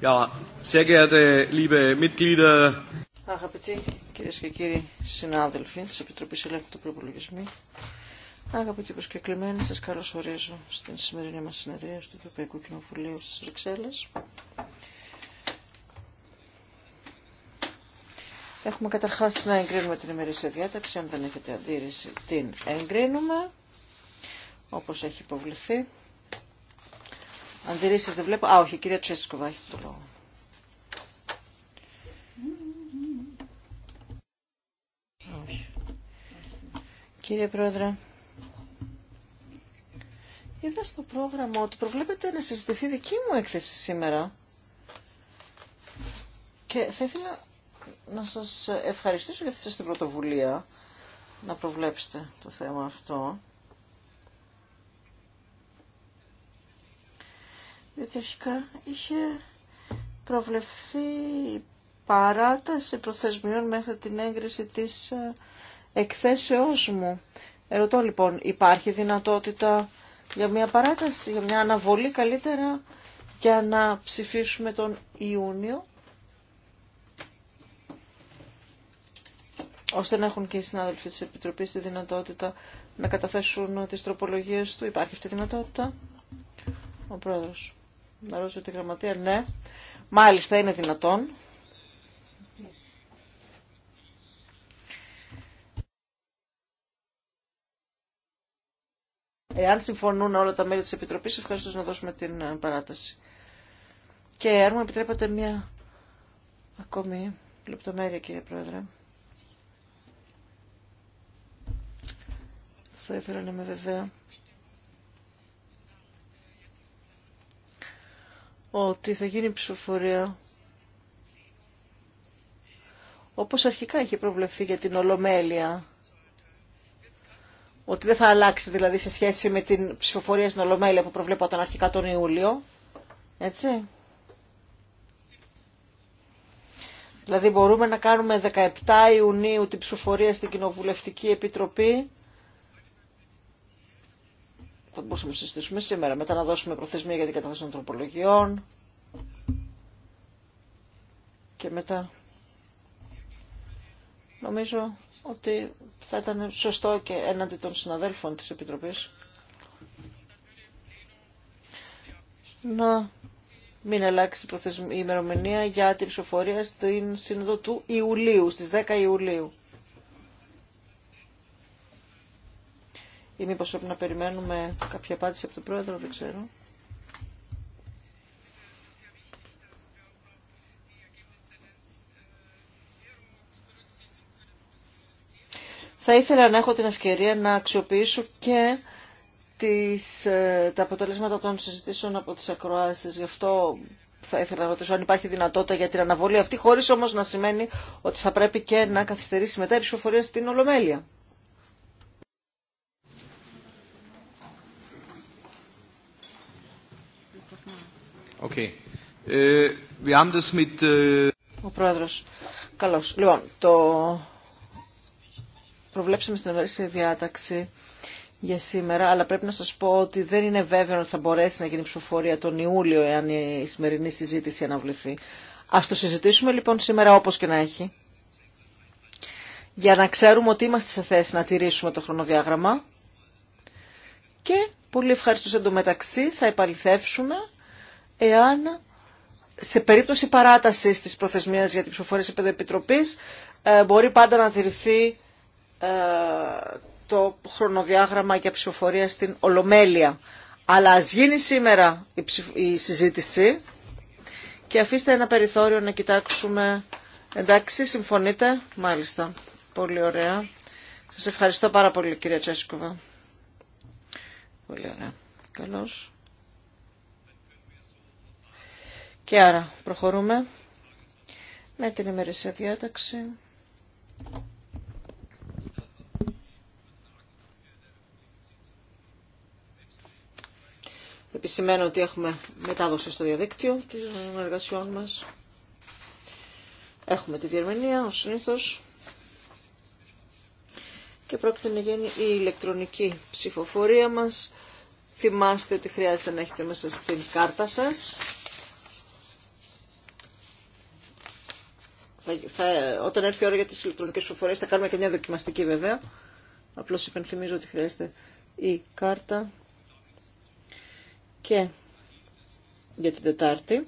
Ja, sehr Αγαπητοί κυρίε και κύριοι συνάδελφοι τη Επιτροπή Ελέγχου του Προπολογισμού, αγαπητοί προσκεκλημένοι, σα καλωσορίζω στην σημερινή μα συνεδρία του Ευρωπαϊκού Κοινοβουλίου στι Βρυξέλλε. Έχουμε καταρχά να εγκρίνουμε την ημερήσια διάταξη. Αν δεν έχετε αντίρρηση, την εγκρίνουμε όπω έχει υποβληθεί. Αντιρρήσεις δεν βλέπω. Α, όχι, η κυρία Τσέσκοβα έχει το λόγο. Κύριε Πρόεδρε, είδα στο πρόγραμμα ότι προβλέπετε να συζητηθεί δική μου έκθεση σήμερα και θα ήθελα να σας ευχαριστήσω για αυτή την πρωτοβουλία να προβλέψετε το θέμα αυτό. διότι αρχικά είχε προβλεφθεί παράταση προθεσμιών μέχρι την έγκριση της ε, εκθέσεώς μου. Ερωτώ λοιπόν, υπάρχει δυνατότητα για μια παράταση, για μια αναβολή καλύτερα για να ψηφίσουμε τον Ιούνιο, ώστε να έχουν και οι συνάδελφοι της Επιτροπής τη δυνατότητα να καταθέσουν τις τροπολογίες του. Υπάρχει αυτή η δυνατότητα. Ο Πρόεδρος. Να ρωτήσω τη γραμματεία, ναι. Μάλιστα, είναι δυνατόν. Εάν συμφωνούν όλα τα μέλη της Επιτροπής, ευχαριστώ να δώσουμε την ε, παράταση. Και αν μου επιτρέπετε μια ακόμη λεπτομέρεια, κύριε Πρόεδρε. Θα ήθελα να είμαι βεβαία ότι θα γίνει ψηφοφορία όπως αρχικά είχε προβλεφθεί για την Ολομέλεια. Ότι δεν θα αλλάξει δηλαδή σε σχέση με την ψηφοφορία στην Ολομέλεια που προβλέπονταν αρχικά τον Ιούλιο. Έτσι. Δηλαδή μπορούμε να κάνουμε 17 Ιουνίου την ψηφοφορία στην Κοινοβουλευτική Επιτροπή θα μπορούσαμε να συζητήσουμε σήμερα. Μετά να δώσουμε προθεσμία για την κατάθεση των τροπολογιών. Και μετά νομίζω ότι θα ήταν σωστό και έναντι των συναδέλφων της Επιτροπής να μην αλλάξει η ημερομηνία για την ψηφοφορία στην Σύνοδο του Ιουλίου, στις 10 Ιουλίου. ή μήπω πρέπει να περιμένουμε κάποια απάντηση από τον Πρόεδρο, δεν ξέρω. θα ήθελα να έχω την ευκαιρία να αξιοποιήσω και τις, ε, τα αποτελέσματα των συζητήσεων από τις ακροάσεις. Γι' αυτό θα ήθελα να ρωτήσω αν υπάρχει δυνατότητα για την αναβολή αυτή, χωρίς όμως να σημαίνει ότι θα πρέπει και να καθυστερήσει μετά η ψηφοφορία στην Ολομέλεια. Ε, ε, Ο πρόεδρο. Καλώς. Λοιπόν, το προβλέψαμε στην ευαρίστια διάταξη για σήμερα, αλλά πρέπει να σας πω ότι δεν είναι βέβαιο ότι θα μπορέσει να γίνει ψηφοφορία τον Ιούλιο, εάν η σημερινή συζήτηση αναβληθεί. Α το συζητήσουμε λοιπόν σήμερα όπως και να έχει, για να ξέρουμε ότι είμαστε σε θέση να τηρήσουμε το χρονοδιάγραμμα και πολύ ευχαριστώ εντωμεταξύ θα επαληθεύσουμε εάν σε περίπτωση παράτασης της προθεσμίας για την ψηφοφορία σε μπορεί πάντα να δηληθεί ε, το χρονοδιάγραμμα για ψηφοφορία στην Ολομέλεια. Αλλά ας γίνει σήμερα η συζήτηση και αφήστε ένα περιθώριο να κοιτάξουμε. Εντάξει, συμφωνείτε. Μάλιστα. Πολύ ωραία. Σας ευχαριστώ πάρα πολύ κυρία Τσέσκοβα. Πολύ ωραία. Καλώς. Και άρα προχωρούμε με την ημερησία διάταξη. Επισημαίνω ότι έχουμε μετάδοση στο διαδίκτυο της εργασιών μας. Έχουμε τη διερμηνία, ως συνήθως. Και πρόκειται να γίνει η ηλεκτρονική ψηφοφορία μας. Θυμάστε ότι χρειάζεται να έχετε μέσα στην κάρτα σας όταν έρθει η ώρα για τις ηλεκτρονικές προφορές θα κάνουμε και μια δοκιμαστική βέβαια. Απλώς υπενθυμίζω ότι χρειάζεται η κάρτα και για την Τετάρτη.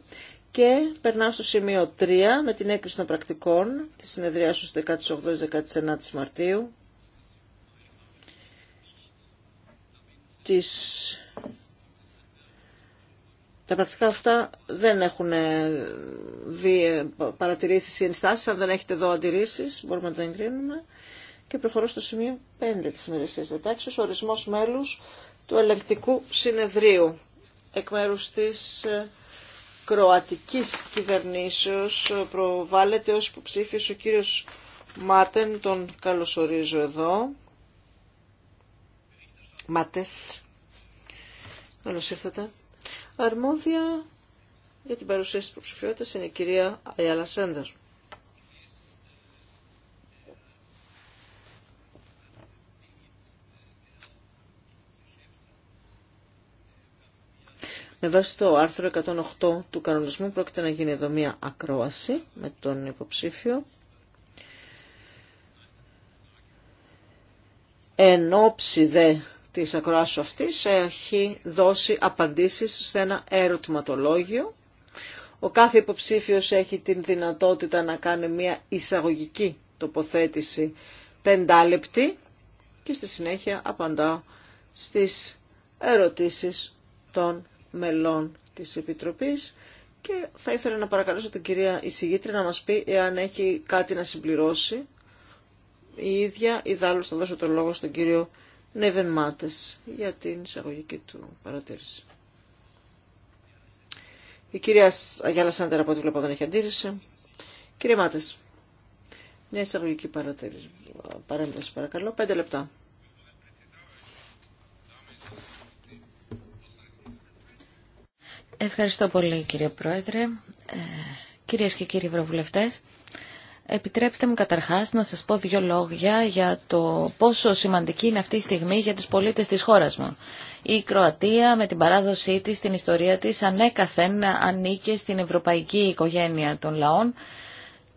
Και περνάω στο σημείο 3 με την έκρηση των πρακτικών της στις 18 18-19 Μαρτίου της τα πρακτικά αυτά δεν έχουν ε, δει ε, παρατηρήσεις ή ενστάσεις. Αν δεν έχετε εδώ αντιρρήσεις, μπορούμε να το εγκρίνουμε. Και προχωρώ στο σημείο 5 της ημερησίας διατάξεως, ορισμός μέλους του ελεκτικού συνεδρίου εκ μέρους της ε, κροατικής κυβερνήσεως προβάλλεται ως υποψήφιος ο κύριος Μάτεν, τον καλωσορίζω εδώ. Μάτες. Καλώς ήρθατε. Αρμόδια για την παρουσίαση της υποψηφιότητας είναι η κυρία Αιάλα Σέντερ. Με βάση το άρθρο 108 του κανονισμού πρόκειται να γίνει εδώ μία ακρόαση με τον υποψήφιο. Εν δε της ακροάσεως αυτής έχει δώσει απαντήσεις σε ένα ερωτηματολόγιο. Ο κάθε υποψήφιος έχει την δυνατότητα να κάνει μια εισαγωγική τοποθέτηση πεντάλεπτη και στη συνέχεια απαντά στις ερωτήσεις των μελών της Επιτροπής και θα ήθελα να παρακαλέσω την κυρία εισηγήτρια να μας πει εάν έχει κάτι να συμπληρώσει η ίδια ή θα δώσω τον λόγο στον κύριο Νέβεν Μάτες για την εισαγωγική του παρατήρηση. Η κυρία Αγιάλα Σάντερα από ό,τι βλέπω δεν έχει αντίρρηση. Κύριε Μάτες, μια εισαγωγική παρατήρηση. Παρέμβαση παρακαλώ, πέντε λεπτά. Ευχαριστώ πολύ κύριε Πρόεδρε, ε, κυρίες και κύριοι Ευρωβουλευτές. Επιτρέψτε μου καταρχάς να σας πω δύο λόγια για το πόσο σημαντική είναι αυτή η στιγμή για τους πολίτες της χώρας μου. Η Κροατία με την παράδοσή της, την ιστορία της, ανέκαθεν ανήκε στην ευρωπαϊκή οικογένεια των λαών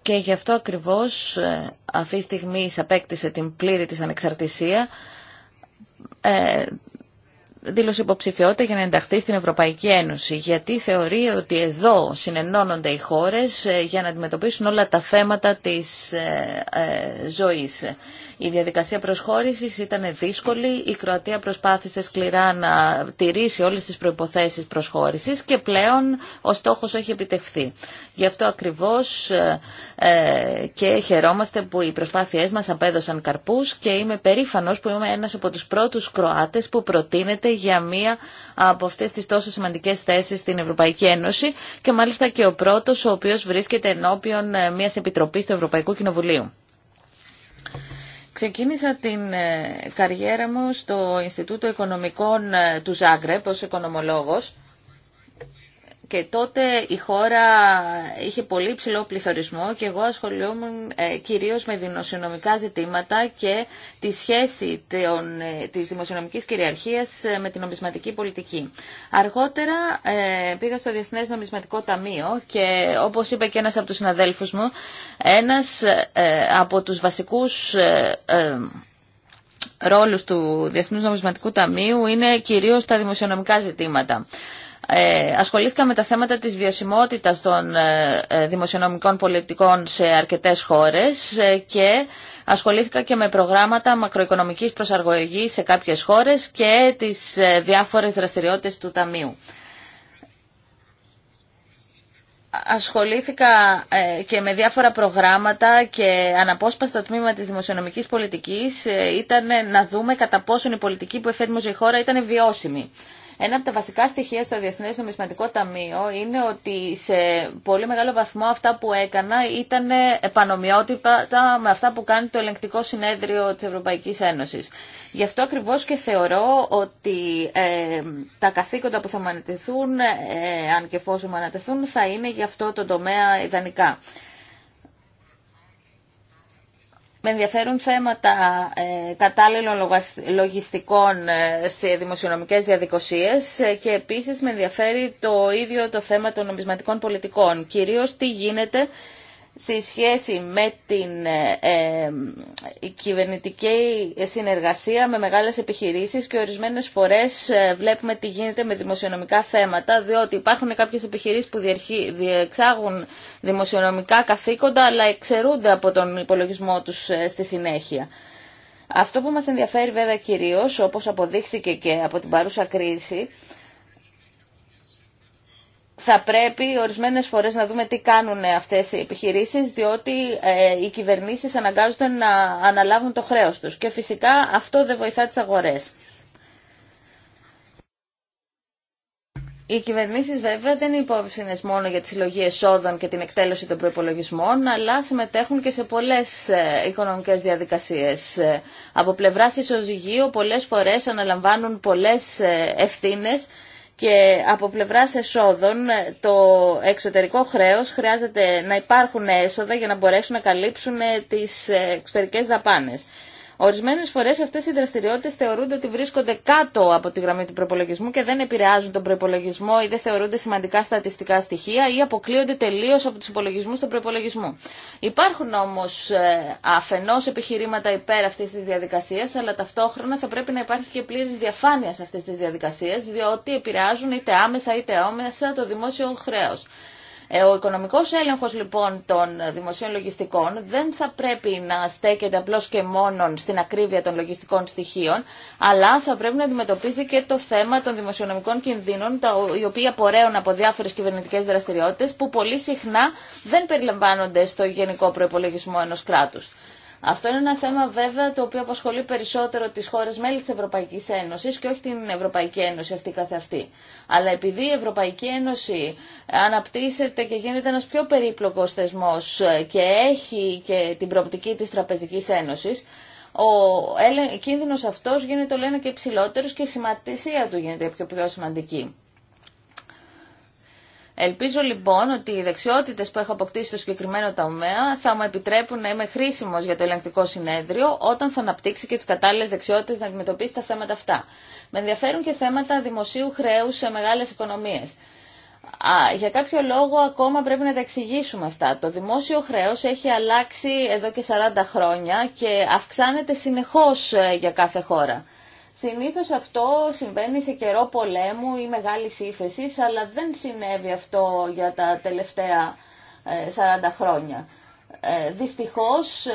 και γι' αυτό ακριβώς ε, αυτή η στιγμή απέκτησε την πλήρη της ανεξαρτησία ε, δήλωσε υποψηφιότητα για να ενταχθεί στην Ευρωπαϊκή Ένωση, γιατί θεωρεί ότι εδώ συνενώνονται οι χώρες ε, για να αντιμετωπίσουν όλα τα θέματα της ε, ε, ζωής. Η διαδικασία προσχώρησης ήταν δύσκολη, η Κροατία προσπάθησε σκληρά να τηρήσει όλες τις προϋποθέσεις προσχώρησης και πλέον ο στόχος έχει επιτευχθεί. Γι' αυτό ακριβώς και χαιρόμαστε που οι προσπάθειές μας απέδωσαν καρπούς και είμαι περήφανος που είμαι ένα από του πρώτου κροατέ που προτείνεται για μία από αυτές τις τόσο σημαντικές θέσεις στην Ευρωπαϊκή Ένωση και μάλιστα και ο πρώτος ο οποίος βρίσκεται ενώπιον ε, μιας επιτροπής του Ευρωπαϊκού Κοινοβουλίου. Ξεκίνησα την ε, καριέρα μου στο Ινστιτούτο Οικονομικών ε, του Ζάγκρεπ ως οικονομολόγος και τότε η χώρα είχε πολύ ψηλό πληθωρισμό και εγώ ασχολιόμουν ε, κυρίως με δημοσιονομικά ζητήματα και τη σχέση των, ε, της δημοσιονομικής κυριαρχίας ε, με την νομισματική πολιτική. Αργότερα ε, πήγα στο Διεθνές Νομισματικό Ταμείο και όπως είπε και ένας από τους συναδέλφους μου, ένας από τους βασικούς ρόλους του Διεθνούς Νομισματικού Ταμείου είναι κυρίως τα δημοσιονομικά ζητήματα. Ε, ασχολήθηκα με τα θέματα της βιωσιμότητας των ε, ε, δημοσιονομικών πολιτικών σε αρκετές χώρες και ασχολήθηκα και με προγράμματα μακροοικονομικής προσαρμογής σε κάποιες χώρες και τις διάφορες δραστηριότητες του Ταμείου. Ασχολήθηκα και με διάφορα προγράμματα και αναπόσπαστο τμήμα της δημοσιονομικής πολιτικής ήταν να δούμε κατά πόσον η πολιτική που εφέρνουμε η χώρα ήταν βιώσιμη. Ένα από τα βασικά στοιχεία στο Διεθνέ Νομισματικό Ταμείο είναι ότι σε πολύ μεγάλο βαθμό αυτά που έκανα ήταν επανομοιότυπα με αυτά που κάνει το Ελεγκτικό Συνέδριο της Ευρωπαϊκής Ένωσης. Γι' αυτό ακριβώς και θεωρώ ότι ε, τα καθήκοντα που θα μου ε, αν και εφόσον μου ανατεθούν, θα είναι γι' αυτό το τομέα ιδανικά με ενδιαφέρουν θέματα ε, κατάλληλων λογιστικών ε, σε δημοσιονομικές διαδικασίες ε, και επίσης με ενδιαφέρει το ίδιο το θέμα των νομισματικών πολιτικών. Κυρίως τι γίνεται σε σχέση με την ε, ε κυβερνητική συνεργασία με μεγάλες επιχειρήσεις και ορισμένες φορές ε, βλέπουμε τι γίνεται με δημοσιονομικά θέματα διότι υπάρχουν κάποιες επιχειρήσεις που διεξάγουν δημοσιονομικά καθήκοντα αλλά εξαιρούνται από τον υπολογισμό τους ε, στη συνέχεια. Αυτό που μας ενδιαφέρει βέβαια κυρίως, όπως αποδείχθηκε και από την παρούσα κρίση, θα πρέπει ορισμένες φορές να δούμε τι κάνουν αυτές οι επιχειρήσεις, διότι ε, οι κυβερνήσεις αναγκάζονται να αναλάβουν το χρέος τους. Και φυσικά αυτό δεν βοηθά τις αγορές. Οι κυβερνήσεις βέβαια δεν είναι υπόψινες μόνο για τη συλλογή εσόδων και την εκτέλεση των προϋπολογισμών, αλλά συμμετέχουν και σε πολλές ε, οικονομικές διαδικασίες. Ε, από πλευράς ισοζυγίου πολλές φορές αναλαμβάνουν πολλές ευθύνες, και από πλευράς εσόδων το εξωτερικό χρέος χρειάζεται να υπάρχουν έσοδα για να μπορέσουν να καλύψουν ε, τις ε, εξωτερικές δαπάνες. Ορισμένε φορέ αυτέ οι δραστηριότητε θεωρούνται ότι βρίσκονται κάτω από τη γραμμή του προπολογισμού και δεν επηρεάζουν τον προπολογισμό ή δεν θεωρούνται σημαντικά στατιστικά στοιχεία ή αποκλείονται τελείω από του υπολογισμού του προπολογισμού. Υπάρχουν όμω ε, αφενό επιχειρήματα υπέρ αυτή τη διαδικασία, αλλά ταυτόχρονα θα πρέπει να υπάρχει και πλήρη διαφάνεια σε αυτές τις διαδικασίες, διότι επηρεάζουν είτε άμεσα είτε όμεσα το δημόσιο χρέο. Ε, ο οικονομικός έλεγχος λοιπόν των δημοσίων λογιστικών δεν θα πρέπει να στέκεται απλώς και μόνον στην ακρίβεια των λογιστικών στοιχείων, αλλά θα πρέπει να αντιμετωπίζει και το θέμα των δημοσιονομικών κινδύνων, οι οποίοι απορρέουν από διάφορες κυβερνητικές δραστηριότητες που πολύ συχνά δεν περιλαμβάνονται στο γενικό προπολογισμό ενός κράτους. Αυτό είναι ένα θέμα βέβαια το οποίο απασχολεί περισσότερο τις χώρες μέλη της Ευρωπαϊκής Ένωσης και όχι την Ευρωπαϊκή Ένωση αυτή καθε αυτή. Αλλά επειδή η Ευρωπαϊκή Ένωση αναπτύσσεται και γίνεται ένας πιο περίπλοκος θεσμός και έχει και την προοπτική της Τραπεζικής Ένωσης, ο κίνδυνος αυτός γίνεται, λένε, και υψηλότερος και η σημασία του γίνεται πιο, πιο σημαντική. Ελπίζω λοιπόν ότι οι δεξιότητες που έχω αποκτήσει στο συγκεκριμένο τομέα θα μου επιτρέπουν να είμαι χρήσιμος για το ελεγκτικό συνέδριο όταν θα αναπτύξει και τις κατάλληλες δεξιότητες να αντιμετωπίσει τα θέματα αυτά. Με ενδιαφέρουν και θέματα δημοσίου χρέους σε μεγάλες οικονομίες. για κάποιο λόγο ακόμα πρέπει να τα εξηγήσουμε αυτά. Το δημόσιο χρέος έχει αλλάξει εδώ και 40 χρόνια και αυξάνεται συνεχώς ε, για κάθε χώρα. Συνήθως αυτό συμβαίνει σε καιρό πολέμου ή μεγάλης ύφεση, αλλά δεν συνέβη αυτό για τα τελευταία 40 ε, χρόνια. Ε, δυστυχώς ε,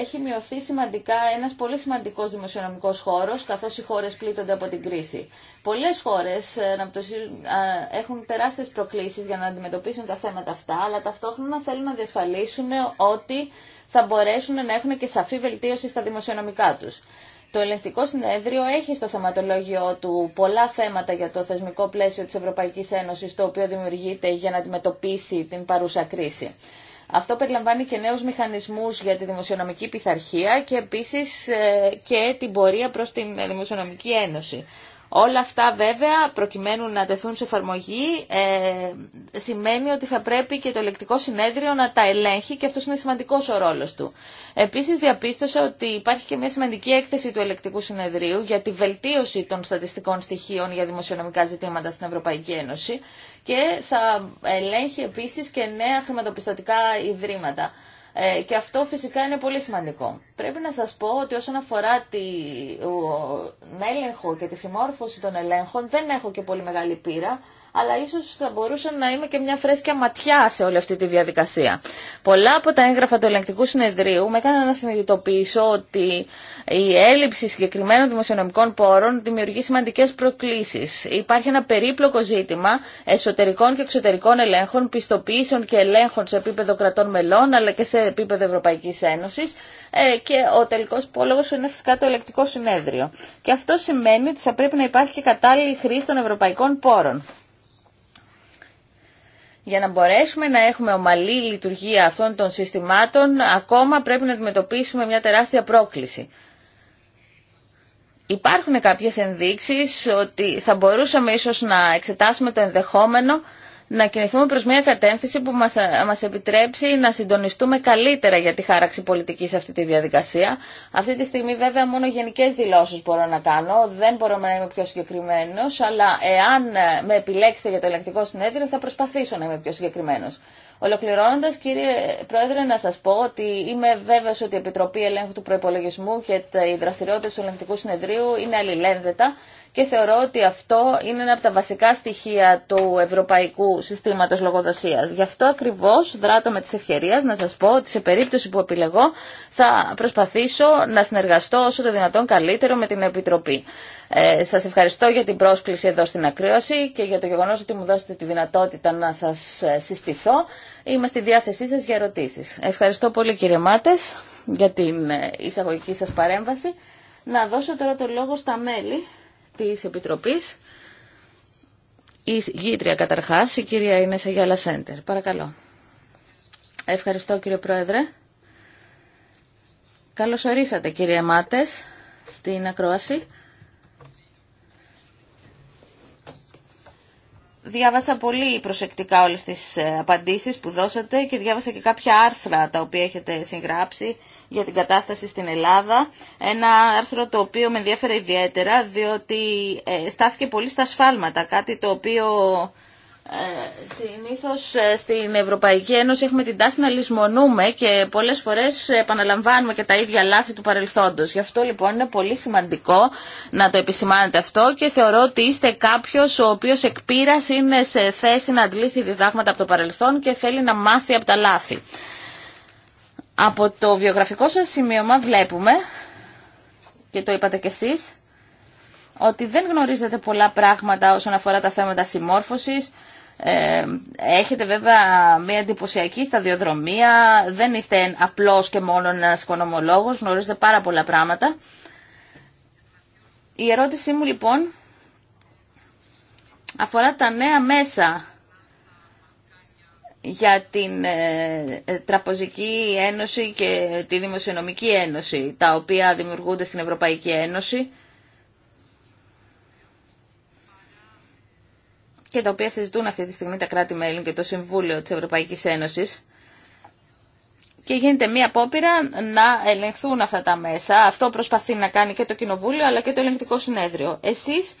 έχει μειωθεί σημαντικά ένας πολύ σημαντικός δημοσιονομικός χώρος, καθώς οι χώρες πλήττονται από την κρίση. Πολλές χώρες έχουν τεράστιες προκλήσεις για να αντιμετωπίσουν τα θέματα αυτά, αλλά ταυτόχρονα θέλουν να διασφαλίσουν ότι θα μπορέσουν να έχουν και σαφή βελτίωση στα δημοσιονομικά τους. Το ελεγκτικό συνέδριο έχει στο θεματολόγιο του πολλά θέματα για το θεσμικό πλαίσιο της Ευρωπαϊκής Ένωσης, το οποίο δημιουργείται για να αντιμετωπίσει την παρούσα κρίση. Αυτό περιλαμβάνει και νέους μηχανισμούς για τη δημοσιονομική πειθαρχία και επίσης ε, και την πορεία προς τη Δημοσιονομική Ένωση. Όλα αυτά βέβαια προκειμένου να τεθούν σε εφαρμογή ε, σημαίνει ότι θα πρέπει και το ελεκτικό συνέδριο να τα ελέγχει και αυτός είναι σημαντικός ο ρόλος του. Επίσης διαπίστωσα ότι υπάρχει και μια σημαντική έκθεση του ελεκτικού συνεδρίου για τη βελτίωση των στατιστικών στοιχείων για δημοσιονομικά ζητήματα στην Ευρωπαϊκή Ένωση και θα ελέγχει επίσης και νέα χρηματοπιστωτικά ιδρύματα. Ε, και αυτό φυσικά είναι πολύ σημαντικό. Πρέπει να σας πω ότι όσον αφορά την έλεγχο και τη συμμόρφωση των ελέγχων δεν έχω και πολύ μεγάλη πείρα, αλλά ίσω θα μπορούσα να είμαι και μια φρέσκια ματιά σε όλη αυτή τη διαδικασία. Πολλά από τα έγγραφα του ελεγκτικού συνεδρίου με έκαναν να συνειδητοποιήσω ότι η έλλειψη συγκεκριμένων δημοσιονομικών πόρων δημιουργεί σημαντικέ προκλήσει. Υπάρχει ένα περίπλοκο ζήτημα εσωτερικών και εξωτερικών ελέγχων, πιστοποιήσεων και ελέγχων σε επίπεδο κρατών μελών, αλλά και σε επίπεδο Ευρωπαϊκής Ένωσης ε, και ο τελικό πόλογο είναι φυσικά το ελεκτικό συνέδριο. Και αυτό σημαίνει ότι θα πρέπει να υπάρχει και κατάλληλη χρήση των ευρωπαϊκών πόρων για να μπορέσουμε να έχουμε ομαλή λειτουργία αυτών των συστημάτων, ακόμα πρέπει να αντιμετωπίσουμε μια τεράστια πρόκληση. Υπάρχουν κάποιες ενδείξεις ότι θα μπορούσαμε ίσως να εξετάσουμε το ενδεχόμενο να κινηθούμε προς μια κατεύθυνση που μας, μας επιτρέψει να συντονιστούμε καλύτερα για τη χάραξη πολιτική σε αυτή τη διαδικασία. Αυτή τη στιγμή βέβαια μόνο γενικές δηλώσεις μπορώ να κάνω, δεν μπορώ να είμαι πιο συγκεκριμένος, αλλά εάν με επιλέξετε για το ελεκτικό συνέδριο θα προσπαθήσω να είμαι πιο συγκεκριμένος. Ολοκληρώνοντα, κύριε Πρόεδρε, να σα πω ότι είμαι βέβαιο ότι η Επιτροπή Ελέγχου του Προπολογισμού και οι δραστηριότητε του Ελεγκτικού Συνεδρίου είναι αλληλένδετα και θεωρώ ότι αυτό είναι ένα από τα βασικά στοιχεία του ευρωπαϊκού συστήματος λογοδοσίας. Γι' αυτό ακριβώς δράτω με τις ευκαιρίες να σας πω ότι σε περίπτωση που επιλεγώ θα προσπαθήσω να συνεργαστώ όσο το δυνατόν καλύτερο με την Επιτροπή. Ε, σας ευχαριστώ για την πρόσκληση εδώ στην ακρίωση και για το γεγονός ότι μου δώσετε τη δυνατότητα να σας ε, συστηθώ. Είμαι στη διάθεσή σας για ερωτήσεις. Ευχαριστώ πολύ κύριε Μάτες για την ε, εισαγωγική σας παρέμβαση. Να δώσω τώρα το λόγο στα μέλη της Επιτροπής. Η γήτρια καταρχάς, η κυρία Ινέσα Γιάλα Σέντερ. Παρακαλώ. Ευχαριστώ κύριε Πρόεδρε. Καλώς ορίσατε κύριε Μάτες στην ακρόαση. Διάβασα πολύ προσεκτικά όλες τις ε, απαντήσεις που δώσατε και διάβασα και κάποια άρθρα τα οποία έχετε συγγράψει για την κατάσταση στην Ελλάδα. Ένα άρθρο το οποίο με ενδιαφέρει ιδιαίτερα, διότι ε, στάθηκε πολύ στα σφάλματα, κάτι το οποίο... Ε, συνήθως ε, στην Ευρωπαϊκή Ένωση έχουμε την τάση να λησμονούμε και πολλές φορές επαναλαμβάνουμε και τα ίδια λάθη του παρελθόντος. Γι' αυτό λοιπόν είναι πολύ σημαντικό να το επισημάνετε αυτό και θεωρώ ότι είστε κάποιος ο οποίος εκπείρας είναι σε θέση να αντλήσει διδάγματα από το παρελθόν και θέλει να μάθει από τα λάθη. Από το βιογραφικό σας σημείωμα βλέπουμε, και το είπατε κι εσείς, ότι δεν γνωρίζετε πολλά πράγματα όσον αφορά τα θέματα συμμόρφωσης. Ε, έχετε βέβαια μια εντυπωσιακή σταδιοδρομία, δεν είστε απλός και μόνο ένας οικονομολόγος, γνωρίζετε πάρα πολλά πράγματα. Η ερώτησή μου λοιπόν αφορά τα νέα μέσα για την ε, ε, Τραποζική Ένωση και τη Δημοσιονομική Ένωση, τα οποία δημιουργούνται στην Ευρωπαϊκή Ένωση και τα οποία συζητούν αυτή τη στιγμή τα κράτη-μέλη και το Συμβούλιο της Ευρωπαϊκής Ένωσης και γίνεται μία απόπειρα να ελεγχθούν αυτά τα μέσα. Αυτό προσπαθεί να κάνει και το Κοινοβούλιο αλλά και το Ελεγκτικό Συνέδριο. Εσείς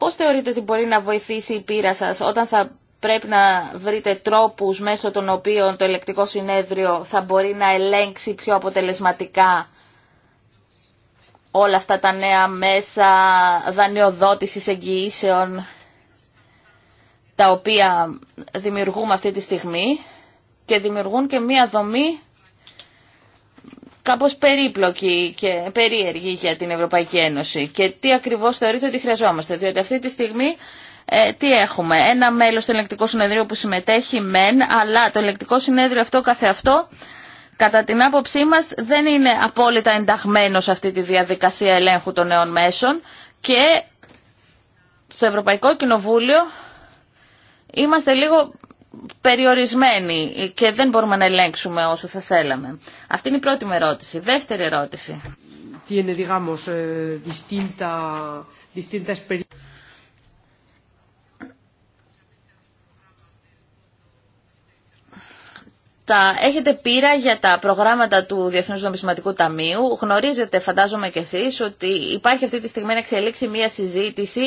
Πώς θεωρείτε ότι μπορεί να βοηθήσει η πείρα σας όταν θα πρέπει να βρείτε τρόπους μέσω των οποίων το ελεκτικό συνέδριο θα μπορεί να ελέγξει πιο αποτελεσματικά όλα αυτά τα νέα μέσα δανειοδότησης εγγυήσεων τα οποία δημιουργούμε αυτή τη στιγμή και δημιουργούν και μία δομή κάπως περίπλοκη και περίεργη για την Ευρωπαϊκή Ένωση. Και τι ακριβώς θεωρείτε ότι χρειαζόμαστε, διότι αυτή τη στιγμή ε, τι έχουμε. Ένα μέλος του ελεκτικού Συνέδριο που συμμετέχει μεν, αλλά το ελεκτικό συνέδριο αυτό καθεαυτό κατά την άποψή μας δεν είναι απόλυτα ενταγμένο σε αυτή τη διαδικασία ελέγχου των νέων μέσων και στο Ευρωπαϊκό Κοινοβούλιο είμαστε λίγο περιορισμένη και δεν μπορούμε να ελέγξουμε όσο θα θέλαμε. Αυτή είναι η πρώτη μου ερώτηση. Δεύτερη ερώτηση. digamos, eh, distinta, distinta τα έχετε πείρα για τα προγράμματα του Διεθνούς Νομισματικού Ταμείου. Γνωρίζετε, φαντάζομαι κι εσείς, ότι υπάρχει αυτή τη στιγμή να εξελίξει μια συζήτηση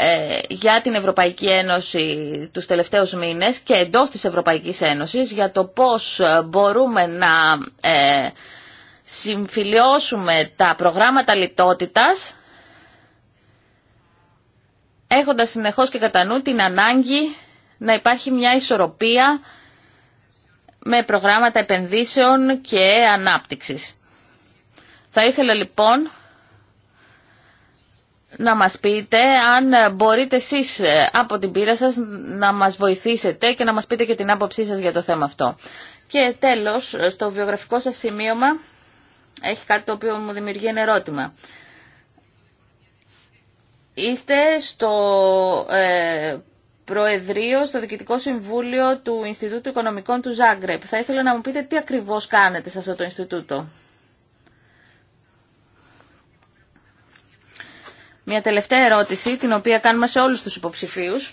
ε, για την Ευρωπαϊκή Ένωση τους τελευταίους μήνες και εντός της Ευρωπαϊκής Ένωσης για το πώς μπορούμε να ε, συμφιλιώσουμε τα προγράμματα λιτότητας έχοντας συνεχώς και κατά νου την ανάγκη να υπάρχει μια ισορροπία με προγράμματα επενδύσεων και ανάπτυξης. Θα ήθελα λοιπόν να μας πείτε αν μπορείτε εσείς ε, από την πείρα σας να μας βοηθήσετε και να μας πείτε και την άποψή σας για το θέμα αυτό. Και τέλος, στο βιογραφικό σας σημείωμα έχει κάτι το οποίο μου δημιουργεί ένα ερώτημα. Είστε στο ε, Προεδρείο, στο Διοικητικό Συμβούλιο του Ινστιτούτου Οικονομικών του Ζάγκρεπ. Θα ήθελα να μου πείτε τι ακριβώς κάνετε σε αυτό το Ινστιτούτο. Μια τελευταία ερώτηση, την οποία κάνουμε σε όλους τους υποψηφίους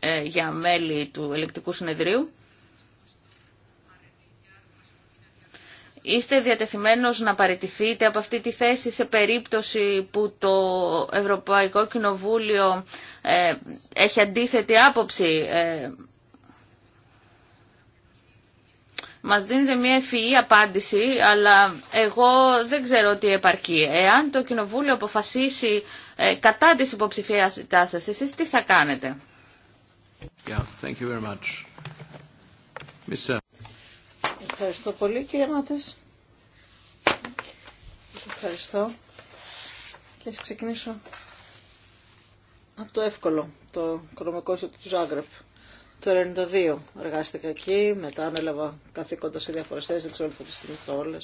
ε, για μέλη του ελεκτικού συνεδρίου. Είστε διατεθειμένος να παραιτηθείτε από αυτή τη θέση σε περίπτωση που το Ευρωπαϊκό Κοινοβούλιο ε, έχει αντίθετη άποψη ε, Μας δίνετε μια ευφυή απάντηση, αλλά εγώ δεν ξέρω τι επαρκεί. Εάν το Κοινοβούλιο αποφασίσει ε, κατά της υποψηφιότητάς σας, εσείς τι θα κάνετε. Yeah, thank you very much. Uh, Ευχαριστώ πολύ κύριε Μάτες. Ευχαριστώ. Και ας ξεκινήσω από το εύκολο, το οικονομικό του Ζάγκρεπ. Το 1992 εργάστηκα εκεί, μετά ανέλαβα καθήκοντα σε διάφορε θέσει, δεν ξέρω αν θα τι θυμηθώ όλε.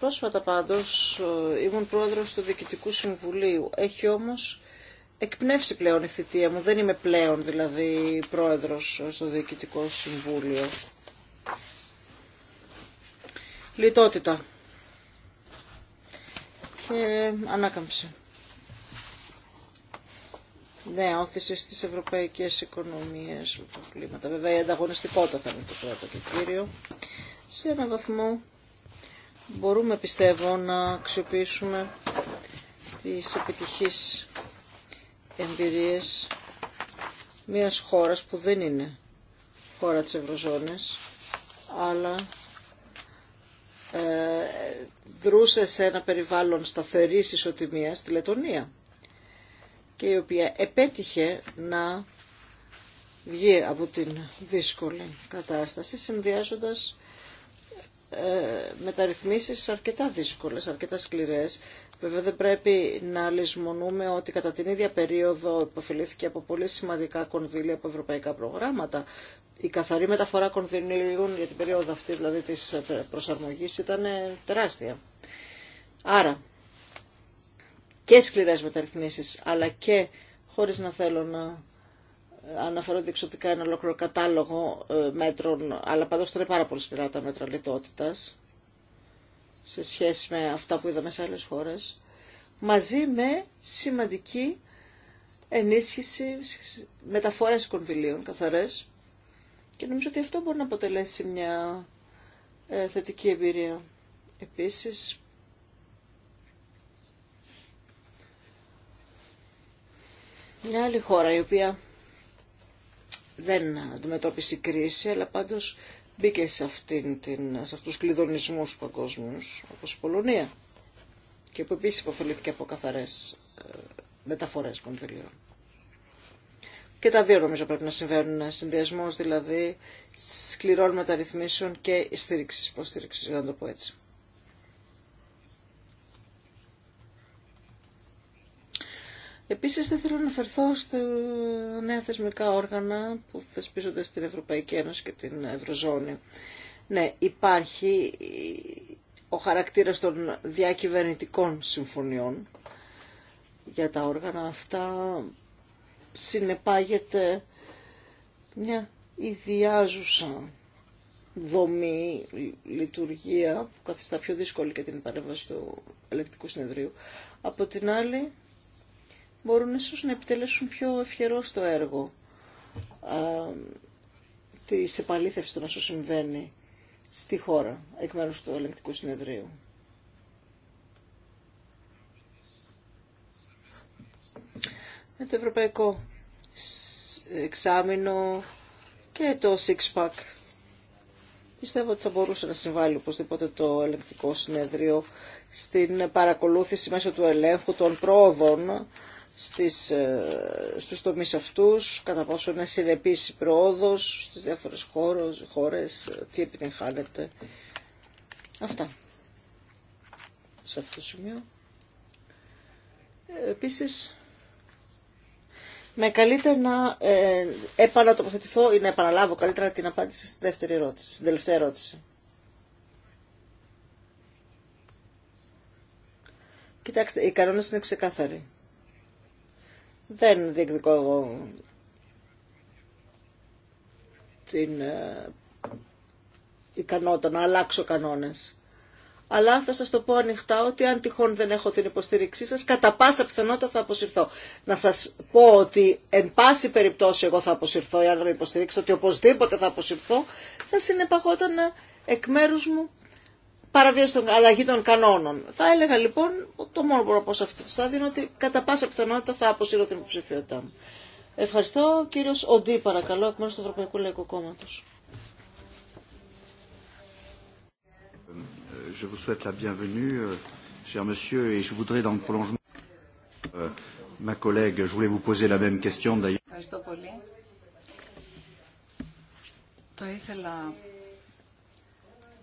Πρόσφατα πάντως ήμουν πρόεδρος του Διοικητικού Συμβουλίου. Έχει όμως εκπνεύσει πλέον η θητεία μου. Δεν είμαι πλέον δηλαδή πρόεδρος ε, στο Διοικητικό Συμβούλιο. Λιτότητα και ανάκαμψη ναι, όθηση στι ευρωπαϊκέ οικονομίε με προβλήματα. Βέβαια η ανταγωνιστικότητα θα είναι το πρώτο και κύριο. Σε έναν βαθμό μπορούμε πιστεύω να αξιοποιήσουμε τι επιτυχείς εμπειρίες μια χώρα που δεν είναι χώρα τη Ευρωζώνης, αλλά ε, δρούσε σε ένα περιβάλλον σταθερή ισοτιμία στη Λετωνία και η οποία επέτυχε να βγει από την δύσκολη κατάσταση συνδυάζοντας ε, μεταρρυθμίσεις αρκετά δύσκολες, αρκετά σκληρές. Βέβαια δεν πρέπει να λησμονούμε ότι κατά την ίδια περίοδο υποφελήθηκε από πολύ σημαντικά κονδύλια από ευρωπαϊκά προγράμματα. Η καθαρή μεταφορά κονδυλίων για την περίοδο αυτή, δηλαδή της προσαρμογής, ήταν τεράστια. Άρα, και σκληρές μεταρρυθμίσεις, αλλά και χωρίς να θέλω να αναφέρω διεξοδικά ένα ολόκληρο κατάλογο ε, μέτρων, αλλά πάντως ήταν πάρα πολύ σκληρά τα μέτρα λιτότητας σε σχέση με αυτά που είδαμε σε άλλες χώρες, μαζί με σημαντική ενίσχυση μεταφορές κονδυλίων καθαρές και νομίζω ότι αυτό μπορεί να αποτελέσει μια ε, θετική εμπειρία. Επίσης, Μια άλλη χώρα η οποία δεν αντιμετώπισε κρίση, αλλά πάντως μπήκε σε, αυτήν την, σε αυτούς τους κλειδονισμούς παγκόσμιους, όπως η Πολωνία, και που επίσης υποφελήθηκε από καθαρές ε, μεταφορές κονδυλίων. Και τα δύο νομίζω πρέπει να συμβαίνουν. Συνδυασμό δηλαδή σκληρών μεταρρυθμίσεων και στήριξη, για να το πω έτσι. Επίσης δεν θέλω να φερθώ στα νέα θεσμικά όργανα που θεσπίζονται στην Ευρωπαϊκή Ένωση και την Ευρωζώνη. Ναι, υπάρχει ο χαρακτήρας των διακυβερνητικών συμφωνιών για τα όργανα αυτά συνεπάγεται μια ιδιάζουσα δομή, λειτουργία που καθιστά πιο δύσκολη και την παρέμβαση του ελεκτικού συνεδρίου. Από την άλλη μπορούν ίσως να επιτελέσουν πιο ευχερό το έργο της επαλήθευσης των όσων συμβαίνει στη χώρα εκ μέρους του ελεγκτικού συνεδρίου. Με το ευρωπαϊκό εξάμεινο και το six-pack. Πιστεύω ότι θα μπορούσε να συμβάλλει οπωσδήποτε το ελεγκτικό συνέδριο στην παρακολούθηση μέσω του ελέγχου των πρόοδων στις, ε, στους τομείς αυτούς, κατά πόσο είναι συνεπής η προόδος στις διάφορες χώρες, χώρες τι επιτυγχάνεται. Αυτά. Σε αυτό το σημείο. Ε, επίσης, με καλύτερα να ε, επανατοποθετηθώ ή να επαναλάβω καλύτερα την απάντηση στη δεύτερη ερώτηση, στην τελευταία ερώτηση. Κοιτάξτε, οι κανόνες είναι ξεκάθαροι. Δεν διεκδικώ εγώ την ε, ικανότητα να αλλάξω κανόνες. Αλλά θα σας το πω ανοιχτά ότι αν τυχόν δεν έχω την υποστήριξή σας, κατά πάσα πιθανότητα θα αποσυρθώ. Να σας πω ότι εν πάση περιπτώσει εγώ θα αποσυρθώ, ή αν δεν με ότι οπωσδήποτε θα αποσυρθώ, θα συνεπαγόταν ε, εκ μέρους μου παραβίαση των αλλαγή των κανόνων. Θα έλεγα λοιπόν, το μόνο που μπορώ να πω σε αυτό το στάδιο είναι ότι κατά πάσα πιθανότητα θα αποσύρω την υποψηφιότητά μου. Ευχαριστώ. Κύριος Οντή, παρακαλώ, εκ μέρου του Ευρωπαϊκού Λαϊκού Κόμματο. Euh, je vous souhaite la bienvenue, euh, cher monsieur, et je voudrais dans le prolongement euh, ma collègue, je voulais vous poser la même question d'ailleurs. Ευχαριστώ πολύ. Θα ήθελα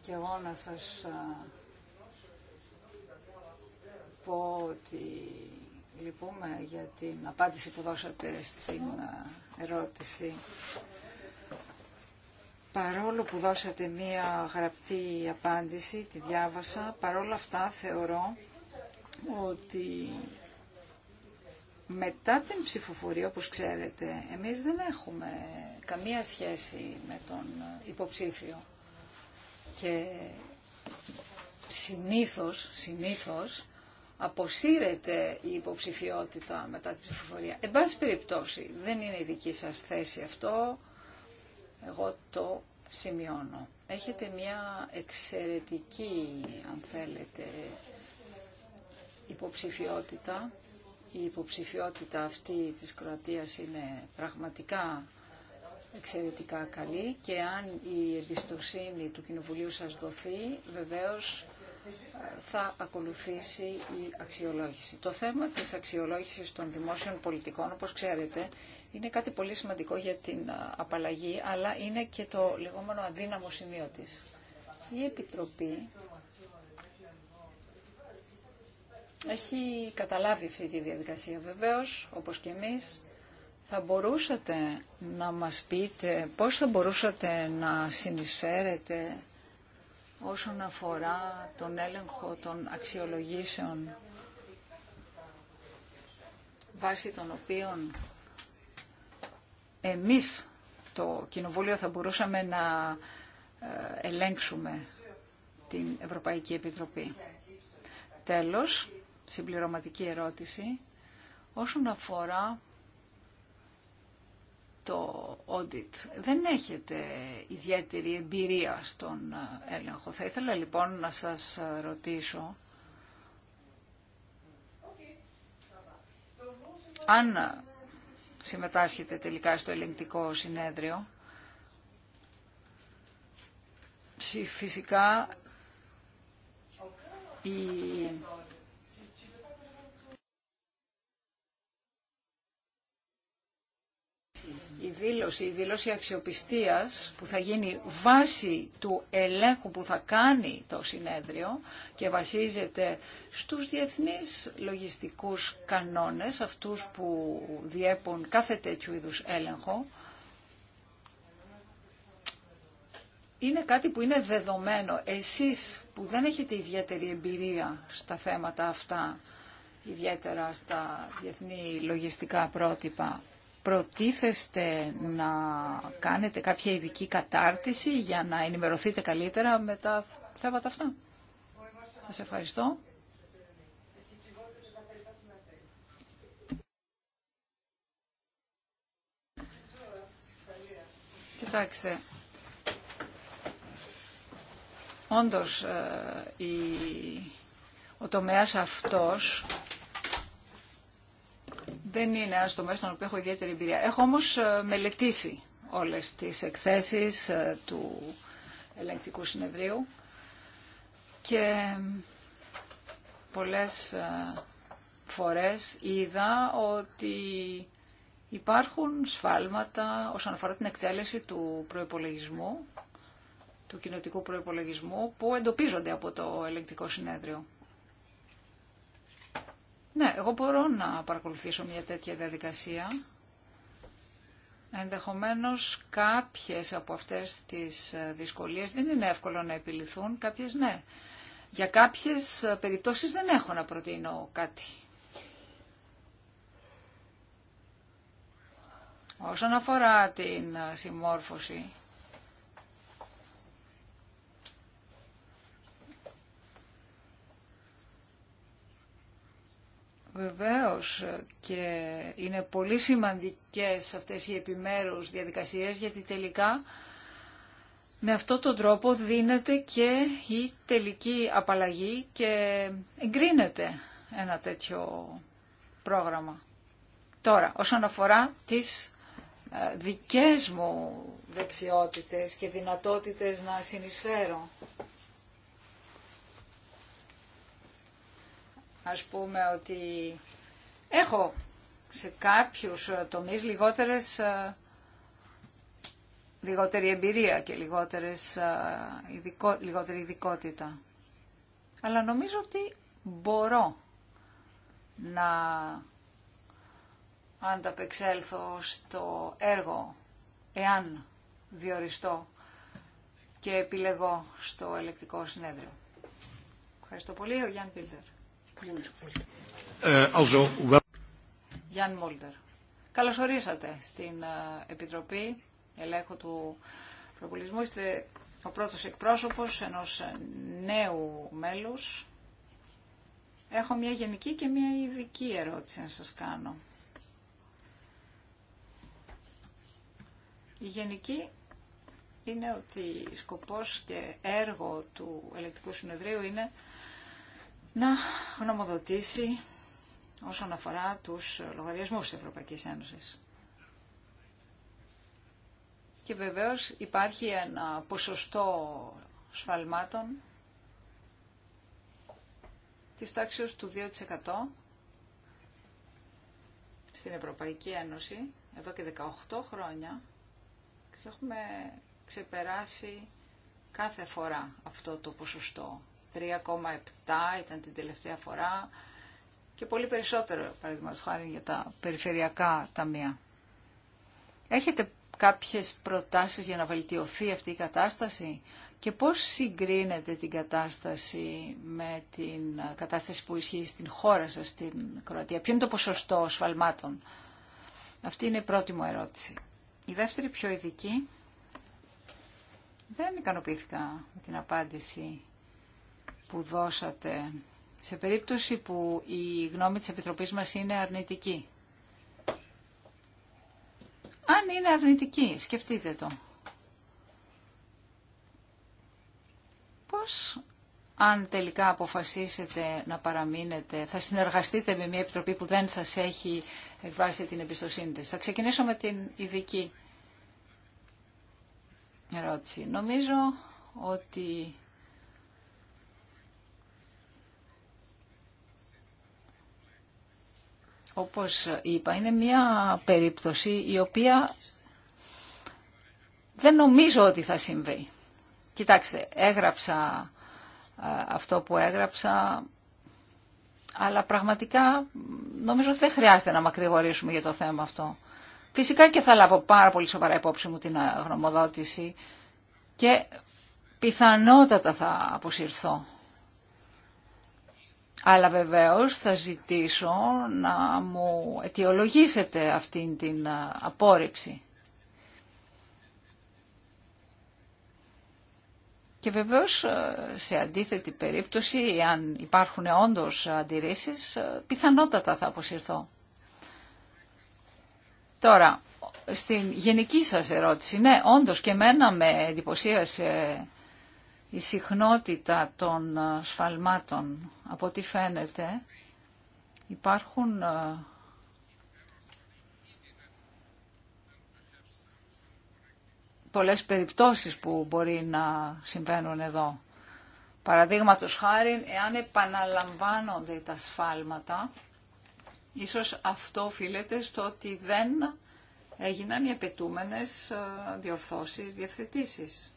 και εγώ να σας πω ότι λυπούμε για την απάντηση που δώσατε στην ερώτηση. Παρόλο που δώσατε μία γραπτή απάντηση, τη διάβασα, παρόλα αυτά θεωρώ ότι μετά την ψηφοφορία, όπως ξέρετε, εμείς δεν έχουμε καμία σχέση με τον υποψήφιο και συνήθως, συνήθως αποσύρεται η υποψηφιότητα μετά την ψηφοφορία. Εν πάση περιπτώσει, δεν είναι η δική σας θέση αυτό, εγώ το σημειώνω. Έχετε μια εξαιρετική, αν θέλετε, υποψηφιότητα. Η υποψηφιότητα αυτή της Κροατίας είναι πραγματικά εξαιρετικά καλή και αν η εμπιστοσύνη του Κοινοβουλίου σας δοθεί, βεβαίως θα ακολουθήσει η αξιολόγηση. Το θέμα της αξιολόγησης των δημόσιων πολιτικών, όπως ξέρετε, είναι κάτι πολύ σημαντικό για την απαλλαγή, αλλά είναι και το λεγόμενο αδύναμο σημείο της. Η Επιτροπή έχει καταλάβει αυτή τη διαδικασία βεβαίως, όπως και εμείς, θα μπορούσατε να μας πείτε πώς θα μπορούσατε να συνεισφέρετε όσον αφορά τον έλεγχο των αξιολογήσεων βάσει των οποίων εμείς το Κοινοβούλιο θα μπορούσαμε να ε, ελέγξουμε την Ευρωπαϊκή Επιτροπή. Τέλος, συμπληρωματική ερώτηση, όσον αφορά το audit. Δεν έχετε ιδιαίτερη εμπειρία στον ε, έλεγχο. Θα ήθελα λοιπόν να σας ε, ρωτήσω αν ε, συμμετάσχετε τελικά στο ελεγκτικό συνέδριο. Φυσικά η η δήλωση, η δήλωση αξιοπιστίας που θα γίνει βάση του ελέγχου που θα κάνει το συνέδριο και βασίζεται στους διεθνείς λογιστικούς κανόνες, αυτούς που διέπουν κάθε τέτοιου είδους έλεγχο, είναι κάτι που είναι δεδομένο. Εσείς που δεν έχετε ιδιαίτερη εμπειρία στα θέματα αυτά, ιδιαίτερα στα διεθνή λογιστικά πρότυπα, προτίθεστε να κάνετε κάποια ειδική κατάρτιση για να ενημερωθείτε καλύτερα με τα θέματα αυτά. Σας ευχαριστώ. Κοιτάξτε, όντως ε, ο τομέας αυτός δεν είναι ένα τομέα στον οποίο έχω ιδιαίτερη εμπειρία. Έχω όμω ε, μελετήσει όλε τι εκθέσει ε, του ελεγκτικού συνεδρίου και πολλέ ε, φορέ είδα ότι υπάρχουν σφάλματα όσον αφορά την εκτέλεση του προϋπολογισμού, του κοινοτικού προϋπολογισμού, που εντοπίζονται από το ελεγκτικό συνέδριο. Ναι, εγώ μπορώ να παρακολουθήσω μια τέτοια διαδικασία. Ενδεχομένως κάποιες από αυτές τις ε, δυσκολίες δεν είναι εύκολο να επιληθούν, κάποιες ναι. Για κάποιες ε, περιπτώσεις δεν έχω να προτείνω κάτι. Όσον αφορά την ε, συμμόρφωση Βεβαίως και είναι πολύ σημαντικές αυτές οι επιμέρους διαδικασίες γιατί τελικά με αυτόν τον τρόπο δίνεται και η τελική απαλλαγή και εγκρίνεται ένα τέτοιο πρόγραμμα. Τώρα, όσον αφορά τις ε, δικές μου δεξιότητες και δυνατότητες να συνεισφέρω. ας πούμε ότι έχω σε κάποιους ε, τομείς λιγότερες ε, λιγότερη εμπειρία και λιγότερες, ε, ειδικο, λιγότερη ειδικότητα. Αλλά νομίζω ότι μπορώ να ανταπεξέλθω στο έργο εάν διοριστώ και επιλεγώ στο ελεκτικό συνέδριο. Ευχαριστώ πολύ, ο Γιάννη Πίλτερ. Γιάννη ε, Μόλτερ. Καλώς ορίσατε στην ε, Επιτροπή Ελέγχου του Προπολισμού. Είστε ο πρώτος εκπρόσωπος ενός νέου μέλους. Έχω μια γενική και μια ειδική ερώτηση να σας κάνω. Η γενική είναι ότι σκοπός και έργο του Ελεκτικού Συνεδρίου είναι να γνωμοδοτήσει όσον αφορά τους λογαριασμούς της Ευρωπαϊκής Ένωσης. Και βεβαίως υπάρχει ένα ποσοστό σφαλμάτων της τάξης του 2% στην Ευρωπαϊκή Ένωση εδώ και 18 χρόνια και έχουμε ξεπεράσει κάθε φορά αυτό το ποσοστό 3,7 ήταν την τελευταία φορά και πολύ περισσότερο, παραδείγματος χάρη, για τα περιφερειακά ταμεία. Έχετε κάποιες προτάσεις για να βελτιωθεί αυτή η κατάσταση και πώς συγκρίνετε την κατάσταση με την κατάσταση που ισχύει στην χώρα σας, στην Κροατία. Ποιο είναι το ποσοστό σφαλμάτων. Αυτή είναι η πρώτη μου ερώτηση. Η δεύτερη πιο ειδική. Δεν ικανοποιήθηκα με την απάντηση που δώσατε. Σε περίπτωση που η γνώμη της Επιτροπής μας είναι αρνητική. Αν είναι αρνητική, σκεφτείτε το. Πώς, αν τελικά αποφασίσετε να παραμείνετε, θα συνεργαστείτε με μια επιτροπή που δεν σας έχει εκβάσει την εμπιστοσύνη της. Θα ξεκινήσω με την ειδική ερώτηση. Νομίζω ότι Όπως είπα, είναι μια περίπτωση η οποία δεν νομίζω ότι θα συμβεί. Κοιτάξτε, έγραψα αυτό που έγραψα, αλλά πραγματικά νομίζω ότι δεν χρειάζεται να μακρηγορήσουμε για το θέμα αυτό. Φυσικά και θα λάβω πάρα πολύ σοβαρά υπόψη μου την γνωμοδότηση και πιθανότατα θα αποσυρθώ. Αλλά βεβαίως θα ζητήσω να μου αιτιολογήσετε αυτήν την απόρριψη. Και βεβαίως σε αντίθετη περίπτωση, αν υπάρχουν όντως αντιρρήσεις, πιθανότατα θα αποσυρθώ. Τώρα, στην γενική σας ερώτηση, ναι, όντως και μένα με εντυπωσίασε η συχνότητα των ε, σφαλμάτων, από ό,τι φαίνεται, υπάρχουν ε, πολλές περιπτώσεις που μπορεί να συμβαίνουν εδώ. Παραδείγματο χάρη, εάν επαναλαμβάνονται τα σφάλματα, ίσως αυτό οφείλεται στο ότι δεν έγιναν οι επαιτούμενες ε, διορθώσεις, διευθετήσεις.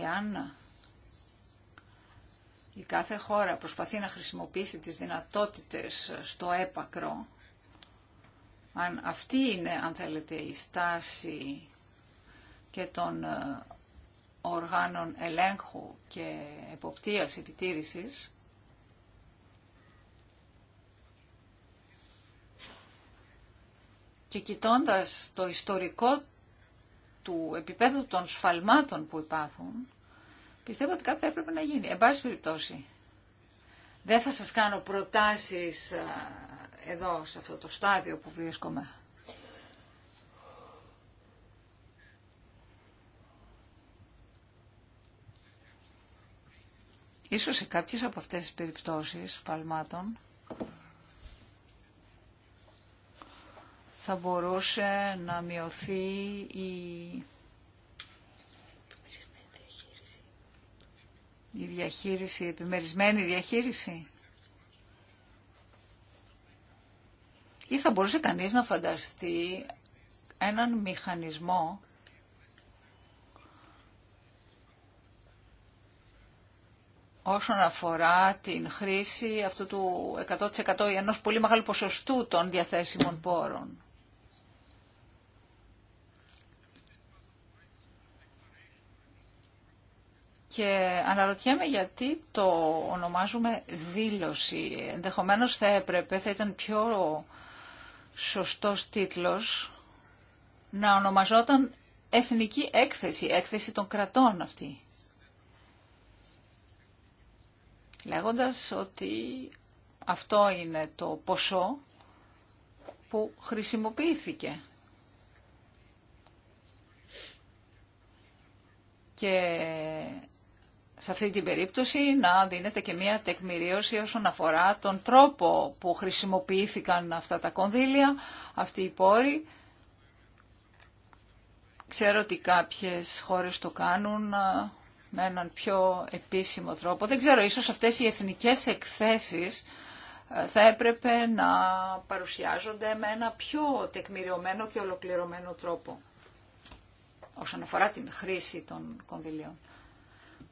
Εάν η κάθε χώρα προσπαθεί να χρησιμοποιήσει τις δυνατότητες στο έπακρο, αν αυτή είναι, αν θέλετε, η στάση και των ε, οργάνων ελέγχου και εποπτείας επιτήρησης, και κοιτώντας το ιστορικό του επίπεδου των σφαλμάτων που υπάρχουν, πιστεύω ότι κάτι θα έπρεπε να γίνει. Εν πάση περιπτώσει, δεν θα σας κάνω προτάσεις εδώ, σε αυτό το στάδιο που βρίσκομαι. Ίσως σε κάποιες από αυτές τις περιπτώσεις σφαλμάτων, θα μπορούσε να μειωθεί η, διαχείριση, επιμερισμένη διαχείριση. Ή θα μπορούσε κανείς να φανταστεί έναν μηχανισμό όσον αφορά την χρήση αυτού του 100% ή ενός πολύ μεγάλου ποσοστού των διαθέσιμων πόρων. Και αναρωτιέμαι γιατί το ονομάζουμε δήλωση. Ενδεχομένως θα έπρεπε, θα ήταν πιο σωστός τίτλος, να ονομαζόταν εθνική έκθεση, έκθεση των κρατών αυτή. Λέγοντας ότι αυτό είναι το ποσό που χρησιμοποιήθηκε. Και σε αυτή την περίπτωση να δίνεται και μια τεκμηρίωση όσον αφορά τον τρόπο που χρησιμοποιήθηκαν αυτά τα κονδύλια, αυτοί οι πόροι. Ξέρω ότι κάποιες χώρες το κάνουν με έναν πιο επίσημο τρόπο. Δεν ξέρω, ίσως αυτές οι εθνικές εκθέσεις θα έπρεπε να παρουσιάζονται με ένα πιο τεκμηριωμένο και ολοκληρωμένο τρόπο όσον αφορά την χρήση των κονδυλίων.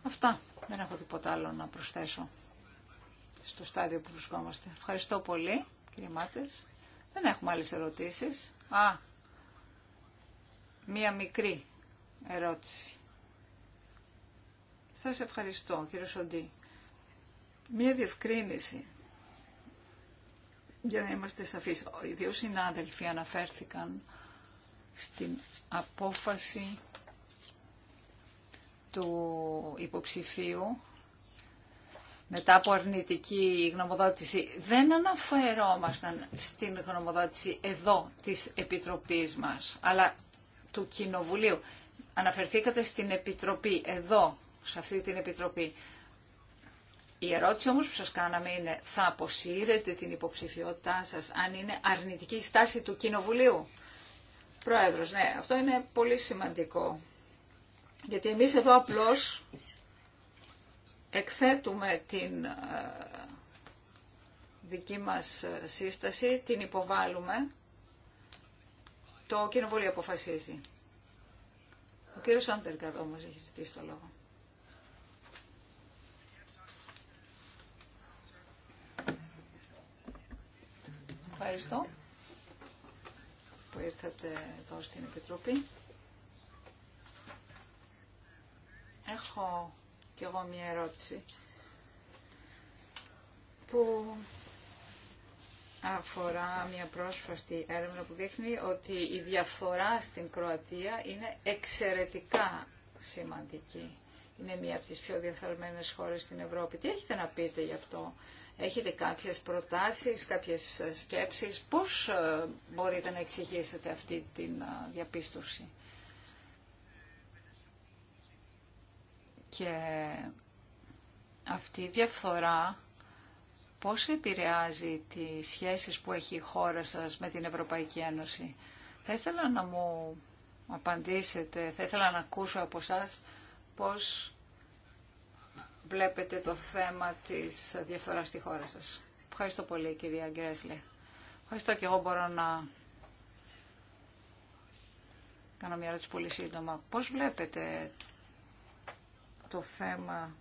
Αυτά. Δεν έχω τίποτα άλλο να προσθέσω στο στάδιο που βρισκόμαστε. Ευχαριστώ πολύ, κύριε Μάτες. Δεν έχουμε άλλες ερωτήσεις. Α, μία μικρή ερώτηση. Σας ευχαριστώ, κύριε Σοντή. Μία διευκρίνηση, για να είμαστε σαφείς. Οι δύο συνάδελφοι αναφέρθηκαν στην απόφαση του υποψηφίου μετά από αρνητική γνωμοδότηση. Δεν αναφερόμασταν στην γνωμοδότηση εδώ της Επιτροπής μας, αλλά του Κοινοβουλίου. Αναφερθήκατε στην Επιτροπή, εδώ, σε αυτή την Επιτροπή. Η ερώτηση όμως που σας κάναμε είναι, θα αποσύρετε την υποψηφιότητά σας αν είναι αρνητική στάση του Κοινοβουλίου. Πρόεδρος, ναι, αυτό είναι πολύ σημαντικό. Γιατί εμείς εδώ απλώς εκθέτουμε την ε, δική μας ε, σύσταση, την υποβάλλουμε, το κοινοβούλιο αποφασίζει. Ο κύριος Άντεργκαρδό όμως έχει ζητήσει το λόγο. Ευχαριστώ που ήρθατε εδώ στην Επιτροπή. Έχω κι εγώ μία ερώτηση που αφορά μια πρόσφατη έρευνα που δείχνει ότι η διαφορά στην Κροατία είναι εξαιρετικά σημαντική. Είναι μία από τις πιο διαθαλμένες χώρες στην Ευρώπη. Τι έχετε να πείτε γι' αυτό. Έχετε κάποιες προτάσεις, κάποιες σκέψεις. Πώς ε, μπορείτε να εξηγήσετε αυτή την ε, διαπίστωση. Και αυτή η διαφορά πώς επηρεάζει τις σχέσεις που έχει η χώρα σας με την Ευρωπαϊκή Ένωση. Θα ήθελα να μου απαντήσετε, θα ήθελα να ακούσω από σας πώς βλέπετε το θέμα της διαφθοράς στη χώρα σας. Ευχαριστώ πολύ κυρία Γκρέσλε. Ευχαριστώ και εγώ μπορώ να κάνω μια ερώτηση πολύ σύντομα. Πώς βλέπετε το θέμα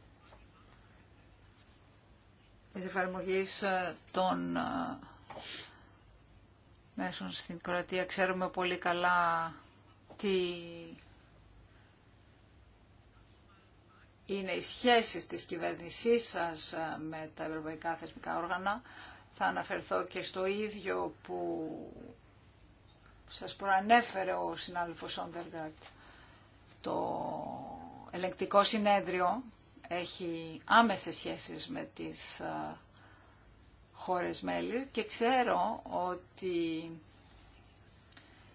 της εφαρμογής ε, των ε, μέσων στην Κροατία. Ξέρουμε πολύ καλά τι είναι οι σχέσεις της κυβέρνησής σας ε, με τα ευρωπαϊκά θεσμικά όργανα. Θα αναφερθώ και στο ίδιο που σας προανέφερε ο συνάδελφος Σόντεργατ, το Ελεκτικό συνέδριο έχει άμεσες σχέσεις με τις ε, χώρες μέλη και ξέρω ότι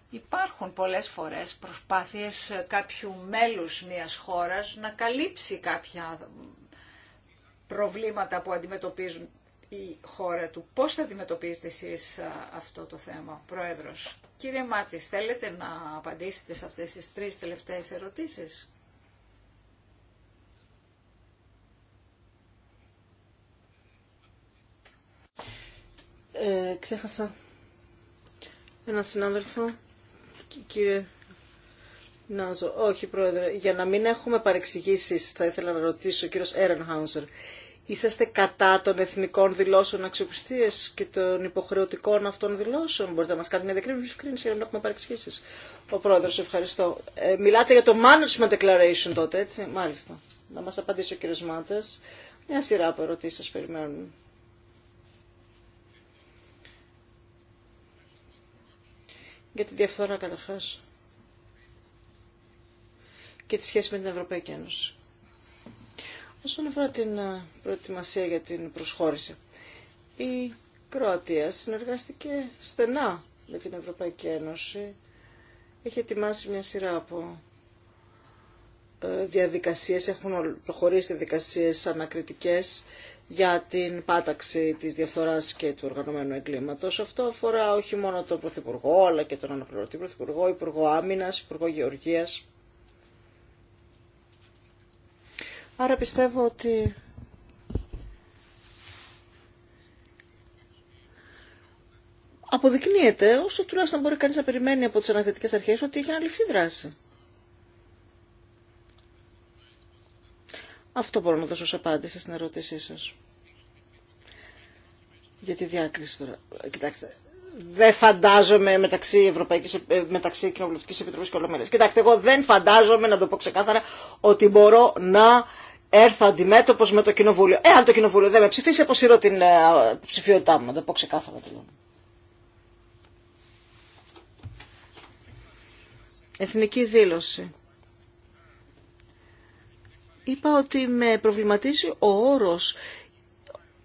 υπάρχουν πολλές φορές προσπάθειες κάποιου μέλους μιας χώρας να καλύψει κάποια προβλήματα που αντιμετωπίζουν η χώρα του. Πώς θα αντιμετωπίζετε εσείς ε, αυτό το θέμα, Πρόεδρος. Κύριε Μάτις, θέλετε να απαντήσετε σε αυτές τις τρεις τελευταίες ερωτήσεις. Ε, ξέχασα έναν συνάδελφο, κύριε Νάζο. Όχι, πρόεδρε, για να μην έχουμε παρεξηγήσεις, θα ήθελα να ρωτήσω, ο κύριος Έρενχάουζερ, είσαστε κατά των εθνικών δηλώσεων αξιοπιστίες και των υποχρεωτικών αυτών δηλώσεων. Μπορείτε να μας κάνετε μια ευκρίνηση για να μην έχουμε παρεξηγήσεις. Ο πρόεδρος, ευχαριστώ. Ε, μιλάτε για το management declaration τότε, έτσι, μάλιστα. Να μας απαντήσει ο κύριος Μάτες. Μια σειρά από ερωτήσεις περιμένουν. για τη διαφθορά καταρχάς και τη σχέση με την Ευρωπαϊκή Ένωση. Όσον αφορά την ε, προετοιμασία για την προσχώρηση, η Κροατία συνεργάστηκε στενά με την Ευρωπαϊκή Ένωση. Έχει ετοιμάσει μια σειρά από ε, διαδικασίες, έχουν προχωρήσει διαδικασίες ανακριτικές για την πάταξη της διαφθοράς και του οργανωμένου εγκλήματος. Αυτό αφορά όχι μόνο τον Πρωθυπουργό, αλλά και τον αναπληρωτή Πρωθυπουργό, Υπουργό Άμυνας, Υπουργό Γεωργίας. Άρα πιστεύω ότι αποδεικνύεται, όσο τουλάχιστον μπορεί κανείς να περιμένει από τις ανακριτικές αρχές, ότι έχει αναλυφθεί δράση. Αυτό μπορώ να δώσω ως απάντηση στην ερώτησή σας. Για τη διάκριση τώρα. Κοιτάξτε, δεν φαντάζομαι μεταξύ, Ευρωπαϊκής, ε, μεταξύ Κοινοβουλευτικής Επιτροπής και Κοιτάξτε, εγώ δεν φαντάζομαι, να το πω ξεκάθαρα, ότι μπορώ να έρθω αντιμέτωπο με το κοινοβούλιο. Εάν το κοινοβούλιο δεν με ψηφίσει, αποσύρω την ε, ψηφιότητά μου. Να το πω ξεκάθαρα. Το Εθνική δήλωση είπα ότι με προβληματίζει ο όρος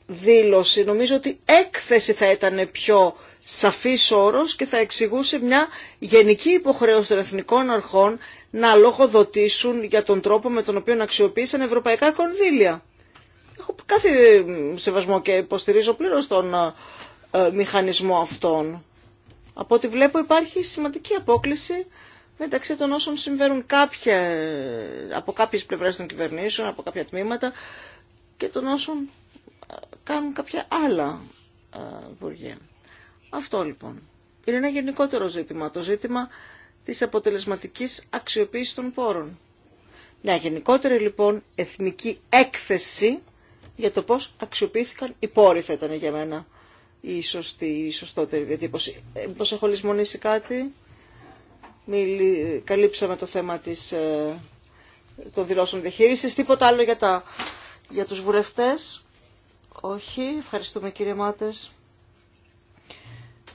δήλωση. Νομίζω ότι έκθεση θα ήταν πιο σαφής όρος και θα εξηγούσε μια γενική υποχρέωση των εθνικών αρχών να λογοδοτήσουν για τον τρόπο με τον οποίο αξιοποίησαν ευρωπαϊκά κονδύλια. Έχω κάθε σεβασμό και υποστηρίζω πλήρως τον ε, μηχανισμό αυτόν. Από ό,τι βλέπω υπάρχει σημαντική απόκληση μεταξύ των όσων συμβαίνουν κάποια, από κάποιες πλευρές των κυβερνήσεων, από κάποια τμήματα και των όσων ε, κάνουν κάποια άλλα ε, υπουργεία. Αυτό λοιπόν. Είναι ένα γενικότερο ζήτημα, το ζήτημα της αποτελεσματικής αξιοποίησης των πόρων. Μια γενικότερη λοιπόν εθνική έκθεση για το πώς αξιοποιήθηκαν οι πόροι θα ήταν για μένα η σωστή, η σωστότερη διατύπωση. Ε, πώς έχω λησμονήσει κάτι μιλή, καλύψαμε το θέμα της, ε, των δηλώσεων διαχείρισης. Τίποτα άλλο για, τα, για τους βουλευτές. Όχι. Ευχαριστούμε κύριε Μάτες.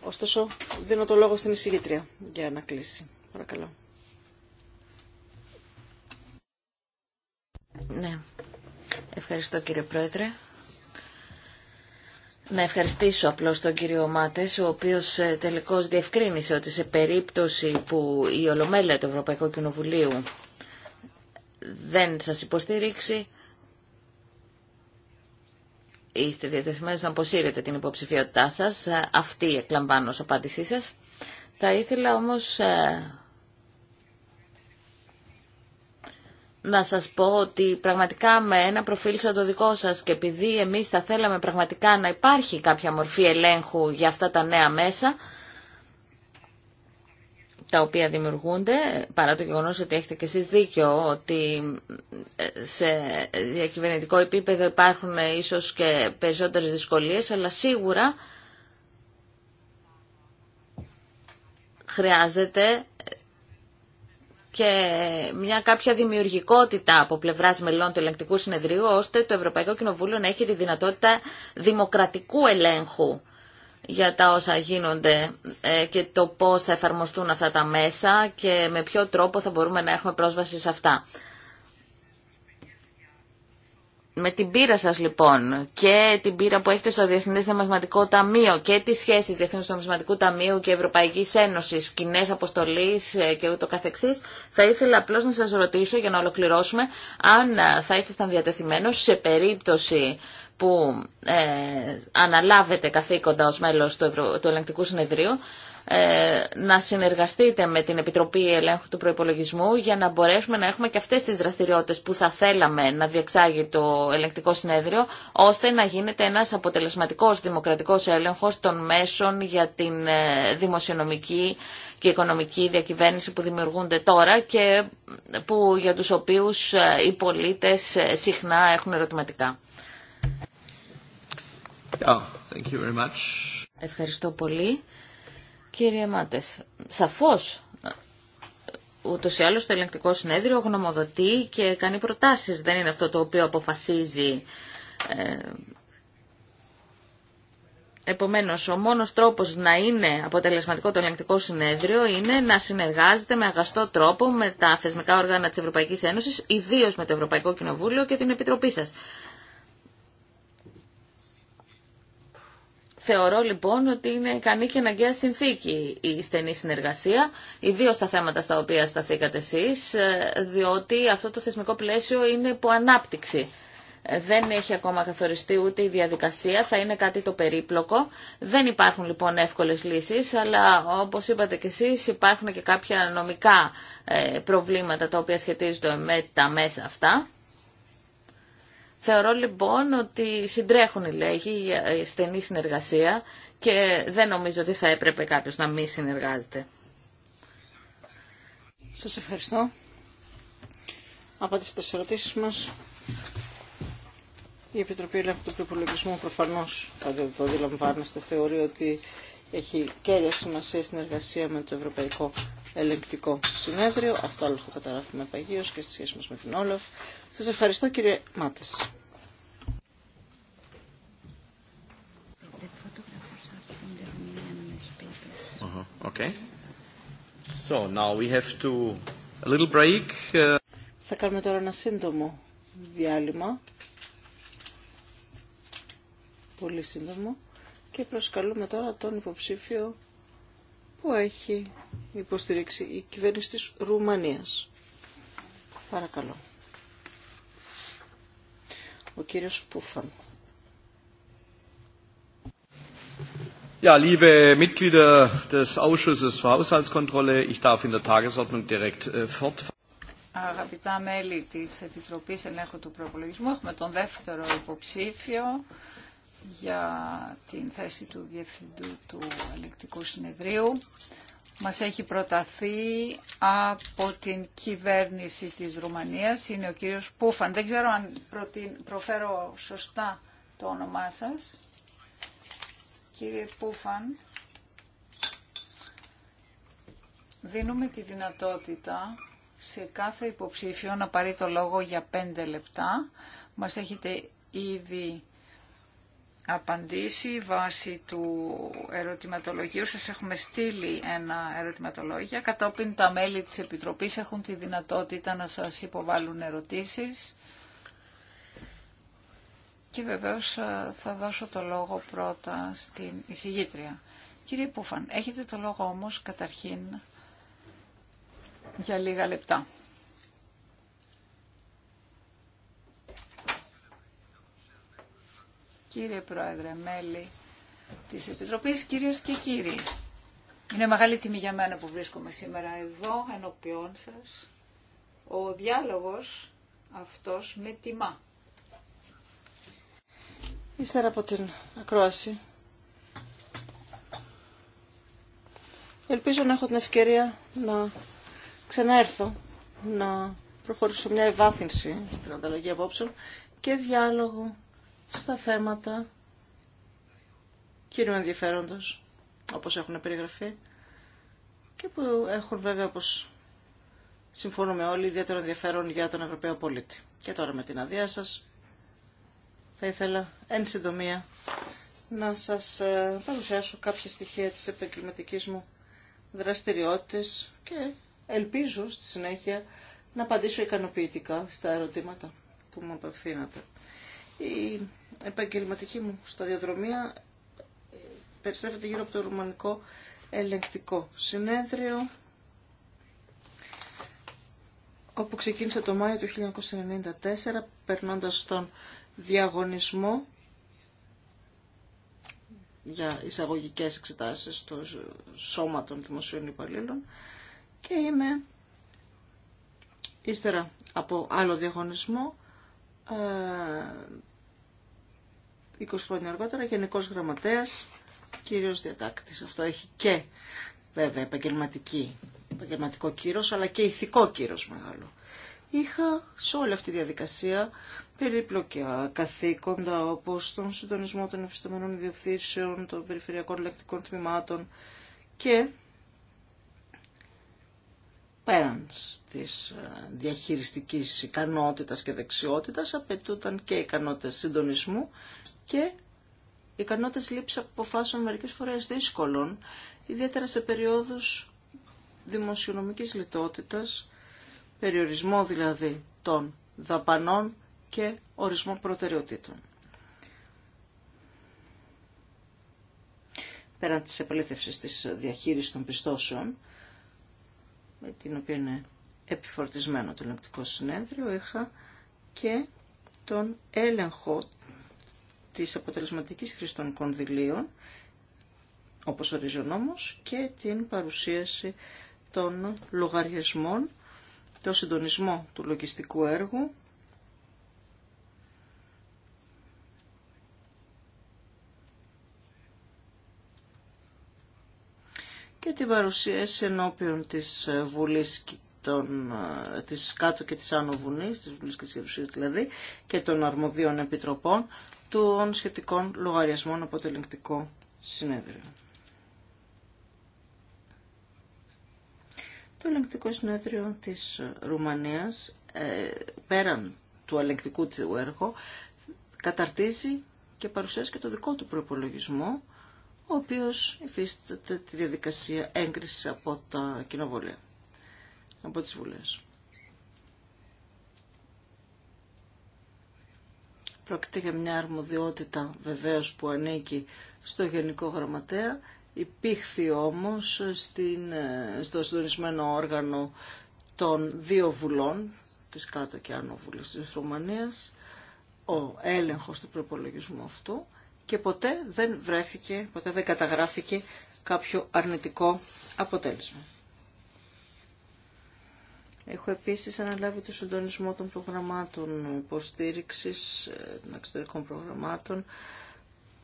Ωστόσο, δίνω το λόγο στην εισηγήτρια για να κλείσει. Παρακαλώ. Ναι. Ευχαριστώ κύριε Πρόεδρε. Να ευχαριστήσω απλώς τον κύριο Μάτες, ο οποίος ε, τελικώς διευκρίνησε ότι σε περίπτωση που η Ολομέλεια του Ευρωπαϊκού Κοινοβουλίου δεν σας υποστήριξει, είστε διατεθειμένοι να αποσύρετε την υποψηφιότητά σας. Ε, αυτή εκλαμβάνω ως απάντησή σας. Θα ήθελα όμως ε, να σας πω ότι πραγματικά με ένα προφίλ σαν το δικό σας και επειδή εμείς θα θέλαμε πραγματικά να υπάρχει κάποια μορφή ελέγχου για αυτά τα νέα μέσα τα οποία δημιουργούνται, παρά το γεγονός ότι έχετε και εσείς δίκιο ότι ε, σε διακυβερνητικό επίπεδο υπάρχουν ίσως και περισσότερες δυσκολίες, αλλά σίγουρα χρειάζεται και μια κάποια δημιουργικότητα από πλευρά μελών του ελεγκτικού συνεδρίου, ώστε το Ευρωπαϊκό Κοινοβούλιο να έχει τη δυνατότητα δημοκρατικού ελέγχου για τα όσα γίνονται ε, και το πώς θα εφαρμοστούν αυτά τα μέσα και με ποιο τρόπο θα μπορούμε να έχουμε πρόσβαση σε αυτά με την πείρα σας λοιπόν και την πείρα που έχετε στο Διεθνέ Νομισματικό Ταμείο και τις σχέσεις Διεθνούς Νομισματικού Ταμείου και Ευρωπαϊκής Ένωσης, κοινέ αποστολής ε, και ούτω καθεξής, θα ήθελα απλώς να σας ρωτήσω για να ολοκληρώσουμε αν ε, θα ήσασταν διατεθειμένος σε περίπτωση που ε, αναλάβετε καθήκοντα ως μέλος του, του Ελεγκτικού Συνεδρίου ε, να συνεργαστείτε με την Επιτροπή Ελέγχου του προπολογισμού, για να μπορέσουμε να έχουμε και αυτές τις δραστηριότητες που θα θέλαμε να διεξάγει το ελεγκτικό συνέδριο ώστε να γίνεται ένας αποτελεσματικός δημοκρατικός έλεγχος των μέσων για την ε, δημοσιονομική και οικονομική διακυβέρνηση που δημιουργούνται τώρα και που, για τους οποίους ε, οι πολίτες συχνά έχουν ερωτηματικά. Oh, thank you very Ευχαριστώ πολύ. Κύριε Μάτες, σαφώς ούτως ή άλλως το ελεγκτικό συνέδριο γνωμοδοτεί και κάνει προτάσεις. Δεν είναι αυτό το οποίο αποφασίζει. Ε, επομένως, ο μόνος τρόπος να είναι αποτελεσματικό το ελεγκτικό συνέδριο είναι να συνεργάζεται με αγαστό τρόπο με τα θεσμικά όργανα της Ευρωπαϊκής Ένωσης, ιδίως με το Ευρωπαϊκό Κοινοβούλιο και την Επιτροπή σας. Θεωρώ λοιπόν ότι είναι ικανή και αναγκαία συνθήκη η στενή συνεργασία, ιδίω στα θέματα στα οποία σταθήκατε εσεί, ε, διότι αυτό το θεσμικό πλαίσιο είναι υπό ανάπτυξη. Ε, δεν έχει ακόμα καθοριστεί ούτε η διαδικασία, θα είναι κάτι το περίπλοκο. Δεν υπάρχουν λοιπόν εύκολες λύσεις, αλλά όπως είπατε και εσείς υπάρχουν και κάποια νομικά ε, προβλήματα τα οποία σχετίζονται με τα μέσα αυτά. Θεωρώ λοιπόν ότι συντρέχουν οι λέγοι για ε, στενή συνεργασία και δεν νομίζω ότι θα έπρεπε κάποιος να μη συνεργάζεται. Σας ευχαριστώ. Απαντήστε στις ερωτήσεις μας. Η Επιτροπή Ελέγχου του Προπολογισμού προφανώς θα το αντιλαμβάνεστε. Θεωρεί ότι έχει κέρια σημασία συνεργασία με το Ευρωπαϊκό Ελεγκτικό Συνέδριο. Αυτό άλλο το καταγράφουμε παγίως και στη σχέση μας με την Όλαφ. Σας ευχαριστώ κύριε Μάτες. Uh-huh. we to... little uh, Θα κάνουμε τώρα ένα σύντομο διάλειμμα. Πολύ σύντομο. Και προσκαλούμε τώρα τον υποψήφιο που έχει υποστηρίξει η κυβέρνηση της Ρουμανίας. Παρακαλώ. Ο κύριος Πούφαν. Ja, liebe Mitglieder des Ausschusses für Haushaltskontrolle, ich darf in der Tagesordnung direkt äh, fortfahren. Αγαπητά μέλη της Επιτροπής Ελέγχου του Προπολογισμού, έχουμε τον δεύτερο υποψήφιο για την θέση του Διευθυντού του Ελεκτικού Συνεδρίου μας έχει προταθεί από την κυβέρνηση της Ρουμανίας. Είναι ο κύριος Πούφαν. Δεν ξέρω αν προφέρω σωστά το όνομά σας. Κύριε Πούφαν, δίνουμε τη δυνατότητα σε κάθε υποψήφιο να πάρει το λόγο για πέντε λεπτά. Μας έχετε ήδη απαντήσει βάσει του ερωτηματολογίου. Σας έχουμε στείλει ένα ερωτηματολόγιο. Κατόπιν τα μέλη της Επιτροπής έχουν τη δυνατότητα να σας υποβάλουν ερωτήσεις. Και βεβαίως ε, θα δώσω το λόγο πρώτα στην εισηγήτρια. Κύριε Πούφαν, έχετε το λόγο όμως καταρχήν για λίγα λεπτά. Κύριε Πρόεδρε, μέλη της Επιτροπής, κυρίες και κύριοι. Είναι μεγάλη τιμή για μένα που βρίσκομαι σήμερα εδώ, ενώπιόν σας. Ο διάλογος αυτός με τιμά. Ύστερα από την ακρόαση. Ελπίζω να έχω την ευκαιρία να ξαναέρθω, να προχωρήσω μια ευάθυνση στην ανταλλαγή απόψεων και διάλογο στα θέματα κύριου ενδιαφέροντος, όπως έχουν περιγραφεί, και που έχουν βέβαια, όπως συμφωνούμε όλοι, ιδιαίτερο ενδιαφέρον για τον Ευρωπαίο πολίτη. Και τώρα με την αδειά σας, θα ήθελα εν συντομία να σας ε, παρουσιάσω κάποια στοιχεία της επαγγελματική μου δραστηριότητες και ελπίζω στη συνέχεια να απαντήσω ικανοποιητικά στα ερωτήματα που μου απευθύνατε επαγγελματική μου διαδρομία περιστρέφεται γύρω από το Ρουμανικό Ελεγκτικό Συνέδριο όπου ξεκίνησε το Μάιο του 1994 περνώντας τον διαγωνισμό για εισαγωγικές εξετάσεις στο σώμα των δημοσίων υπαλλήλων και είμαι ύστερα από άλλο διαγωνισμό ε, 20 χρόνια αργότερα, Γενικός Γραμματέας, κύριος Διατάκτης. Αυτό έχει και βέβαια επαγγελματική, επαγγελματικό κύρος, αλλά και ηθικό κύρος μεγάλο. Είχα σε όλη αυτή τη διαδικασία περίπλοκια καθήκοντα όπως τον συντονισμό των εφιστομενών διευθύνσεων, των περιφερειακών λεκτικών τμήματων και πέραν της ε, διαχειριστικής ικανότητας και δεξιότητας απαιτούνταν και ικανότητες συντονισμού και ικανότητες λήψη αποφάσεων μερικές φορές δύσκολων, ιδιαίτερα σε περιόδους δημοσιονομικής λιτότητας, περιορισμό δηλαδή των δαπανών και ορισμό προτεραιοτήτων. Πέραν της επαλήθευσης της διαχείρισης των πιστώσεων, με την οποία είναι επιφορτισμένο το Λεπτικό συνέδριο, είχα και τον έλεγχο της αποτελεσματικής χρήσης των κονδυλίων, όπως ορίζει ο νόμος, και την παρουσίαση των λογαριασμών, το συντονισμό του λογιστικού έργου, και την παρουσίαση ενώπιον της Βουλής των, της κάτω και της άνω βουνής, της Βουλής και της Γερουσίας δηλαδή, και των αρμοδίων επιτροπών, των σχετικών λογαριασμών από το ελεγκτικό συνέδριο. Το ελεγκτικό συνέδριο της Ρουμανίας, ε, πέραν του ελεγκτικού του έργου, καταρτίζει και παρουσιάζει και το δικό του προπολογισμό, ο οποίος υφίσταται τη διαδικασία έγκρισης από τα κοινοβουλία, από τις βουλές. Πρόκειται για μια αρμοδιότητα βεβαίως που ανήκει στο Γενικό Γραμματέα, υπήρχε όμως στην, ε, στο συντονισμένο όργανο των δύο βουλών, της Κάτω και Άνω της Ρουμανίας, ο έλεγχος του προπολογισμού αυτού και ποτέ δεν βρέθηκε, ποτέ δεν καταγράφηκε κάποιο αρνητικό αποτέλεσμα. Έχω επίσης αναλάβει το συντονισμό των προγραμμάτων υποστήριξη ε, των εξωτερικών προγραμμάτων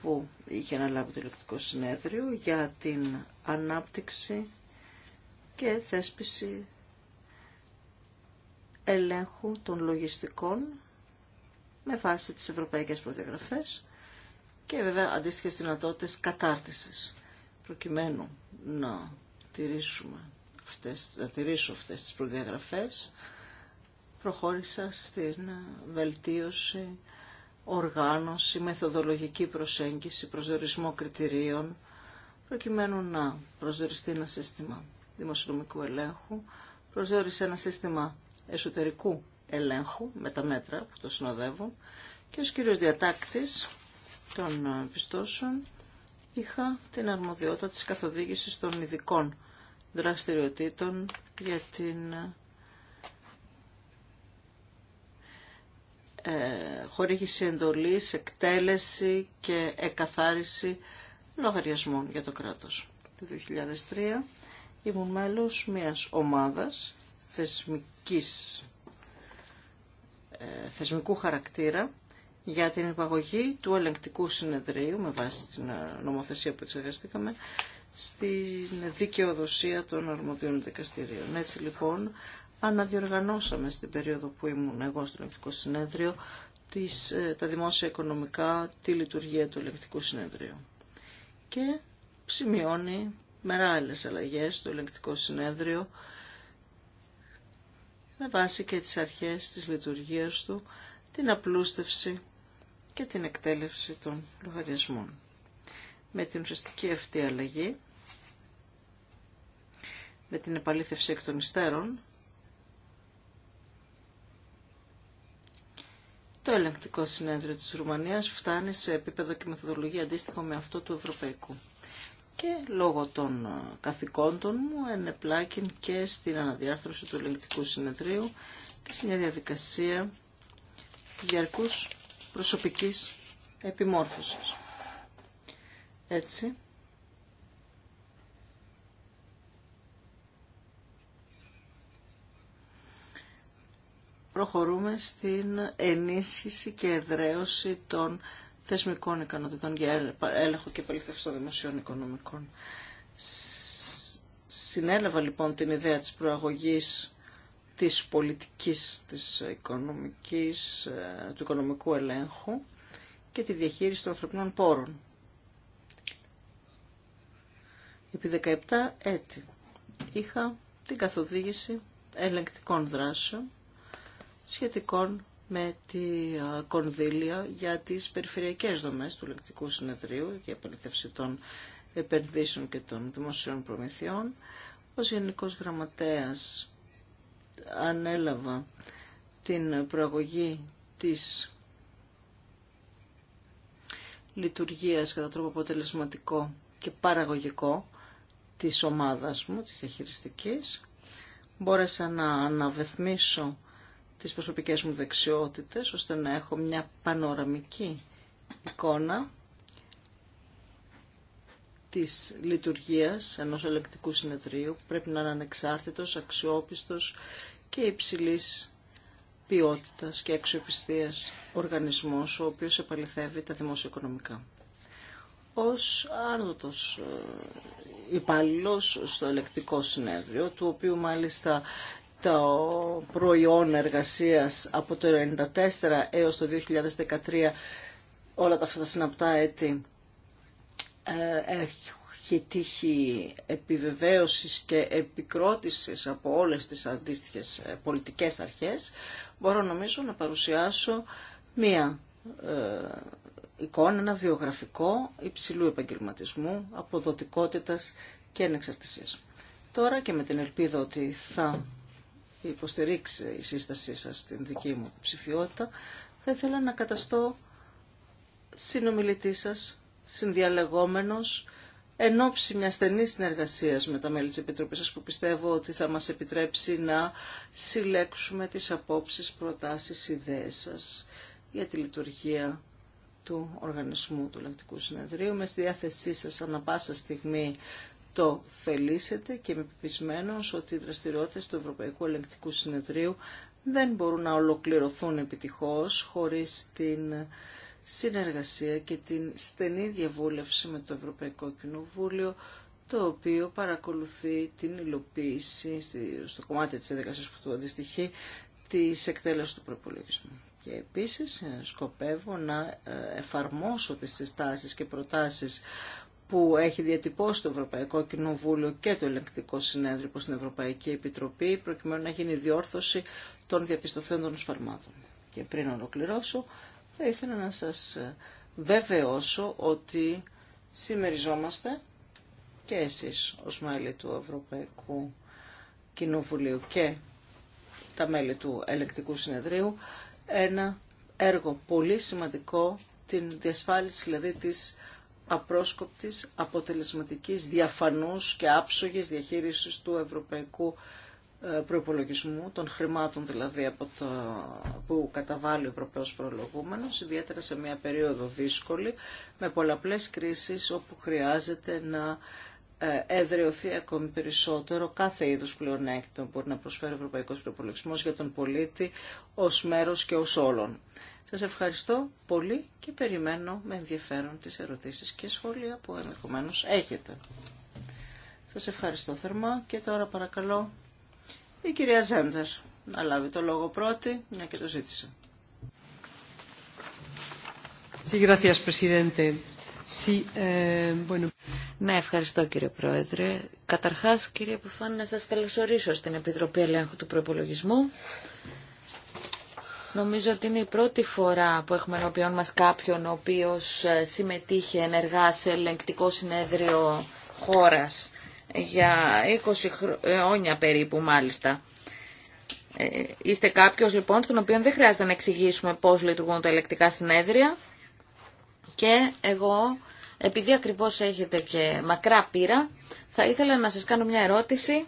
που είχε αναλάβει το ηλεκτρικό συνέδριο για την ανάπτυξη και θέσπιση ελέγχου των λογιστικών με βάση τις ευρωπαϊκές προδιαγραφές και βέβαια αντίστοιχες δυνατότητες κατάρτισης προκειμένου να τηρήσουμε αυτές, να τηρήσω αυτές τις προδιαγραφές, προχώρησα στην βελτίωση, οργάνωση, μεθοδολογική προσέγγιση, προσδιορισμό κριτηρίων, προκειμένου να προσδιοριστεί ένα σύστημα δημοσιονομικού ελέγχου, προσδιορίσε ένα σύστημα εσωτερικού ελέγχου με τα μέτρα που το συνοδεύουν και ως κύριος διατάκτης των πιστώσεων είχα την αρμοδιότητα της καθοδήγησης των ειδικών δραστηριοτήτων για την ε, χορήγηση εντολής, εκτέλεση και εκαθάριση λογαριασμών για το κράτος. Το 2003 ήμουν μέλος μιας ομάδας θεσμικής, ε, θεσμικού χαρακτήρα για την υπαγωγή του ελεγκτικού συνεδρίου με βάση την ε, νομοθεσία που εξεργαστήκαμε στην δικαιοδοσία των αρμοδίων δικαστηρίων. Έτσι λοιπόν αναδιοργανώσαμε στην περίοδο που ήμουν εγώ στο Ελεκτικό Συνέδριο τις, ε, τα δημόσια οικονομικά, τη λειτουργία του Ελεκτικού Συνέδριου. Και σημειώνει μεγάλες αλλαγές στο Ελεκτικό Συνέδριο με βάση και τις αρχές της λειτουργίας του, την απλούστευση και την εκτέλευση των λογαριασμών. Με την ουσιαστική αυτή αλλαγή με την επαλήθευση εκ των υστέρων. Το ελεγκτικό συνέδριο της Ρουμανίας φτάνει σε επίπεδο και μεθοδολογία αντίστοιχο με αυτό του ευρωπαϊκού. Και λόγω των ε, καθηκόντων μου ενεπλάκην και στην αναδιάρθρωση του ελεγκτικού συνεδρίου και στην μια διαδικασία διαρκούς προσωπικής επιμόρφωσης. Έτσι, προχωρούμε στην ενίσχυση και εδραίωση των θεσμικών ικανότητων για έλεγχο και επαλήθευση των δημοσίων οικονομικών. Συνέλαβα λοιπόν την ιδέα της προαγωγής της πολιτικής, της οικονομικής, ε, του οικονομικού ελέγχου και τη διαχείριση των ανθρωπινών πόρων. Επί 17 έτη είχα την καθοδήγηση ελεγκτικών δράσεων σχετικών με τη ε, κονδύλια για τις περιφερειακές δομές του Λεκτικού Συνεδρίου για επαληθεύση των επενδύσεων και των δημοσίων προμηθειών. Ως Γενικός Γραμματέας ανέλαβα την προαγωγή της λειτουργίας κατά τρόπο αποτελεσματικό και παραγωγικό της ομάδας μου, της εχειριστικής. Μπόρεσα να αναβεθμίσω τις προσωπικές μου δεξιότητες, ώστε να έχω μια πανοραμική εικόνα της λειτουργίας ενός ελεκτικού συνεδρίου, που πρέπει να είναι ανεξάρτητος, αξιόπιστος και υψηλής ποιότητας και αξιοπιστίας οργανισμός, ο οποίος επαληθεύει τα δημοσιοοικονομικά. Ως άρδοτος ε, υπαλληλό στο ελεκτικό συνέδριο, του οποίου μάλιστα το προϊόν εργασίας από το 1994 έως το 2013 όλα αυτά τα συναπτά έτη ε, έχει τύχει επιβεβαίωσης και επικρότησης από όλες τις αντίστοιχες ε, πολιτικές αρχές, μπορώ νομίζω να παρουσιάσω μία ε, εικόνα, ένα βιογραφικό υψηλού επαγγελματισμού, αποδοτικότητας και ανεξαρτησίας. Τώρα και με την ελπίδα ότι θα υποστηρίξει η σύστασή σας την δική μου ψηφιότητα, θα ήθελα να καταστώ συνομιλητή σας, συνδιαλεγόμενος, εν ώψη μια στενή συνεργασία με τα μέλη τη Επιτροπή σα, που πιστεύω ότι θα μα επιτρέψει να συλλέξουμε τι απόψεις, προτάσει, ιδέε σα για τη λειτουργία του οργανισμού του Λακτικού Συνεδρίου. Με στη διάθεσή σα ανά πάσα στιγμή το θελήσετε και είμαι πεπισμένος ότι οι δραστηριότητε του Ευρωπαϊκού Ελεγκτικού Συνεδρίου δεν μπορούν να ολοκληρωθούν επιτυχώς χωρίς την συνεργασία και την στενή διαβούλευση με το Ευρωπαϊκό Κοινοβούλιο, το οποίο παρακολουθεί την υλοποίηση στο κομμάτι της διαδικασίας που του αντιστοιχεί της εκτέλεσης του προπολογισμού. Και επίσης σκοπεύω να ε, εφαρμόσω τις συστάσεις και προτάσεις που έχει διατυπώσει το Ευρωπαϊκό Κοινοβούλιο και το Ελεκτικό Συνέδριο προ την Ευρωπαϊκή Επιτροπή προκειμένου να γίνει διόρθωση των διαπιστωθέντων σφαλμάτων. Και πριν ολοκληρώσω, θα ήθελα να σας βεβαιώσω ότι σημεριζόμαστε και εσείς ως μέλη του Ευρωπαϊκού Κοινοβουλίου και τα μέλη του Ελεκτικού Συνεδρίου ένα έργο πολύ σημαντικό, την διασφάλιση δηλαδή της απρόσκοπτης, αποτελεσματικής, διαφανούς και άψογης διαχείρισης του ευρωπαϊκού ε, προϋπολογισμού, των χρημάτων δηλαδή από το, που καταβάλει ο Ευρωπαίος Προλογούμενος, ιδιαίτερα σε μια περίοδο δύσκολη, με πολλαπλές κρίσεις όπου χρειάζεται να ε, εδρεωθεί ακόμη περισσότερο κάθε είδους πλεονέκτημα που μπορεί να προσφέρει ο Ευρωπαϊκός Προπολογισμός για τον πολίτη ως μέρος και ως όλων. Σας ευχαριστώ πολύ και περιμένω με ενδιαφέρον τις ερωτήσεις και σχόλια που ενδεχομένω έχετε. Σας ευχαριστώ θερμά και τώρα παρακαλώ η κυρία Ζέντερ να λάβει το λόγο πρώτη, μια και το ζήτησε. Eh, ναι, ευχαριστώ κύριε Πρόεδρε. Καταρχάς, κύριε Πουφάνη, να σας καλωσορίσω στην Επιτροπή Ελέγχου του Προπολογισμού. Νομίζω ότι είναι η πρώτη φορά που έχουμε ενώπιον μας κάποιον ο οποίος ε, συμμετείχε ενεργά σε ελεγκτικό συνέδριο χώρας για 20 χρόνια ε, περίπου μάλιστα. Ε, είστε κάποιος λοιπόν στον οποίο δεν χρειάζεται να εξηγήσουμε πώς λειτουργούν τα ελεκτικά συνέδρια και εγώ επειδή ακριβώς έχετε και μακρά πείρα θα ήθελα να σας κάνω μια ερώτηση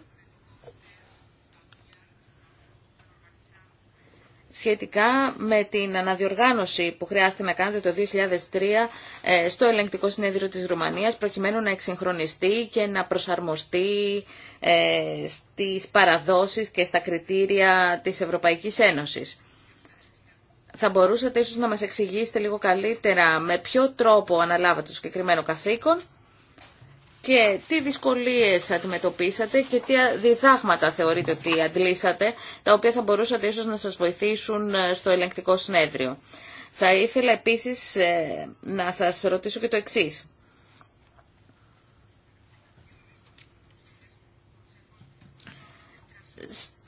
σχετικά με την αναδιοργάνωση που χρειάστηκε να κάνετε το 2003 ε, στο ελεγκτικό συνέδριο της Ρουμανίας προκειμένου να εξυγχρονιστεί και να προσαρμοστεί ε, στις παραδόσεις και στα κριτήρια της Ευρωπαϊκής Ένωσης. Θα μπορούσατε ίσως να μας εξηγήσετε λίγο καλύτερα με ποιο τρόπο αναλάβατε το συγκεκριμένο καθήκον και τι δυσκολίες αντιμετωπίσατε και τι διδάγματα θεωρείτε ότι αντλήσατε, τα οποία θα μπορούσατε ίσως να σας βοηθήσουν ε, στο ελεγκτικό συνέδριο. Θα ήθελα επίσης ε, να σας ρωτήσω και το εξής.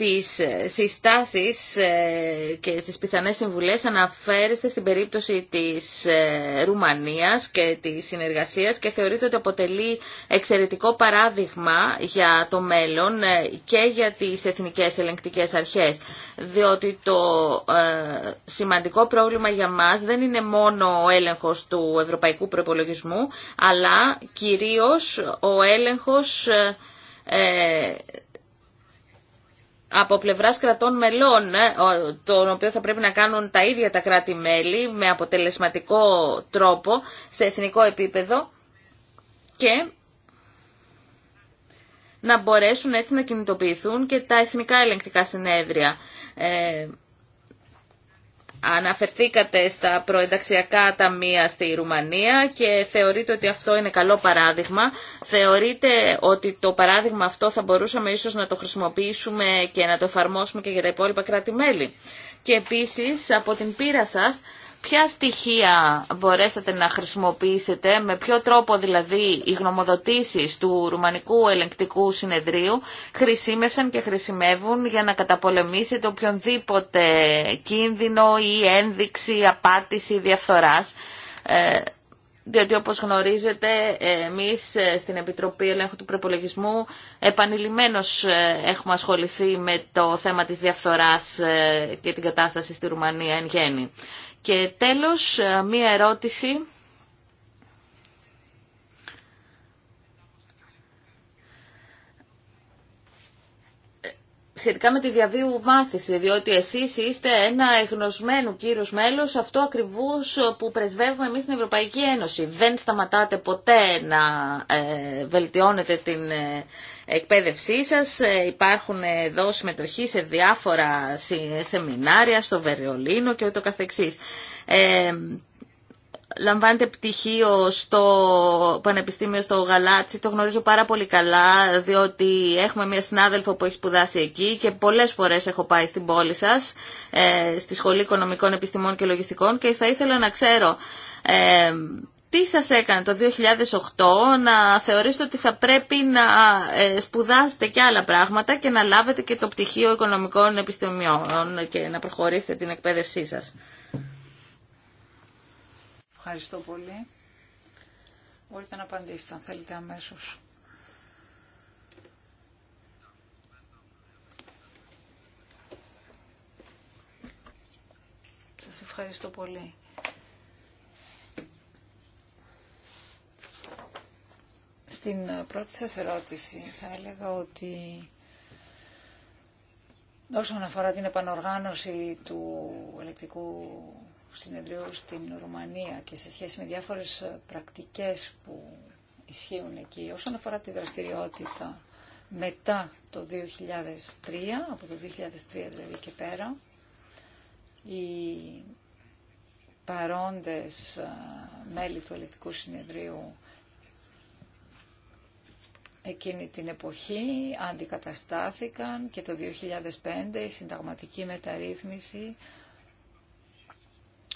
τις ε, συστάσεις ε, και στις πιθανές συμβουλές αναφέρεστε στην περίπτωση της ε, Ρουμανίας και της συνεργασίας και θεωρείτε ότι αποτελεί εξαιρετικό παράδειγμα για το μέλλον και για τις εθνικές ελεγκτικές αρχές. Διότι το σημαντικό πρόβλημα για μας δεν είναι μόνο ο έλεγχος του ευρωπαϊκού προπολογισμού αλλά κυρίως ο έλεγχος από πλευράς κρατών μελών, ε, τον οποίο θα πρέπει να κάνουν τα ίδια τα κράτη-μέλη με αποτελεσματικό τρόπο σε εθνικό επίπεδο και να μπορέσουν έτσι να κινητοποιηθούν και τα εθνικά ελεγκτικά συνέδρια. Ε, Αναφερθήκατε στα προενταξιακά ταμεία στη Ρουμανία και θεωρείτε ότι αυτό είναι καλό παράδειγμα. Θεωρείτε ότι το παράδειγμα αυτό θα μπορούσαμε ίσως να το χρησιμοποιήσουμε και να το εφαρμόσουμε και για τα υπόλοιπα κράτη-μέλη. Και επίσης από την πείρα σας Ποια στοιχεία μπορέσατε να χρησιμοποιήσετε, με ποιο τρόπο δηλαδή οι γνωμοδοτήσεις του Ρουμανικού Ελεγκτικού Συνεδρίου χρησιμεύσαν και χρησιμεύουν για να καταπολεμήσετε οποιονδήποτε κίνδυνο ή ένδειξη, απάτηση, διαφθοράς. Ε, διότι όπως γνωρίζετε εμείς στην Επιτροπή Ελέγχου του Προπολογισμού επανειλημμένως ε, έχουμε ασχοληθεί με το θέμα της διαφθοράς ε, και την κατάσταση στη Ρουμανία εν γέννη. Και τέλος, ε, μία ερώτηση σχετικά με τη διαβίου μάθηση, διότι εσείς είστε ένα εγνωσμένο κύριος μέλος, αυτό ακριβώς που πρεσβεύουμε εμείς στην Ευρωπαϊκή Ένωση. Δεν σταματάτε ποτέ να ε, βελτιώνετε την ε, εκπαίδευσή σας. Ε, υπάρχουν εδώ συμμετοχή σε διάφορα σεμινάρια, στο Βερολίνο και ούτω καθεξής λαμβάνετε πτυχίο στο Πανεπιστήμιο στο Γαλάτσι, το γνωρίζω πάρα πολύ καλά, διότι έχουμε μια συνάδελφο που έχει σπουδάσει εκεί και πολλές φορές έχω πάει στην πόλη σας, ε, στη Σχολή Οικονομικών Επιστημών και Λογιστικών και θα ήθελα να ξέρω ε, τι σας έκανε το 2008 να θεωρήσετε ότι θα πρέπει να ε, σπουδάσετε και άλλα πράγματα και να λάβετε και το πτυχίο Οικονομικών Επιστημιών και να προχωρήσετε την εκπαίδευσή σας. Ευχαριστώ πολύ. Μπορείτε να απαντήσετε αν θέλετε αμέσως. Σας ευχαριστώ πολύ. Στην πρώτη σας ερώτηση θα έλεγα ότι όσον αφορά την επανοργάνωση του ελεκτικού συνεδρίου στην Ρουμανία και σε σχέση με διάφορες πρακτικές που ισχύουν εκεί. Όσον αφορά τη δραστηριότητα μετά το 2003, από το 2003 δηλαδή και πέρα, οι παρόντες μέλη του Ελεκτικού Συνεδρίου εκείνη την εποχή αντικαταστάθηκαν και το 2005 η συνταγματική μεταρρύθμιση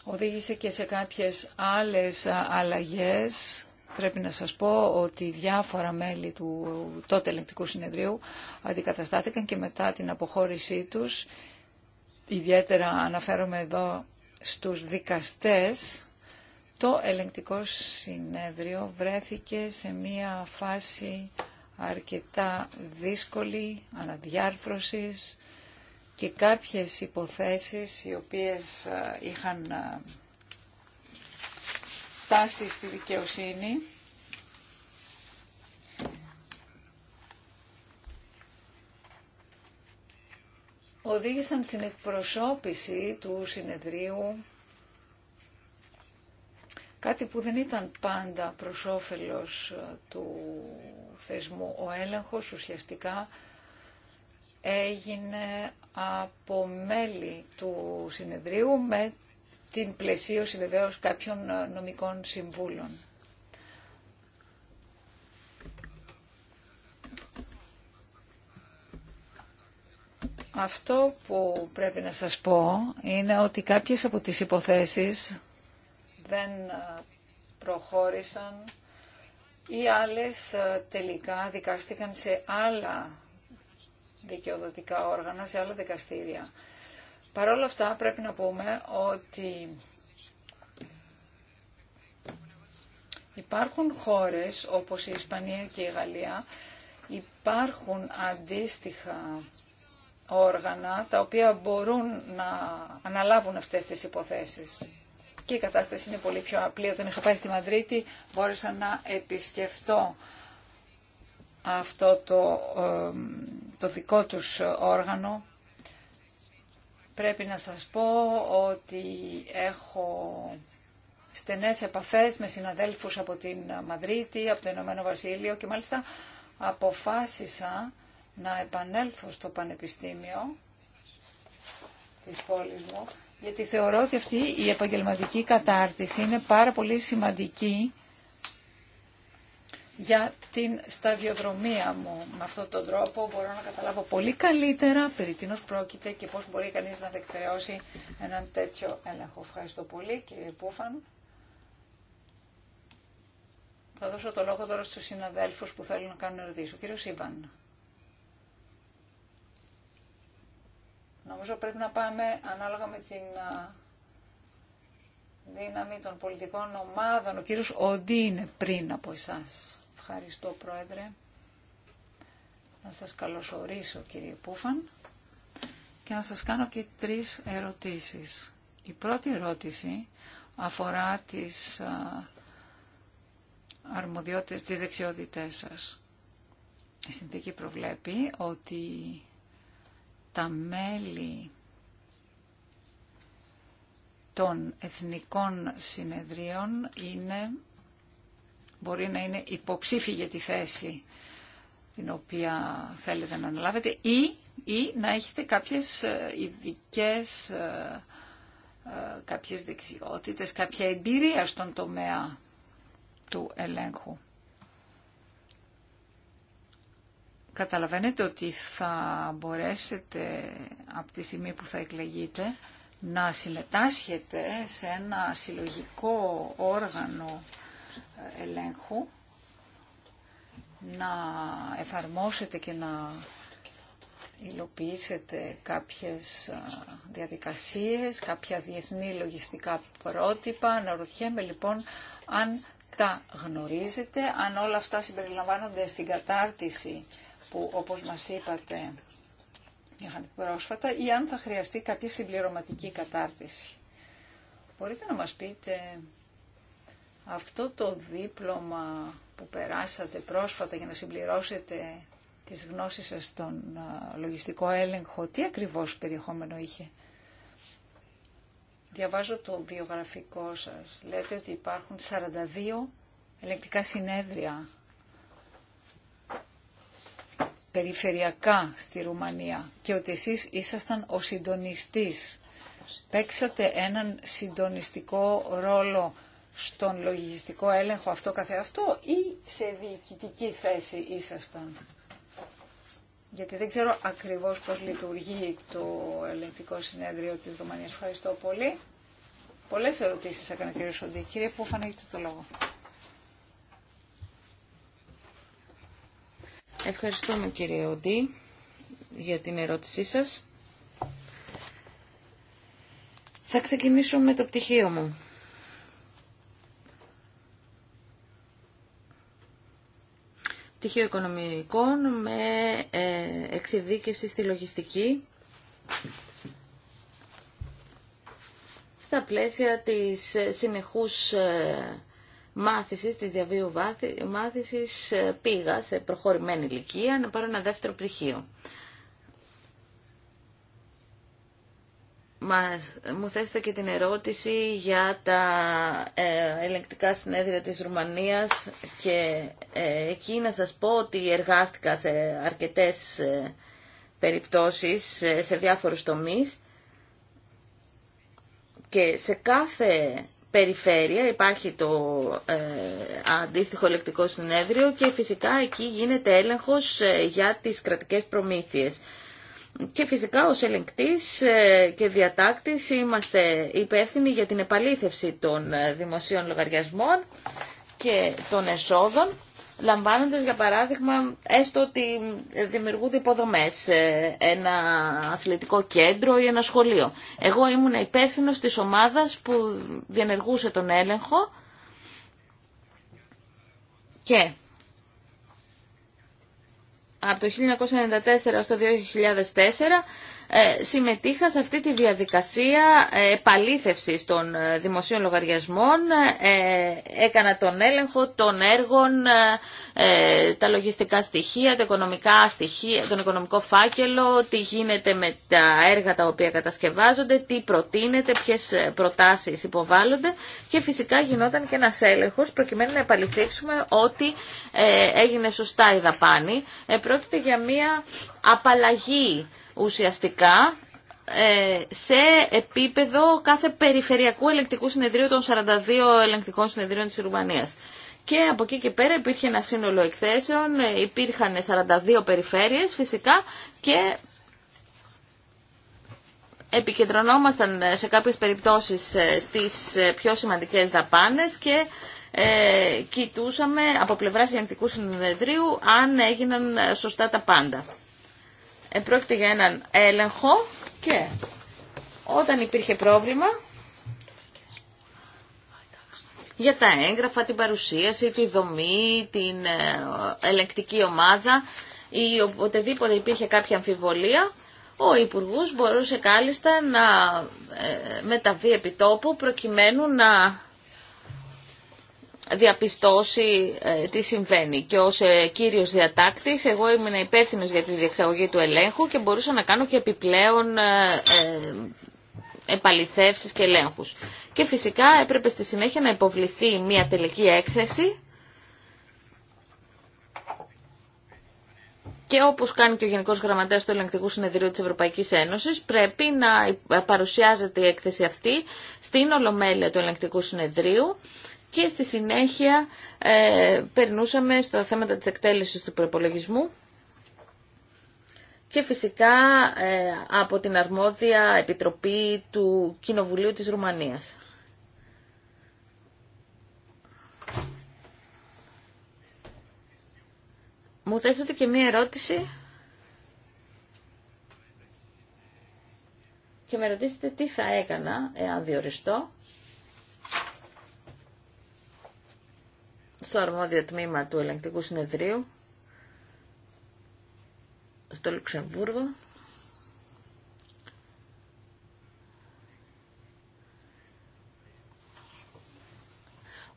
οδήγησε και σε κάποιες άλλες αλλαγές. Πρέπει να σας πω ότι διάφορα μέλη του τότε ελεγκτικού συνεδρίου αντικαταστάθηκαν και μετά την αποχώρησή τους. Ιδιαίτερα αναφέρομαι εδώ στους δικαστές. Το ελεγκτικό συνέδριο βρέθηκε σε μία φάση αρκετά δύσκολη αναδιάρθρωσης και κάποιες υποθέσεις οι οποίες ε, είχαν φτάσει ε, στη δικαιοσύνη. οδήγησαν στην εκπροσώπηση του συνεδρίου κάτι που δεν ήταν πάντα προς ε, του θεσμού. Ο έλεγχος ουσιαστικά έγινε από μέλη του συνεδρίου με την πλαισίωση βεβαίως κάποιων νομικών συμβούλων. Αυτό που πρέπει να σας πω είναι ότι κάποιες από τις υποθέσεις δεν προχώρησαν ή άλλες τελικά δικάστηκαν σε άλλα δικαιοδοτικά όργανα, σε άλλα δικαστήρια. Παρ' όλα αυτά πρέπει να πούμε ότι υπάρχουν χώρες όπως η Ισπανία και η Γαλλία, υπάρχουν αντίστοιχα όργανα τα οποία μπορούν να αναλάβουν αυτές τις υποθέσεις. Και η κατάσταση είναι πολύ πιο απλή. Όταν είχα πάει στη Μαδρίτη μπόρεσα να επισκεφτώ αυτό το το δικό τους όργανο. Πρέπει να σας πω ότι έχω στενές επαφές με συναδέλφους από την Μαδρίτη, από το Ηνωμένο Βασίλειο και μάλιστα αποφάσισα να επανέλθω στο Πανεπιστήμιο της πόλης μου, γιατί θεωρώ ότι αυτή η επαγγελματική κατάρτιση είναι πάρα πολύ σημαντική για την σταδιοδρομία μου. Με αυτόν τον τρόπο μπορώ να καταλάβω πολύ καλύτερα περί τίνος πρόκειται και πώς μπορεί κανείς να δεκτερεώσει έναν τέτοιο έλεγχο. Ευχαριστώ πολύ κύριε Πούφαν. Θα δώσω το λόγο τώρα στους συναδέλφους που θέλουν να κάνουν ερωτήσεις. Ο κύριος Ιβάν. Νομίζω πρέπει να πάμε ανάλογα με την δύναμη των πολιτικών ομάδων. Ο κύριος Οντί είναι πριν από εσάς. Ευχαριστώ Πρόεδρε. Να σας καλωσορίσω κύριε Πούφαν και να σας κάνω και τρεις ερωτήσεις. Η πρώτη ερώτηση αφορά τις αρμοδιότητες, τις δεξιότητές σας. Η συνθήκη προβλέπει ότι τα μέλη των εθνικών συνεδρίων είναι μπορεί να είναι υποψήφοι για τη θέση την οποία θέλετε να αναλάβετε ή, ή να έχετε κάποιες ε, ειδικέ ε, ε, κάποιες δεξιότητες, κάποια εμπειρία στον τομέα του ελέγχου. Καταλαβαίνετε ότι θα μπορέσετε από τη στιγμή που θα εκλεγείτε να συμμετάσχετε σε ένα συλλογικό όργανο ελέγχου να εφαρμόσετε και να υλοποιήσετε κάποιες διαδικασίες, κάποια διεθνή λογιστικά πρότυπα. να Αναρωτιέμαι λοιπόν αν τα γνωρίζετε, αν όλα αυτά συμπεριλαμβάνονται στην κατάρτιση που όπως μας είπατε είχαν πρόσφατα ή αν θα χρειαστεί κάποια συμπληρωματική κατάρτιση. Μπορείτε να μας πείτε αυτό το δίπλωμα που περάσατε πρόσφατα για να συμπληρώσετε τις γνώσεις σας στον ε, λογιστικό έλεγχο, τι ακριβώς περιεχόμενο είχε. Διαβάζω το βιογραφικό σας. Λέτε ότι υπάρχουν 42 ελεκτικά συνέδρια περιφερειακά στη Ρουμανία και ότι εσείς ήσασταν ο συντονιστής. Παίξατε έναν συντονιστικό ρόλο στον λογιστικό έλεγχο αυτό καθεαυτό ή σε διοικητική θέση ήσασταν. Γιατί δεν ξέρω ακριβώς πώς λειτουργεί το ελεγκτικό συνέδριο της Ρουμανίας. Ευχαριστώ πολύ. Πολλές ερωτήσεις έκανε κύριε Σοντή. Κύριε Πούφαν, έχετε το λόγο. Ευχαριστούμε κύριε Οντή για την ερώτησή σας. Θα ξεκινήσω με το πτυχίο μου. πτυχίο οικονομικών με ε, εξειδίκευση στη λογιστική στα πλαίσια της ε, συνεχούς ε, μάθησης, της διαβίου μάθησης πήγα σε προχωρημένη ηλικία να πάρω ένα δεύτερο πτυχίο. μας, μου θέσετε και την ερώτηση για τα ε, ελεγκτικά συνέδρια της Ρουμανίας και ε, εκεί να σας πω ότι εργάστηκα σε αρκετές ε, περιπτώσεις, σε διάφορους τομείς και σε κάθε περιφέρεια υπάρχει το ε, αντίστοιχο ελεγκτικό συνέδριο και φυσικά εκεί γίνεται έλεγχος ε, για τις κρατικές προμήθειες. Και φυσικά ως ελεγκτής ε, και διατάκτης είμαστε υπεύθυνοι για την επαλήθευση των ε, δημοσίων λογαριασμών και των εσόδων, λαμβάνοντας για παράδειγμα έστω ότι δημιουργούνται υποδομές, ε, ένα αθλητικό κέντρο ή ένα σχολείο. Εγώ ήμουν υπεύθυνο της ομάδας που διενεργούσε τον έλεγχο και από το 1994 στο 2004 ε, συμμετείχα σε αυτή τη διαδικασία ε, επαλήθευσης των ε, δημοσίων λογαριασμών, έκανα τον έλεγχο των έργων, τα λογιστικά στοιχεία, τα οικονομικά στοιχεία, τον οικονομικό φάκελο, τι γίνεται με τα έργα τα οποία κατασκευάζονται, τι προτείνεται, ποιες προτάσεις υποβάλλονται και φυσικά γινόταν και ένας έλεγχος προκειμένου να επαληθεύσουμε ότι έγινε σωστά η δαπάνη. Πρόκειται για μία απαλλαγή ουσιαστικά ε, σε επίπεδο κάθε περιφερειακού ελεκτικού συνεδρίου των 42 ελεγκτικών συνεδρίων της Ρουμανίας. Και από εκεί και πέρα υπήρχε ένα σύνολο εκθέσεων, ε, υπήρχαν 42 περιφέρειες φυσικά και επικεντρωνόμασταν ε, σε κάποιες περιπτώσεις στις πιο σημαντικές δαπάνες και ε, κοιτούσαμε από πλευράς ελεγκτικού συνεδρίου αν έγιναν σωστά τα πάντα. Επρόκειται για έναν έλεγχο και όταν υπήρχε πρόβλημα για τα έγγραφα, την παρουσίαση, τη δομή, την ε, ελεγκτική ομάδα ή οποτεδήποτε υπήρχε κάποια αμφιβολία, ο Υπουργός μπορούσε κάλλιστα να ε, μεταβεί επιτόπου προκειμένου να διαπιστώσει ε, τι συμβαίνει. Και ως ε, κύριος διατάκτης, εγώ ήμουν υπεύθυνος για τη διεξαγωγή του ελέγχου και μπορούσα να κάνω και επιπλέον ε, ε, επαληθεύσεις και ελέγχους. Και φυσικά έπρεπε στη συνέχεια να υποβληθεί μια τελική έκθεση και όπως κάνει και ο Γενικός Γραμματέας του Ελεγκτικού Συνεδρίου της Ευρωπαϊκής Ένωσης πρέπει να παρουσιάζεται η έκθεση αυτή στην Ολομέλεια του Ελεγκτικού Συνεδρίου και στη συνέχεια ε, περνούσαμε στο θέματα της εκτέλεσης του προπολογισμού και φυσικά ε, από την αρμόδια επιτροπή του Κοινοβουλίου της Ρουμανίας. Μου θέσατε και μία ερώτηση και με ρωτήσετε τι θα έκανα εάν διοριστώ. στο αρμόδιο τμήμα του ελεγκτικού συνεδρίου στο Λουξεμβούργο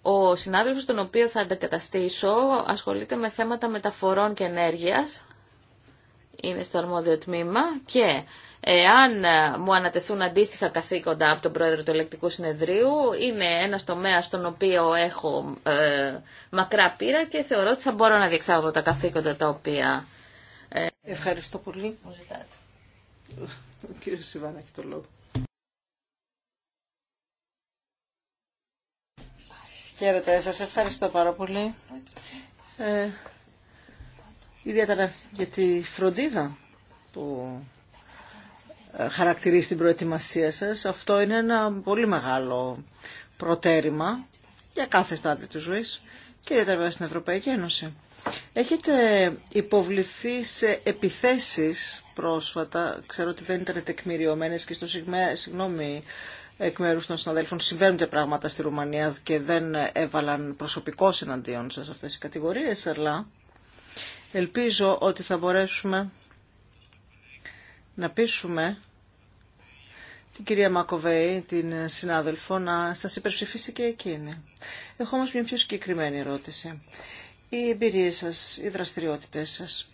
Ο συνάδελφος τον οποίο θα αντικαταστήσω ασχολείται με θέματα μεταφορών και ενέργειας είναι στο αρμόδιο τμήμα και εάν ε, μου ανατεθούν αντίστοιχα καθήκοντα από τον πρόεδρο του ελεκτικού συνεδρίου, είναι ένας τομέας στον οποίο έχω ε, μακρά πείρα και θεωρώ ότι θα μπορώ να διεξάγω τα καθήκοντα τα οποία... Ε, ευχαριστώ πολύ. Μου ζητάτε. Ο κύριος Σιβάνα το λόγο. σας ευχαριστώ πάρα πολύ. Ε, ιδιαίτερα για τη φροντίδα που ε, χαρακτηρίζει την προετοιμασία σας. Αυτό είναι ένα πολύ μεγάλο προτέρημα για κάθε στάδιο της ζωής και ιδιαίτερα στην Ευρωπαϊκή Ένωση. Έχετε υποβληθεί σε επιθέσεις πρόσφατα, ξέρω ότι δεν ήταν τεκμηριωμένες και στο συγγνώμη εκ μέρου των συναδέλφων συμβαίνουν και πράγματα στη Ρουμανία και δεν έβαλαν προσωπικό εναντίον σας αυτές οι κατηγορίες, αλλά Ελπίζω ότι θα μπορέσουμε να πείσουμε την κυρία Μακοβέη, την συνάδελφο, να σας υπερψηφίσει και εκείνη. Έχω όμως μια πιο συγκεκριμένη ερώτηση. Οι εμπειρίες σας, οι δραστηριότητες σας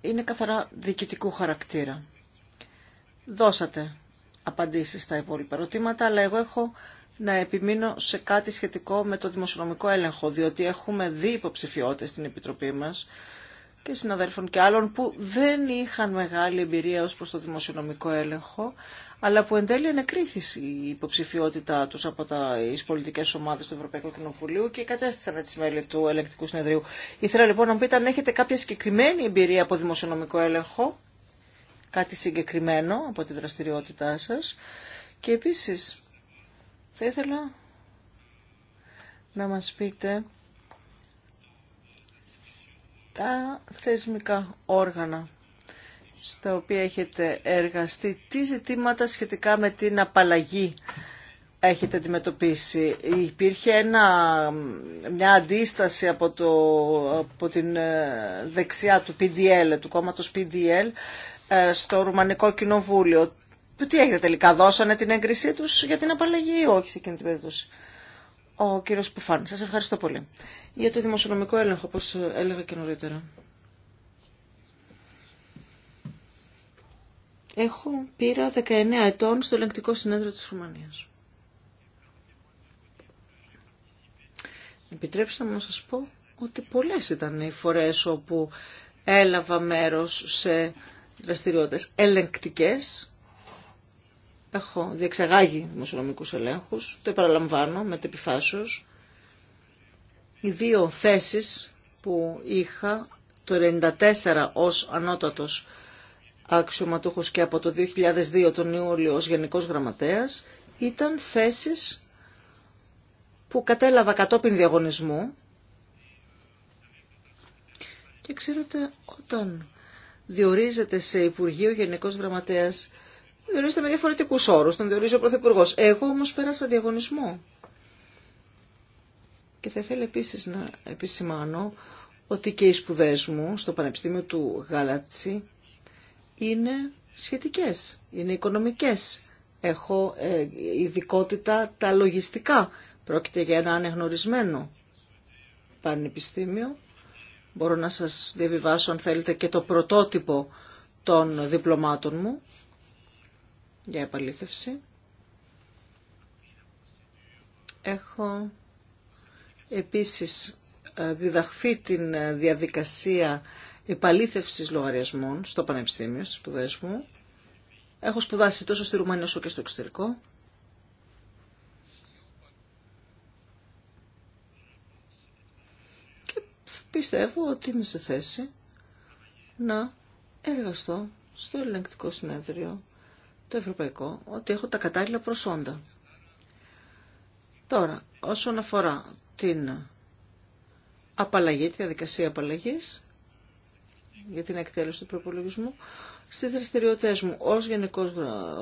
είναι καθαρά διοικητικού χαρακτήρα. Δώσατε απαντήσεις στα υπόλοιπα ερωτήματα, αλλά εγώ έχω να επιμείνω σε κάτι σχετικό με το δημοσιονομικό έλεγχο, διότι έχουμε δει υποψηφιότητε στην Επιτροπή μα και συναδέλφων και άλλων που δεν είχαν μεγάλη εμπειρία ως προς το δημοσιονομικό έλεγχο, αλλά που εν τέλει ενεκρίθη η υποψηφιότητά τους από τις πολιτικές ομάδες του Ευρωπαϊκού Κοινοβουλίου και κατέστησαν έτσι μέλη του Ελεκτικού συνεδρίου. Ήθελα λοιπόν να μου πείτε αν έχετε κάποια συγκεκριμένη εμπειρία από δημοσιονομικό έλεγχο, κάτι συγκεκριμένο από τη δραστηριότητά σας και επίσης θα ήθελα να μας πείτε τα θεσμικά όργανα στα οποία έχετε εργαστεί, τι ζητήματα σχετικά με την απαλλαγή έχετε αντιμετωπίσει. Υπήρχε ένα, μια αντίσταση από, το, από την ε, δεξιά του PDL, του κόμματος PDL, ε, στο Ρουμανικό Κοινοβούλιο τι έγινε τελικά, δώσανε την έγκρισή τους για την απαλλαγή ή όχι σε εκείνη την περίπτωση. Ο κύριος Πουφάνη. σας ευχαριστώ πολύ. Για το δημοσιονομικό έλεγχο, όπως έλεγα και νωρίτερα. Έχω πειρα 19 ετών στο ελεγκτικό συνέδριο της Ρουμανίας. Επιτρέψτε μου να σας πω ότι πολλές ήταν οι φορές όπου έλαβα μέρος σε δραστηριότητες ελεγκτικές Έχω διεξαγάγει δημοσιονομικού ελέγχους, το επαναλαμβάνω με επιφάσεως. Οι δύο θέσεις που είχα το 1994 ω ανώτατο αξιωματούχο και από το 2002 τον Ιούλιο ω Γενικό Γραμματέας ήταν θέσεις που κατέλαβα κατόπιν διαγωνισμού και ξέρετε όταν διορίζεται σε Υπουργείο Γενικός Γραμματέας διορίζεται με διαφορετικού όρου, τον διορίζει ο Πρωθυπουργό. Εγώ όμω πέρασα διαγωνισμό. Και θα ήθελα επίση να επισημάνω ότι και οι σπουδέ μου στο Πανεπιστήμιο του Γαλατσί είναι σχετικέ, είναι οικονομικέ. Έχω ε, ειδικότητα τα λογιστικά. Πρόκειται για ένα ανεγνωρισμένο πανεπιστήμιο. Μπορώ να σας διαβιβάσω αν θέλετε και το πρωτότυπο των διπλωμάτων μου για επαλήθευση. Έχω επίσης ε, διδαχθεί την ε, διαδικασία επαλήθευσης λογαριασμών στο Πανεπιστήμιο, στις σπουδές μου. Έχω σπουδάσει τόσο στη Ρουμανία όσο και στο εξωτερικό. Και πιστεύω ότι είμαι σε θέση να εργαστώ στο ελεγκτικό συνέδριο το ευρωπαϊκό, ότι έχω τα κατάλληλα προσόντα. Τώρα, όσον αφορά την απαλλαγή, τη διαδικασία απαλλαγής για την εκτέλεση του προπολογισμού, στις δραστηριότητε μου ως,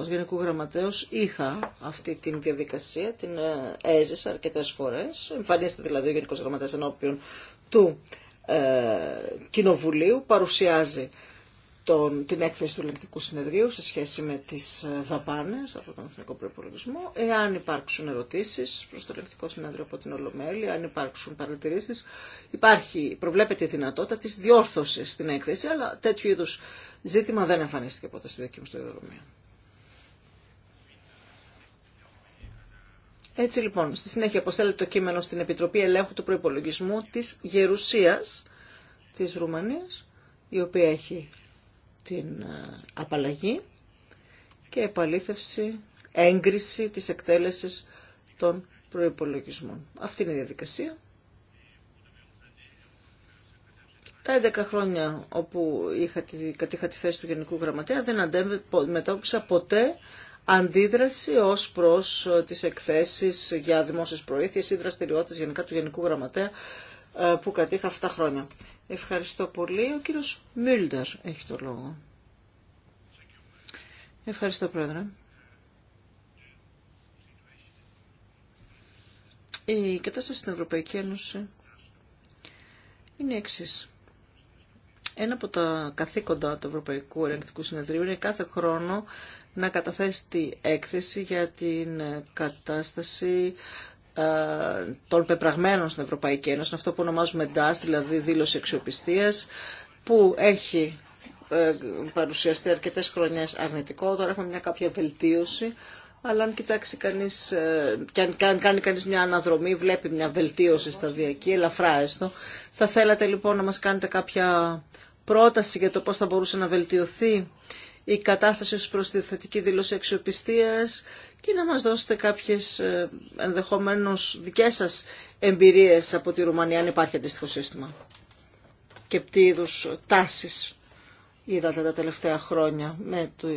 γενικού γραμματέως είχα αυτή την διαδικασία, την ε, έζησα αρκετές φορές, εμφανίστηκε δηλαδή ο γενικός γραμματέας ενώπιον του ε, Κοινοβουλίου, παρουσιάζει τον, την έκθεση του ελεγκτικού συνεδρίου σε σχέση με τις ε, δαπάνες από τον Εθνικό Προπολογισμό. Εάν υπάρξουν ερωτήσεις προς το ελεγκτικό συνεδρίο από την Ολομέλη, αν υπάρξουν παρατηρήσεις, υπάρχει, προβλέπεται η δυνατότητα της διόρθωσης στην έκθεση, αλλά τέτοιου είδους ζήτημα δεν εμφανίστηκε ποτέ στη δική μου στοιδρομία. Έτσι λοιπόν, στη συνέχεια αποστέλλεται το κείμενο στην Επιτροπή Ελέγχου του Προϋπολογισμού της Γερουσίας της Ρουμανίας, η οποία έχει την ε, απαλλαγή και επαλήθευση, έγκριση της εκτέλεσης των προϋπολογισμών. Αυτή είναι η διαδικασία. Τα 11 χρόνια όπου είχα τη, κατήχα τη θέση του Γενικού Γραμματέα δεν αντιμετώπισα ποτέ αντίδραση ως προς ε, τις εκθέσεις για δημόσιες προήθειες ή δραστηριότητες γενικά του Γενικού Γραμματέα ε, που κατήχα αυτά χρόνια. Ευχαριστώ πολύ. Ο κύριος Μίλντερ έχει το λόγο. Ευχαριστώ, Πρόεδρε. Η κατάσταση στην Ευρωπαϊκή Ένωση είναι εξή. Ένα από τα καθήκοντα του Ευρωπαϊκού Ελεγκτικού Συνεδρίου είναι κάθε χρόνο να καταθέσει τη έκθεση για την κατάσταση ε, των πεπραγμένων στην Ευρωπαϊκή Ένωση, αυτό που ονομάζουμε DAS, δηλαδή δήλωση αξιοπιστία, που έχει ε, παρουσιαστεί αρκετές χρονιές αρνητικό, τώρα έχουμε μια κάποια βελτίωση, αλλά αν κοιτάξει κανείς, ε, και αν, κάνει κανείς μια αναδρομή, βλέπει μια βελτίωση σταδιακή, ελαφρά έστω. Θα θέλατε λοιπόν να μας κάνετε κάποια πρόταση για το πώς θα μπορούσε να βελτιωθεί η κατάσταση ως προς τη θετική δήλωση αξιοπιστίας και να μας δώσετε κάποιες ε, ενδεχομένως δικές σας εμπειρίες από τη Ρουμανία, αν υπάρχει αντίστοιχο σύστημα. Και τι είδου τάσεις είδατε τα τελευταία χρόνια με το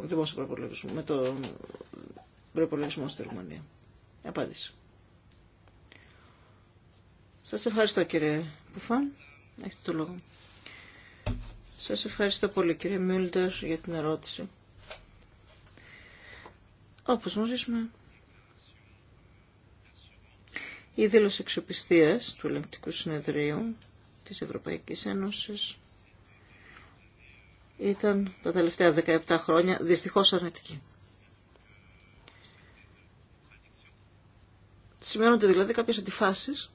δημόσιο προπολογισμό, με το προπολογισμό στη Ρουμανία. Απάντηση. Σας ευχαριστώ κύριε Πουφάν. Έχετε το λόγο. Σας ευχαριστώ πολύ κύριε Μιούλτερ για την ερώτηση. Όπως γνωρίζουμε, η δήλωση εξοπιστίας του Ελεγκτικού Συνεδρίου της Ευρωπαϊκής Ένωσης ήταν τα τελευταία 17 χρόνια δυστυχώς αρνητική. Σημαίνονται δηλαδή κάποιες αντιφάσεις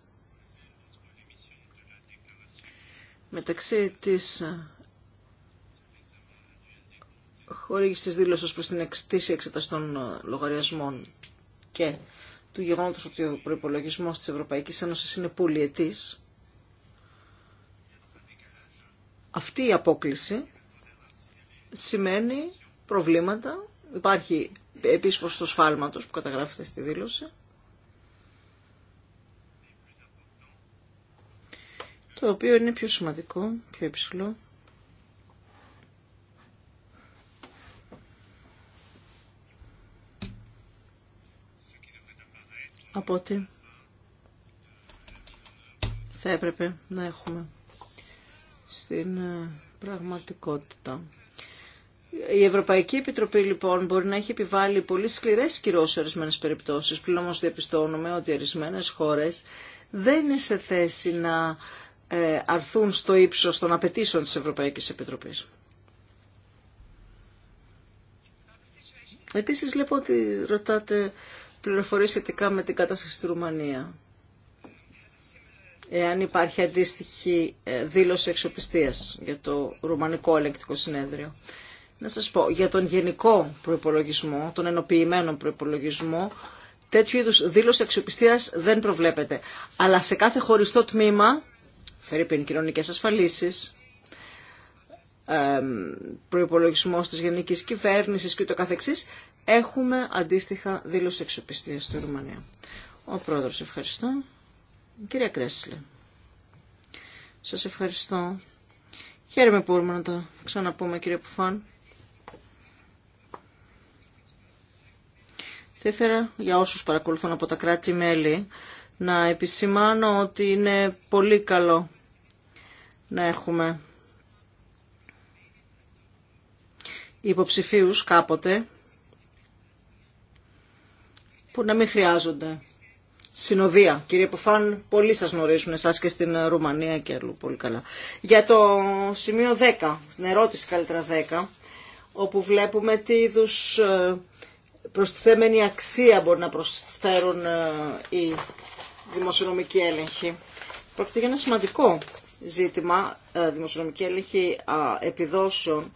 μεταξύ της χορήγηση της δήλωση προς την εκτίση εξέταση των ε, λογαριασμών και του γεγονότος ότι ο προϋπολογισμός της Ευρωπαϊκής Ένωσης είναι πολυετής, αυτή η απόκληση σημαίνει προβλήματα. Υπάρχει επίσης προ το σφάλματος που καταγράφεται στη δήλωση. Το οποίο είναι πιο σημαντικό, πιο υψηλό. από θα έπρεπε να έχουμε στην ε, πραγματικότητα. Η Ευρωπαϊκή Επιτροπή λοιπόν μπορεί να έχει επιβάλει πολύ σκληρέ κυρώσει σε ορισμένε περιπτώσει. Πλην όμω διαπιστώνουμε ότι ορισμένε χώρε δεν είναι σε θέση να ε, αρθούν στο ύψο των απαιτήσεων τη Ευρωπαϊκή Επιτροπή. Επίση βλέπω ότι ρωτάτε πληροφορίες σχετικά με την κατάσταση στη Ρουμανία. Εάν υπάρχει αντίστοιχη ε, δήλωση εξοπιστίας για το Ρουμανικό Ελεκτικό Συνέδριο. Να σας πω, για τον γενικό προϋπολογισμό, τον ενοποιημένο προϋπολογισμό, τέτοιου είδους δήλωση εξοπιστίας δεν προβλέπεται. Αλλά σε κάθε χωριστό τμήμα, φερειπίν κοινωνικές ασφαλίσεις, προϋπολογισμός της γενικής κυβέρνησης και το καθεξής, έχουμε αντίστοιχα δήλωση εξοπιστίας στη Ρουμανία. Ο πρόεδρος ευχαριστώ. Κυρία Κρέσλε, σας ευχαριστώ. Χαίρομαι που μπορούμε να τα ξαναπούμε κύριε Πουφάν. Θα ήθελα για όσους παρακολουθούν από τα κράτη-μέλη να επισημάνω ότι είναι πολύ καλό να έχουμε υποψηφίους κάποτε που να μην χρειάζονται. Συνοδεία. Κύριε Ποφάν, πολλοί σας γνωρίζουν εσάς και στην Ρουμανία και αλλού πολύ καλά. Για το σημείο 10, στην ερώτηση καλύτερα 10, όπου βλέπουμε τι είδου ε, προστιθέμενη αξία μπορεί να προσφέρουν ε, οι δημοσιονομικοί έλεγχοι. Πρόκειται για ένα σημαντικό ζήτημα, ε, δημοσιονομική έλεγχη επιδόσεων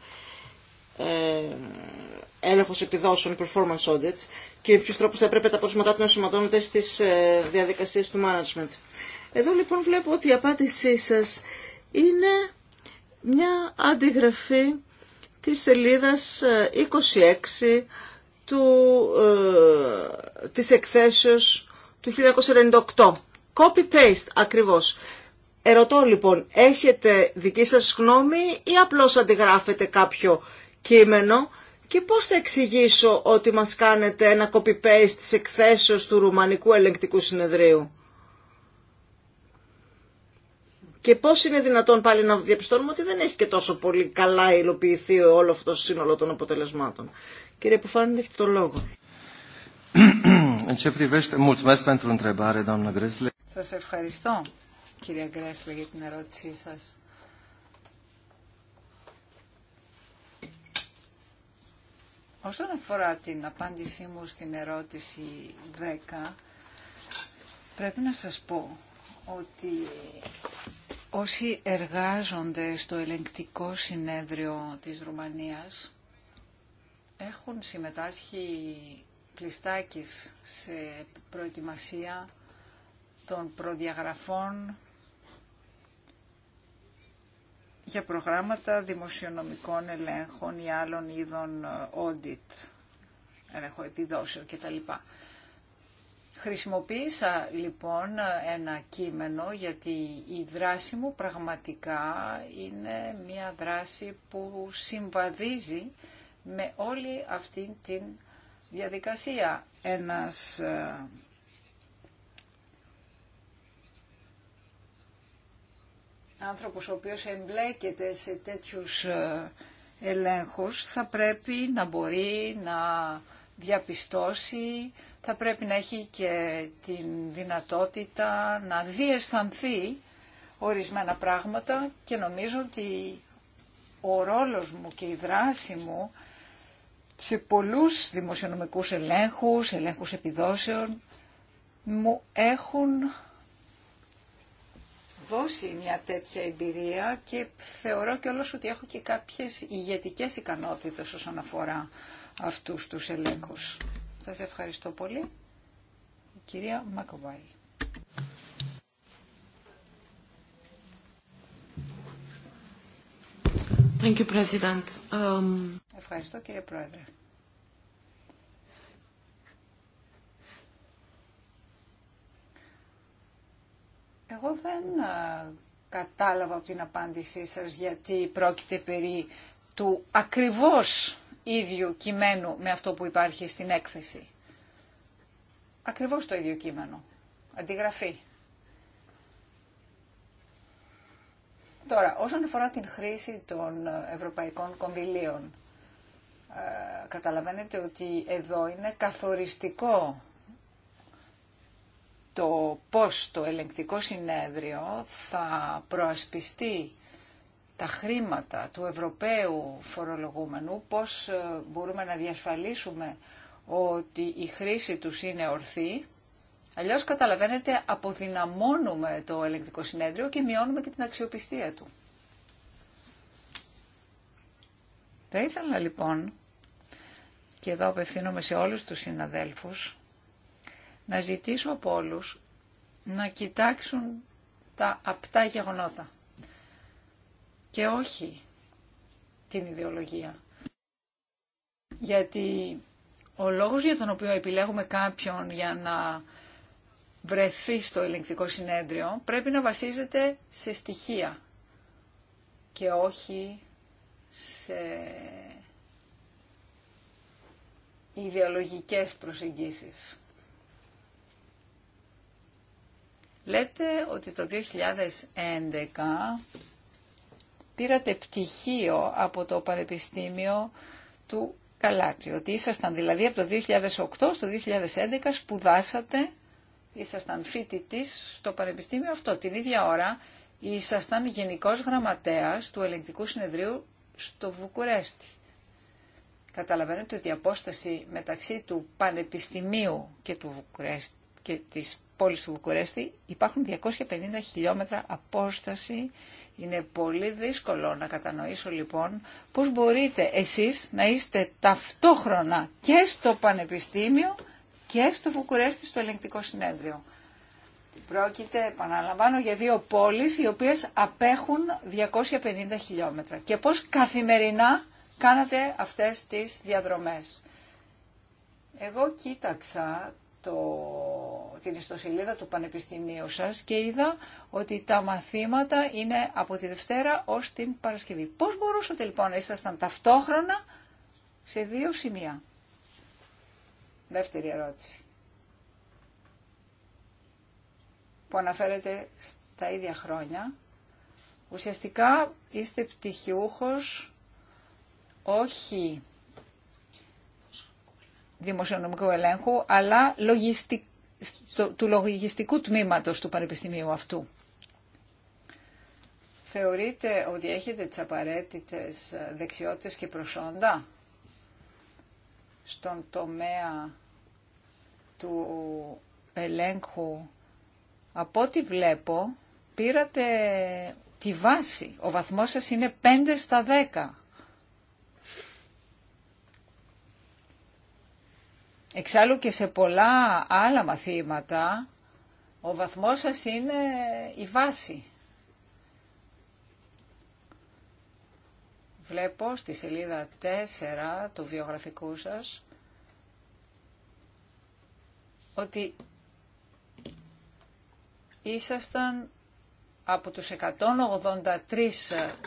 έλεγχος επιδόσεων, performance audits, και με ποιους τρόπους θα έπρεπε τα πρόσματά του να σηματώνονται στις ε, διαδικασίες του management. Εδώ λοιπόν βλέπω ότι η απάντησή σας είναι μια αντιγραφή της σελίδας 26 ε, του, ε, της εκθέσεως του 1998. Copy-paste ακριβώς. Ερωτώ λοιπόν, έχετε δική σας γνώμη ή απλώς αντιγράφετε κάποιο κείμενο και πώς θα εξηγήσω ότι μας κάνετε ένα copy-paste της εκθέσεως του Ρουμανικού Ελεγκτικού Συνεδρίου. Και πώς είναι δυνατόν πάλι να διαπιστώνουμε ότι δεν έχει και τόσο πολύ καλά υλοποιηθεί όλο αυτό το σύνολο των αποτελεσμάτων. Κύριε Πουφάνη, έχετε το λόγο. Σας ευχαριστώ, κύριε Γκρέσλε, για την ερώτησή σας. Όσον αφορά την απάντησή μου στην ερώτηση 10, πρέπει να σας πω ότι όσοι εργάζονται στο ελεγκτικό συνέδριο της Ρουμανίας έχουν συμμετάσχει πλιστάκης σε προετοιμασία των προδιαγραφών για προγράμματα δημοσιονομικών ελέγχων ή άλλων είδων ε, audit, έλεγχο επιδόσεων κτλ. Χρησιμοποίησα λοιπόν ένα κείμενο γιατί η δράση μου πραγματικά είναι μια δράση που συμβαδίζει με όλη αυτή την διαδικασία. Ένας ε, άνθρωπος ο οποίος εμπλέκεται σε τέτοιους ε, ελέγχους θα πρέπει να μπορεί να διαπιστώσει, θα πρέπει να έχει και την δυνατότητα να διαισθανθεί ορισμένα πράγματα και νομίζω ότι ο ρόλος μου και η δράση μου σε πολλούς δημοσιονομικούς ελέγχους, ελέγχους επιδόσεων, μου έχουν δώσει μια τέτοια εμπειρία και θεωρώ και όλος ότι έχω και κάποιες ηγετικές ικανότητες όσον αφορά αυτούς τους ελέγχους. σε ευχαριστώ πολύ. Η κυρία Μακοβάη. Thank you, President. Um... Ευχαριστώ κύριε Πρόεδρε. Εγώ δεν ε, κατάλαβα από την απάντησή σας γιατί πρόκειται περί του ακριβώς ίδιου κειμένου με αυτό που υπάρχει στην έκθεση. Ακριβώς το ίδιο κείμενο. Αντιγραφή. Τώρα, όσον αφορά την χρήση των ευρωπαϊκών κονδυλίων, ε, καταλαβαίνετε ότι εδώ είναι καθοριστικό το πώς το ελεγκτικό συνέδριο θα προασπιστεί τα χρήματα του Ευρωπαίου φορολογούμενου, πώς ε, μπορούμε να διασφαλίσουμε ότι η χρήση τους είναι ορθή. Αλλιώς καταλαβαίνετε αποδυναμώνουμε το ελεγκτικό συνέδριο και μειώνουμε και την αξιοπιστία του. Θα ήθελα λοιπόν, και εδώ απευθύνομαι σε όλους τους συναδέλφους, να ζητήσω από όλους να κοιτάξουν τα απτά γεγονότα και όχι την ιδεολογία. Γιατί ο λόγος για τον οποίο επιλέγουμε κάποιον για να βρεθεί στο ελεγκτικό συνέδριο πρέπει να βασίζεται σε στοιχεία και όχι σε ιδεολογικές προσεγγίσεις. Λέτε ότι το 2011 πήρατε πτυχίο από το Πανεπιστήμιο του Καλάτσι, ότι ήσασταν δηλαδή από το 2008 στο 2011 σπουδάσατε, ήσασταν φοιτητή στο Πανεπιστήμιο αυτό. Την ίδια ώρα ήσασταν Γενικός Γραμματέας του Ελεγκτικού Συνεδρίου στο Βουκουρέστι. Καταλαβαίνετε ότι η απόσταση μεταξύ του Πανεπιστημίου και του Βουκουρέστι και της πόλης του Βουκουρέστη υπάρχουν 250 χιλιόμετρα απόσταση. Είναι πολύ δύσκολο να κατανοήσω λοιπόν πώς μπορείτε εσείς να είστε ταυτόχρονα και στο Πανεπιστήμιο και στο Βουκουρέστη στο ελεγκτικό συνέδριο. Πρόκειται, επαναλαμβάνω, για δύο πόλεις οι οποίες απέχουν 250 χιλιόμετρα. Και πώς καθημερινά κάνατε αυτές τις διαδρομές. Εγώ κοίταξα το, την ιστοσελίδα του Πανεπιστημίου σας και είδα ότι τα μαθήματα είναι από τη Δευτέρα ως την Παρασκευή. Πώς μπορούσατε λοιπόν να ήσασταν ταυτόχρονα σε δύο σημεία. Δεύτερη ερώτηση. Που αναφέρεται στα ίδια χρόνια. Ουσιαστικά είστε πτυχιούχος όχι δημοσιονομικού ελέγχου, αλλά του λογιστικού τμήματος του Πανεπιστημίου αυτού. Θεωρείτε ότι έχετε τις απαραίτητες δεξιότητες και προσόντα στον τομέα του ελέγχου. Από ό,τι βλέπω, πήρατε τη βάση. Ο βαθμός σας είναι 5 στα 10. Εξάλλου και σε πολλά άλλα μαθήματα ο βαθμός σας είναι η βάση. Βλέπω στη σελίδα 4 του βιογραφικού σας ότι ήσασταν από τους 183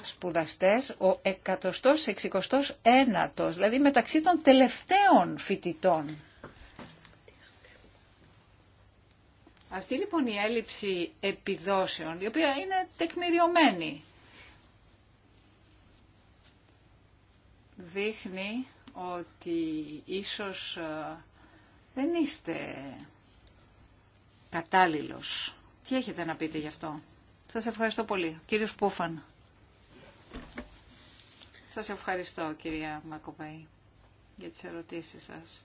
σπουδαστές ο 161ος, δηλαδή μεταξύ των τελευταίων φοιτητών. Αυτή λοιπόν η έλλειψη επιδόσεων, η οποία είναι τεκμηριωμένη, δείχνει ότι ίσως ε, δεν είστε κατάλληλος. Τι έχετε να πείτε γι' αυτό. Σας ευχαριστώ πολύ. Κύριος Πούφαν. Σας ευχαριστώ κυρία Μακοπαή για τις ερωτήσεις σας.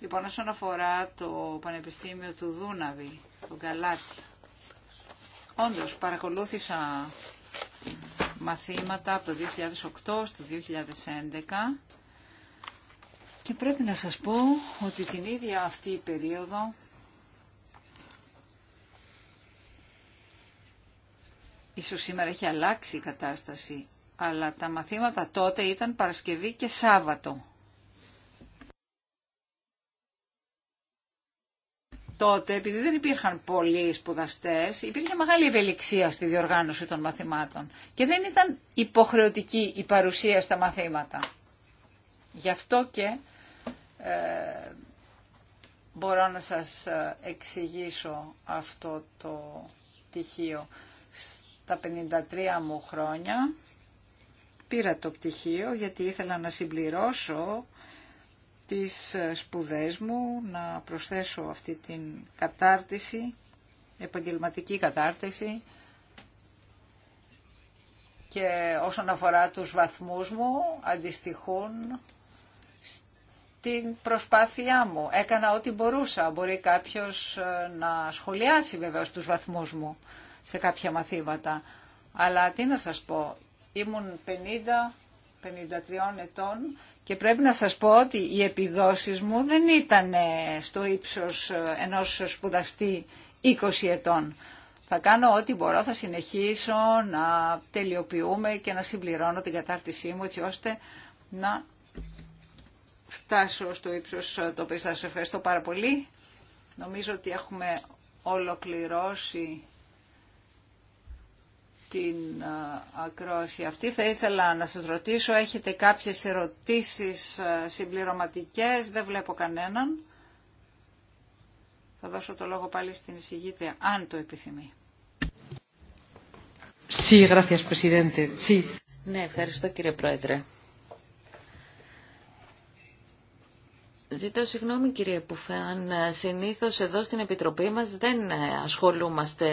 Λοιπόν, όσον αφορά το Πανεπιστήμιο του Δούναβη, το Καλάτη, όντως παρακολούθησα μαθήματα από το 2008 στο 2011 και πρέπει να σας πω ότι την ίδια αυτή η περίοδο ίσως σήμερα έχει αλλάξει η κατάσταση αλλά τα μαθήματα τότε ήταν Παρασκευή και Σάββατο τότε, επειδή δεν υπήρχαν πολλοί σπουδαστέ, υπήρχε μεγάλη ευελιξία στη διοργάνωση των μαθημάτων και δεν ήταν υποχρεωτική η παρουσία στα μαθήματα. Γι' αυτό και ε, μπορώ να σας ε, εξηγήσω αυτό το πτυχίο. Στα 53 μου χρόνια πήρα το πτυχίο γιατί ήθελα να συμπληρώσω τις σπουδές μου, να προσθέσω αυτή την κατάρτιση, επαγγελματική κατάρτιση και όσον αφορά τους βαθμούς μου αντιστοιχούν στην προσπάθειά μου. Έκανα ό,τι μπορούσα. Μπορεί κάποιος ε, να σχολιάσει βεβαίως τους βαθμούς μου σε κάποια μαθήματα. Αλλά τι να σας πω, ήμουν 50 53 ετών και πρέπει να σας πω ότι οι επιδόσεις μου δεν ήταν στο ύψος ε, ενός σπουδαστή 20 ετών. Θα κάνω ό,τι μπορώ, θα συνεχίσω να τελειοποιούμε και να συμπληρώνω την κατάρτισή μου έτσι ώστε να φτάσω στο ύψος ε, το οποίο σας ευχαριστώ πάρα πολύ. Νομίζω ότι έχουμε ολοκληρώσει την ακρόαση αυτή. Θα ήθελα να σας ρωτήσω, έχετε κάποιες ερωτήσεις συμπληρωματικές, δεν βλέπω κανέναν. Θα δώσω το λόγο πάλι στην εισηγήτρια, αν το επιθυμεί. Sí, gracias, presidente. Sí. Ναι, ευχαριστώ κύριε Πρόεδρε. Ζητώ συγγνώμη κύριε αν συνήθως εδώ στην Επιτροπή μας δεν ασχολούμαστε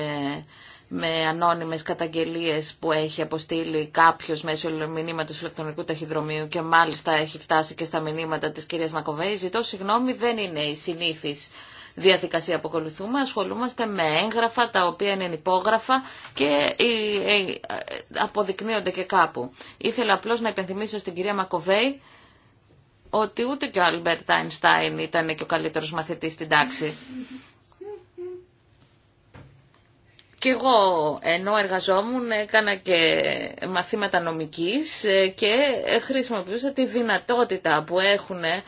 με ανώνυμες καταγγελίες που έχει αποστείλει κάποιος μέσω μηνύματος ηλεκτρονικού ταχυδρομείου και μάλιστα έχει φτάσει και στα μηνύματα της κυρίας Μακοβέη. Ζητώ συγγνώμη, δεν είναι η συνήθις διαδικασία που ακολουθούμε. Ασχολούμαστε με έγγραφα τα οποία είναι υπόγραφα και ε, αποδεικνύονται και κάπου. Ήθελα απλώς να υπενθυμίσω στην κυρία Μακοβέη ότι ούτε και ο Αλμπέρτ Αϊνστάιν ήταν και ο καλύτερος μαθητής στην τάξη. Και εγώ ενώ εργαζόμουν έκανα και μαθήματα νομικής ε, και χρησιμοποιούσα τη δυνατότητα που έχουν ε,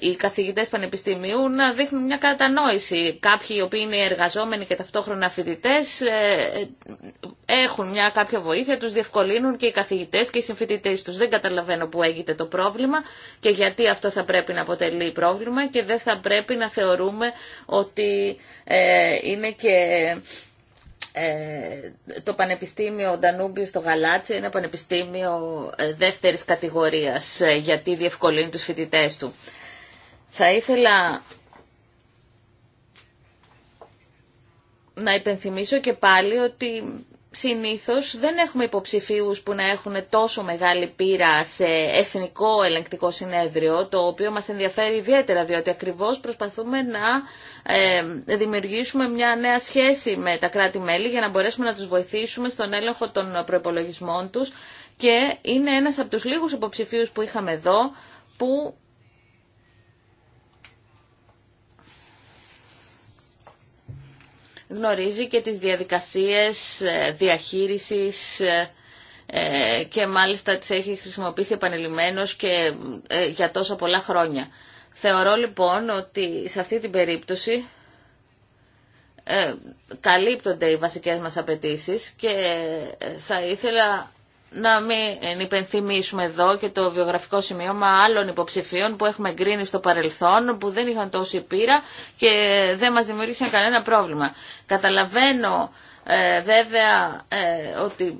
οι καθηγητές πανεπιστημίου να δείχνουν μια κατανόηση. Κάποιοι οι οποίοι είναι εργαζόμενοι και ταυτόχρονα φοιτητές ε, έχουν μια κάποια βοήθεια, τους διευκολύνουν και οι καθηγητές και οι συμφοιτητές τους. Δεν καταλαβαίνω που έγινε το πρόβλημα και γιατί αυτό θα πρέπει να αποτελεί πρόβλημα και δεν θα πρέπει να θεωρούμε ότι είναι και ε, το Πανεπιστήμιο Ντανούμπιο στο Γαλάτσι είναι πανεπιστήμιο ε, δεύτερης κατηγορίας ε, γιατί διευκολύνει τους φοιτητές του. Θα ήθελα να υπενθυμίσω και πάλι ότι συνήθως δεν έχουμε υποψηφίους που να έχουν τόσο μεγάλη πείρα σε εθνικό ελεγκτικό συνέδριο, το οποίο μας ενδιαφέρει ιδιαίτερα, διότι ακριβώς προσπαθούμε να ε, δημιουργήσουμε μια νέα σχέση με τα κράτη-μέλη για να μπορέσουμε να τους βοηθήσουμε στον έλεγχο των προπολογισμών τους και είναι ένας από τους λίγους υποψηφίους που είχαμε εδώ που γνωρίζει και τις διαδικασίες ε, διαχείρισης ε, ε, και μάλιστα τις έχει χρησιμοποιήσει επανειλημμένως και για τόσα πολλά χρόνια. Θεωρώ λοιπόν ότι σε αυτή την περίπτωση καλύπτονται οι βασικές μας απαιτήσεις και θα ήθελα να μην υπενθυμίσουμε εδώ και το βιογραφικό σημείωμα άλλων υποψηφίων που έχουμε εγκρίνει στο παρελθόν, που δεν είχαν τόση πείρα και δεν μας δημιούργησαν κανένα πρόβλημα. Καταλαβαίνω ε, βέβαια ε, ότι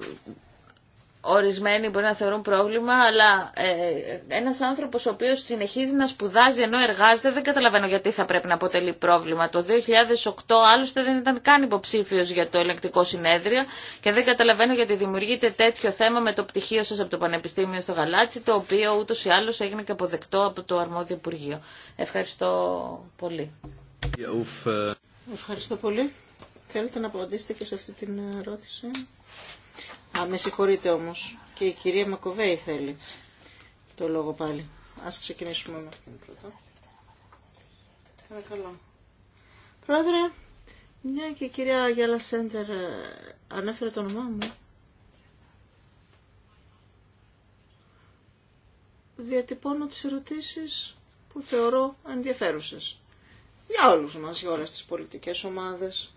ορισμένοι μπορεί να θεωρούν πρόβλημα, αλλά ε, ένας άνθρωπος ο οποίος συνεχίζει να σπουδάζει ενώ εργάζεται δεν καταλαβαίνω γιατί θα πρέπει να αποτελεί πρόβλημα. Το 2008 άλλωστε δεν ήταν καν υποψήφιο για το ελεκτικό συνέδριο και δεν καταλαβαίνω γιατί δημιουργείται τέτοιο θέμα με το πτυχίο σας από το Πανεπιστήμιο στο Γαλάτσι, το οποίο ούτως ή άλλως έγινε και αποδεκτό από το αρμόδιο Υπουργείο. Ευχαριστώ πολύ. Ευχαριστώ πολύ. Θέλετε να απαντήσετε και σε αυτή την ερώτηση. Α, με συγχωρείτε όμως. Και η κυρία Μακοβέη θέλει το λόγο πάλι. Ας ξεκινήσουμε με αυτήν πρώτα. Παρακαλώ. Πρόεδρε, μια και η κυρία Γιάλα Σέντερ ε, ανέφερε το όνομά μου. Διατυπώνω τις ερωτήσεις που θεωρώ ενδιαφέρουσες. Για όλους μας, για όλες τις πολιτικές ομάδες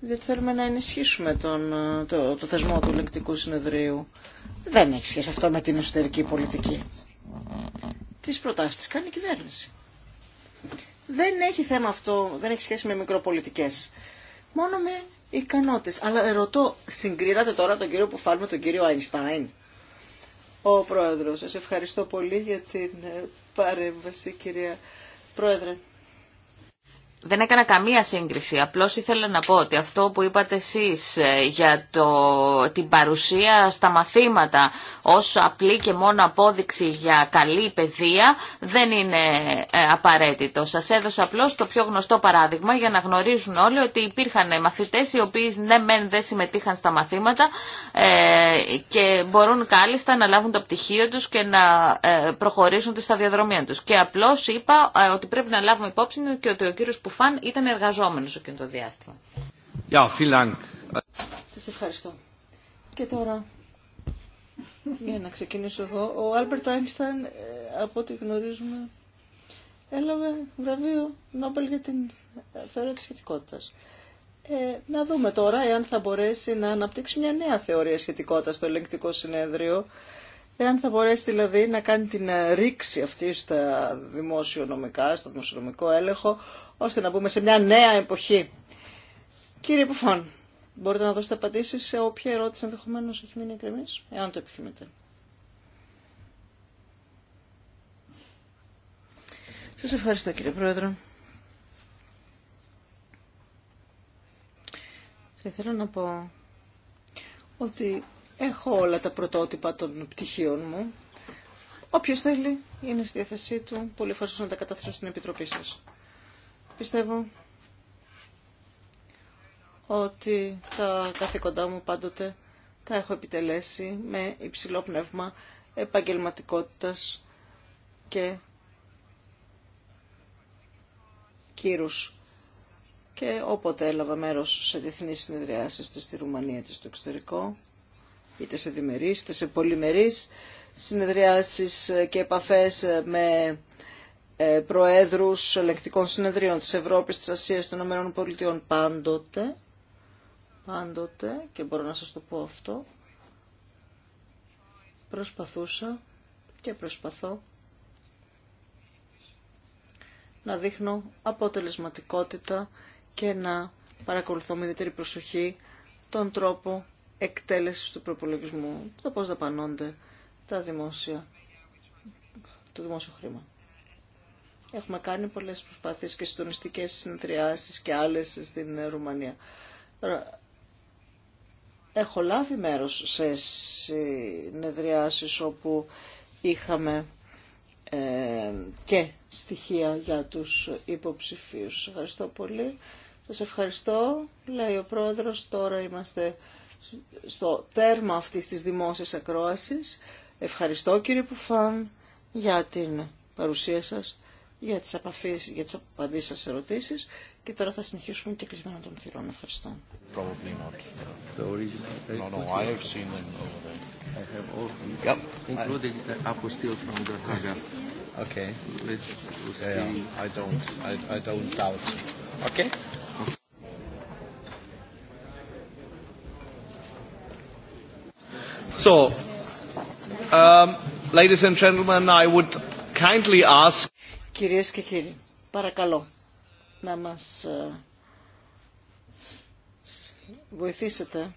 διότι θέλουμε να ενισχύσουμε τον, το, το θεσμό του ελεγκτικού συνεδρίου. Δεν έχει σχέση αυτό με την εσωτερική πολιτική. Τις προτάσεις κάνει η κυβέρνηση. Δεν έχει θέμα αυτό, δεν έχει σχέση με μικροπολιτικές. Μόνο με ικανότητες. Αλλά ρωτώ, συγκρίνατε τώρα τον κύριο που με τον κύριο Αϊνστάιν. Ο πρόεδρος, σας ευχαριστώ πολύ για την ε, παρέμβαση κυρία πρόεδρε. Δεν έκανα καμία σύγκριση, απλώς ήθελα να πω ότι αυτό που είπατε εσείς ε, για το, την παρουσία στα μαθήματα ως απλή και μόνο απόδειξη για καλή παιδεία δεν είναι ε, απαραίτητο. Σας έδωσα απλώς το πιο γνωστό παράδειγμα για να γνωρίζουν όλοι ότι υπήρχαν μαθητές οι οποίοι ναι μεν δεν συμμετείχαν στα μαθήματα ε, και μπορούν κάλλιστα να λάβουν το πτυχίο τους και να προχωρήσουν τη σταδιοδρομία τους. Και απλώς είπα ότι πρέπει να λάβουμε υπόψη και ότι ο κύριος που φαν ήταν εργαζόμενο εκείνο το διάστημα. Ja, vielen ευχαριστώ. Και τώρα, για να ξεκινήσω εγώ, ο Άλμπερτ Άινσταϊν, ε, από ό,τι γνωρίζουμε, έλαβε βραβείο Νόμπελ για την θεωρία τη σχετικότητα. Ε, να δούμε τώρα εάν θα μπορέσει να αναπτύξει μια νέα θεωρία σχετικότητα στο ελεγκτικό συνέδριο Εάν θα μπορέσει δηλαδή να κάνει την ε, ρήξη αυτή στα δημοσιονομικά, στο δημοσιονομικό έλεγχο, ώστε να μπούμε σε μια νέα εποχή. Κύριε Πουφάν, μπορείτε να δώσετε απαντήσεις σε όποια ερώτηση ενδεχομένω έχει μείνει εκκρεμή, εάν το επιθυμείτε. Σας ευχαριστώ κύριε Πρόεδρο. Θα ήθελα να πω ότι Έχω όλα τα πρωτότυπα των πτυχίων μου. Όποιος θέλει είναι στη διάθεσή του. Πολύ ευχαριστώ να τα καταθέσω στην Επιτροπή σας. Πιστεύω ότι τα καθήκοντά μου πάντοτε τα έχω επιτελέσει με υψηλό πνεύμα επαγγελματικότητας και κύρους. Και όποτε έλαβα μέρος σε διεθνείς συνεδριάσεις στη Ρουμανία της στο εξωτερικό, είτε σε διμερείς είτε σε πολυμερείς συνεδριάσεις και επαφές με ε, προέδρους ελεκτικών συνεδρίων της Ευρώπης, της Ασίας, των ΗΠΑ πάντοτε, πάντοτε, και μπορώ να σας το πω αυτό, προσπαθούσα και προσπαθώ να δείχνω αποτελεσματικότητα και να παρακολουθώ με ιδιαίτερη προσοχή τον τρόπο εκτέλεσης του προπολογισμού, το πώς δαπανώνται τα δημόσια, το δημόσιο χρήμα. Έχουμε κάνει πολλές προσπάθειες και συντονιστικές συνεδριάσεις και άλλες στην Ρουμανία. Έχω λάβει μέρος σε συνεδριάσεις όπου είχαμε ε, και στοιχεία για τους υποψηφίους. Σας ευχαριστώ πολύ. Σας ευχαριστώ, λέει ο Πρόεδρος. Τώρα είμαστε στο τέρμα αυτής της δημόσιας ακρόασης. Ευχαριστώ κύριε Πουφάν για την παρουσία σας, για τις, απαφίες, για τις απαντήσεις σας ερωτήσεις και τώρα θα συνεχίσουμε και κλεισμένο των θυρών. Ευχαριστώ. Okay. Let's see. I don't. I, I don't doubt. Okay. So, um, ladies and gentlemen, I would kindly ask... Κυρίες και κύριοι, παρακαλώ να μας ε, βοηθήσετε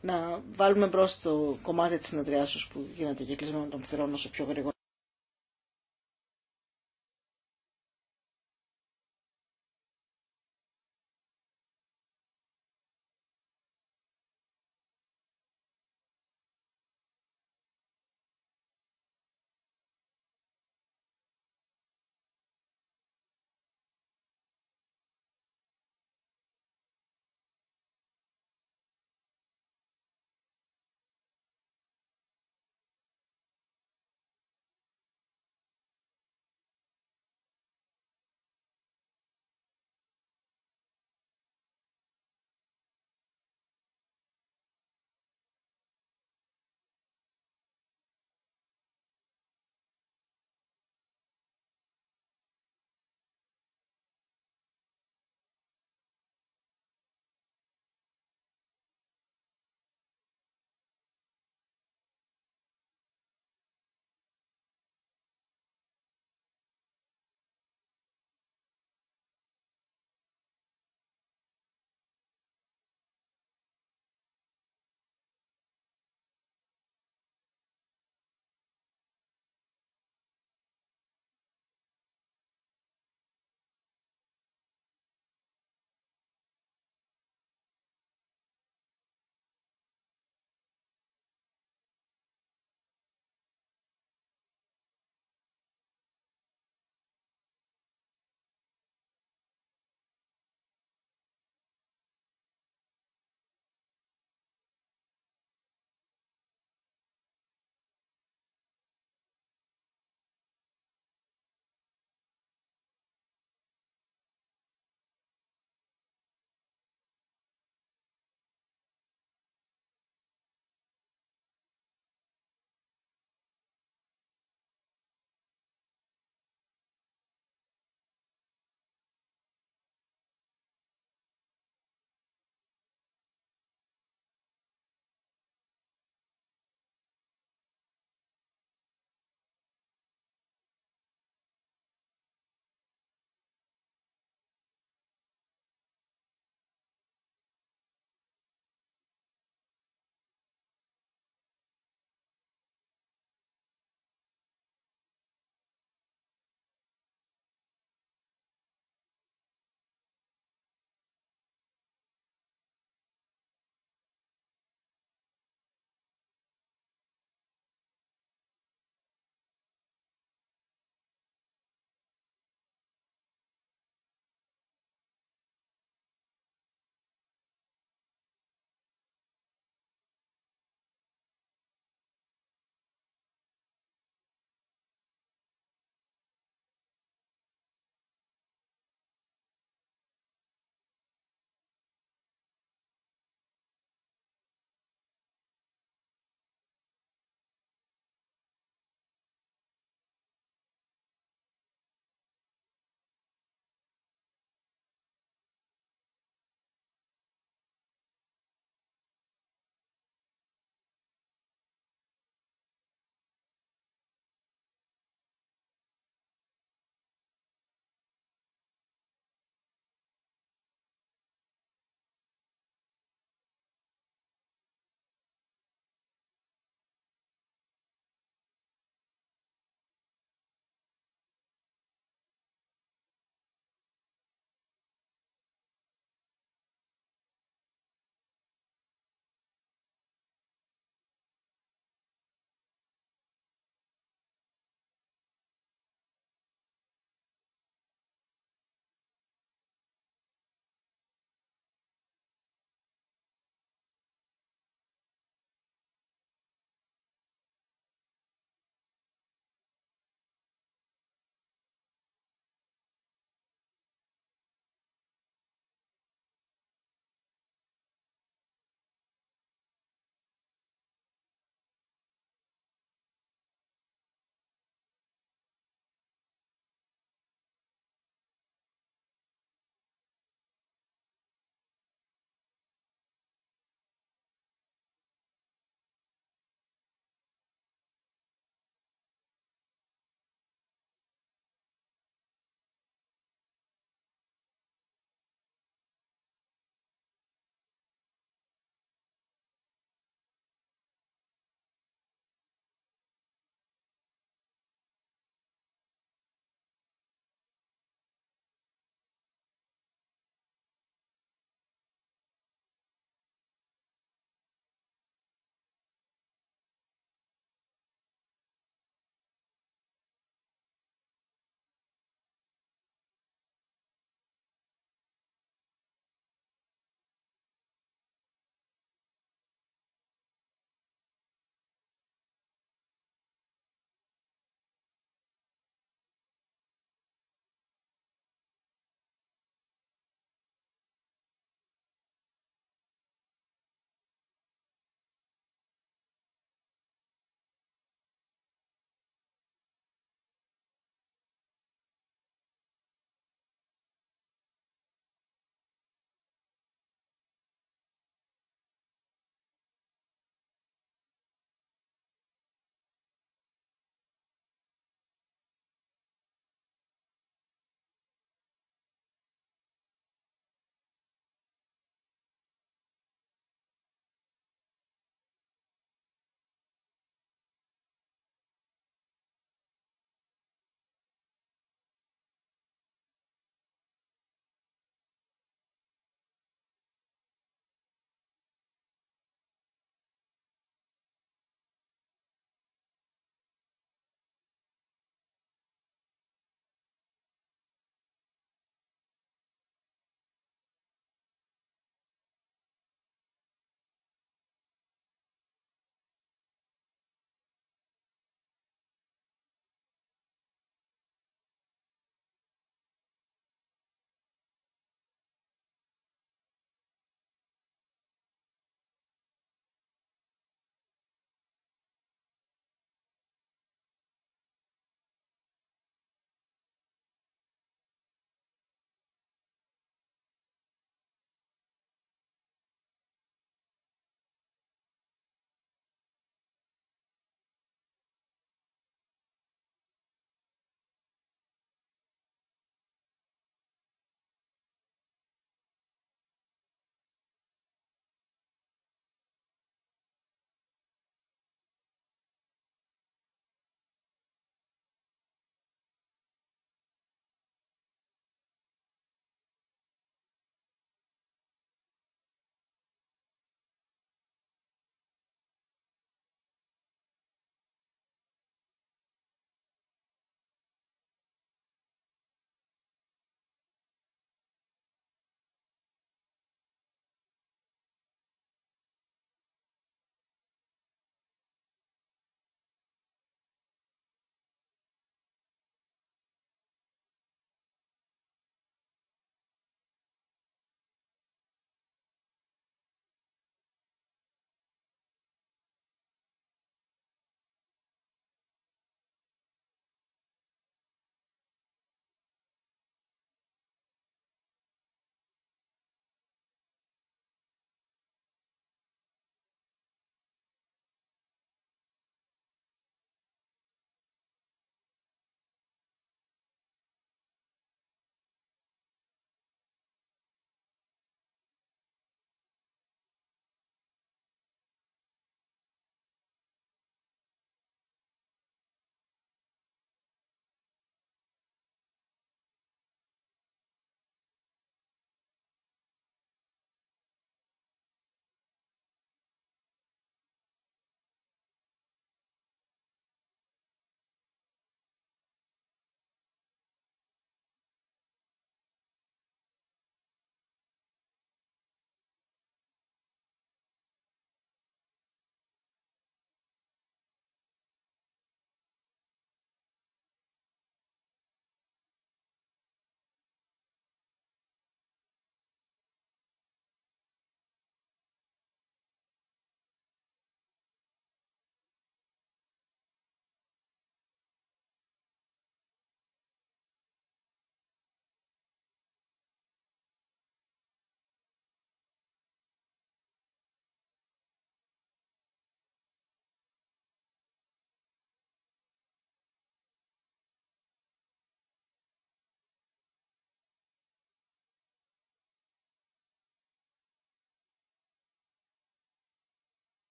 να βάλουμε μπρος το κομμάτι της συνεδριάσεως που γίνεται και κλεισμένο των θυρών όσο πιο γρήγορα.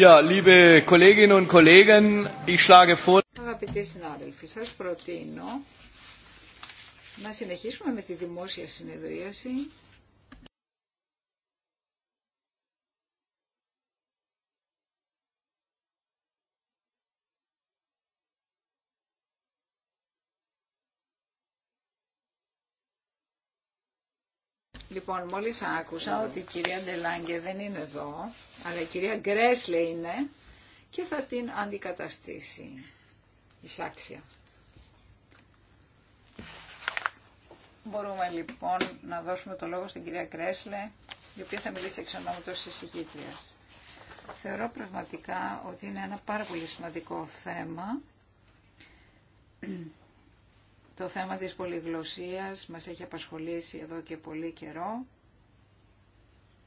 Yeah, liebe Kolleginnen und Kollegen, ich Αγαπητοί συνάδελφοι, σα προτείνω να συνεχίσουμε με τη δημόσια συνεδρίαση. Λοιπόν, μόλις άκουσα ότι η κυρία Ντελάγκε δεν είναι εδώ, αλλά η κυρία Γκρέσλε είναι και θα την αντικαταστήσει η Σάξια. Μπορούμε λοιπόν να δώσουμε το λόγο στην κυρία Γκρέσλε, η οποία θα μιλήσει εξ ονόματος της εισηγήτριας. Θεωρώ πραγματικά ότι είναι ένα πάρα πολύ σημαντικό θέμα. Το θέμα της πολυγλωσσίας μας έχει απασχολήσει εδώ και πολύ καιρό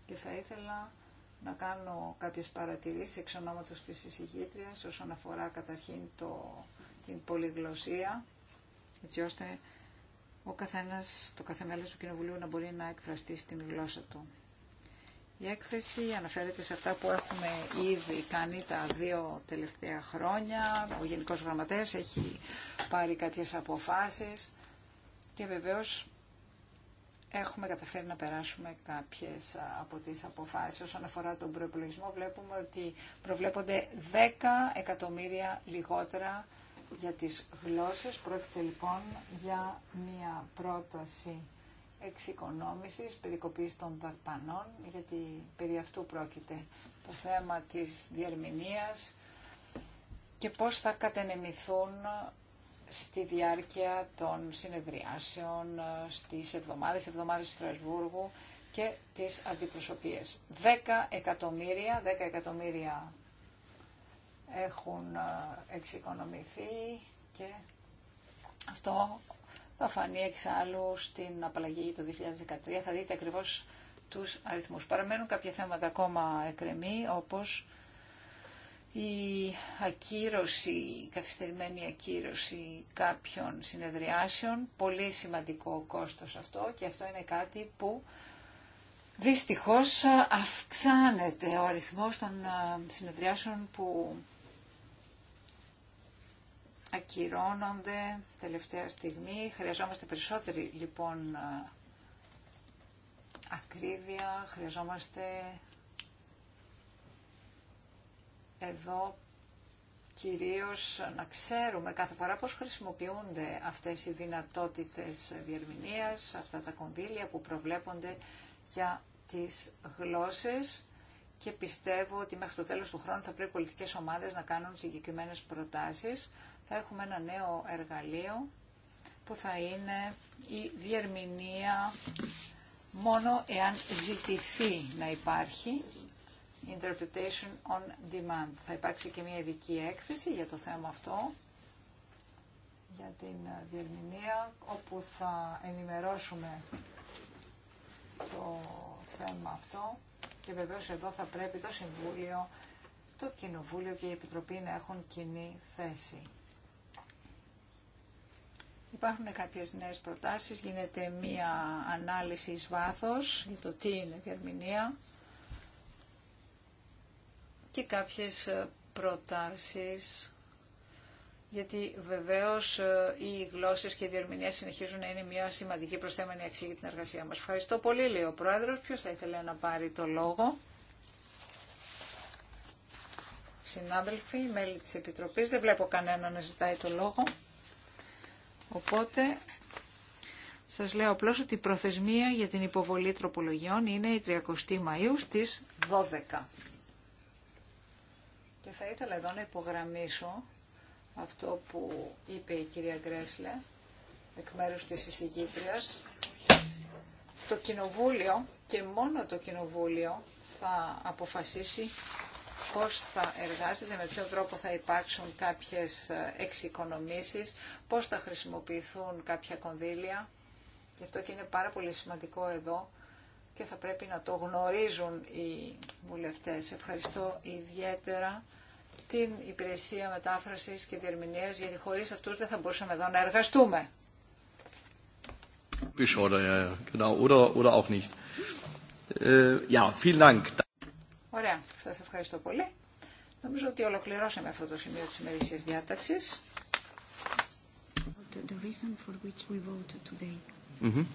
και θα ήθελα να κάνω κάποιες παρατηρήσεις εξ ονόματος της εισηγήτριας όσον αφορά καταρχήν το, την πολυγλωσία έτσι ώστε ο καθένας, το κάθε μέλος του Κοινοβουλίου να μπορεί να εκφραστεί στην γλώσσα του. Η έκθεση αναφέρεται σε αυτά που έχουμε ήδη κάνει τα δύο τελευταία χρόνια. Ο Γενικός Γραμματέας έχει πάρει κάποιες αποφάσεις και βεβαίως έχουμε καταφέρει να περάσουμε κάποιες από τις αποφάσεις. Όσον αφορά τον προϋπολογισμό βλέπουμε ότι προβλέπονται 10 εκατομμύρια λιγότερα για τις γλώσσες. Πρόκειται λοιπόν για μια πρόταση εξοικονόμησης, περικοπής των δαπανών, γιατί περί αυτού πρόκειται το θέμα της διερμηνίας και πώς θα κατενεμηθούν στη διάρκεια των συνεδριάσεων, ε, στις εβδομάδες, εβδομάδες του Στρασβούργου και τις αντιπροσωπείες. 10 εκατομμύρια, 10 εκατομμύρια έχουν ε, εξοικονομηθεί και αυτό θα φανεί εξάλλου στην απαλλαγή το 2013. Θα δείτε ακριβώς τους αριθμούς. Παραμένουν κάποια θέματα ακόμα εκρεμή, όπως η ακύρωση, η καθυστερημένη ακύρωση κάποιων συνεδριάσεων, πολύ σημαντικό κόστος αυτό και αυτό είναι κάτι που δυστυχώς αυξάνεται ο αριθμός των συνεδριάσεων που ακυρώνονται τελευταία στιγμή. Χρειαζόμαστε περισσότερη λοιπόν ακρίβεια, χρειαζόμαστε εδώ κυρίως να ξέρουμε κάθε φορά πώς χρησιμοποιούνται αυτές οι δυνατότητες διερμηνίας, αυτά τα κονδύλια που προβλέπονται για τις γλώσσες και πιστεύω ότι μέχρι το τέλος του χρόνου θα πρέπει πολιτικές ομάδες να κάνουν συγκεκριμένες προτάσεις. Θα έχουμε ένα νέο εργαλείο που θα είναι η διερμηνία μόνο εάν ζητηθεί να υπάρχει Interpretation on Demand. Θα υπάρξει και μια ειδική έκθεση για το θέμα αυτό, για την ε, διερμηνία, όπου θα ενημερώσουμε το θέμα αυτό και βεβαίως εδώ θα πρέπει το Συμβούλιο, το Κοινοβούλιο και η Επιτροπή να έχουν κοινή θέση. Υπάρχουν κάποιες νέες προτάσεις, γίνεται μία ανάλυση εις βάθος για το τι είναι διερμηνία και κάποιες ε, προτάσεις, γιατί βεβαίως ε, οι γλώσσες και οι διερμηνίες συνεχίζουν να είναι μια σημαντική προσθέμενη αξία για την εργασία μας. Ευχαριστώ πολύ, λέει ο Πρόεδρος. Ποιος θα ήθελε να πάρει το λόγο. Συνάδελφοι, μέλη της Επιτροπής, δεν βλέπω κανένα να ζητάει το λόγο. Οπότε σας λέω απλώ ότι η προθεσμία για την υποβολή τροπολογιών είναι η 30 Μαΐου στις 12. Και θα ήθελα εδώ να υπογραμμίσω αυτό που είπε η κυρία Γκρέσλε εκ μέρους της εισηγήτριας. Το Κοινοβούλιο και μόνο το Κοινοβούλιο θα αποφασίσει πώς θα εργάζεται, με ποιο τρόπο θα υπάρξουν κάποιες εξοικονομήσεις, πώς θα χρησιμοποιηθούν κάποια κονδύλια. Γι' αυτό και είναι πάρα πολύ σημαντικό εδώ και θα πρέπει να το γνωρίζουν οι βουλευτές. Ευχαριστώ ιδιαίτερα την υπηρεσία μετάφρασης και διερμηνίας, γιατί χωρίς αυτούς δεν θα μπορούσαμε εδώ να εργαστούμε. Ωραία, σας ευχαριστώ πολύ. Νομίζω ότι ολοκληρώσαμε αυτό το σημείο της ημερήσιας διάταξης. The reason for which we today. Mhm.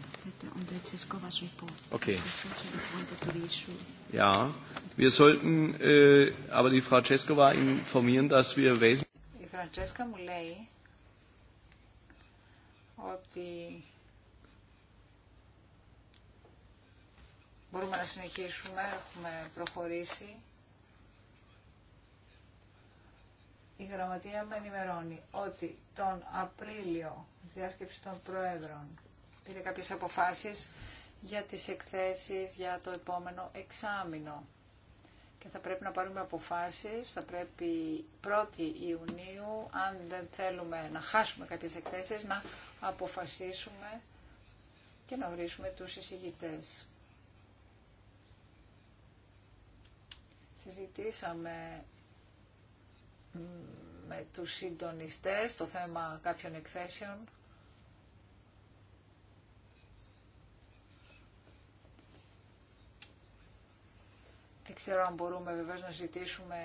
Okay. Ja, wir sollten äh, aber die informieren, dass wir Η Φραντσέσκα μου ότι μπορούμε να συνεχίσουμε, έχουμε προχωρήσει. Η γραμματεία με ενημερώνει ότι τον Απρίλιο, διάσκεψη των Προέδρων, πήρε κάποιες αποφάσεις για τις εκθέσεις για το επόμενο εξάμεινο. Και θα πρέπει να πάρουμε αποφάσεις, θα πρέπει 1η Ιουνίου, αν δεν θέλουμε να χάσουμε κάποιες εκθέσεις, να αποφασίσουμε και να ορίσουμε τους εισηγητές. Συζητήσαμε με τους συντονιστές το θέμα κάποιων εκθέσεων Δεν ξέρω αν μπορούμε βεβαίως να ζητήσουμε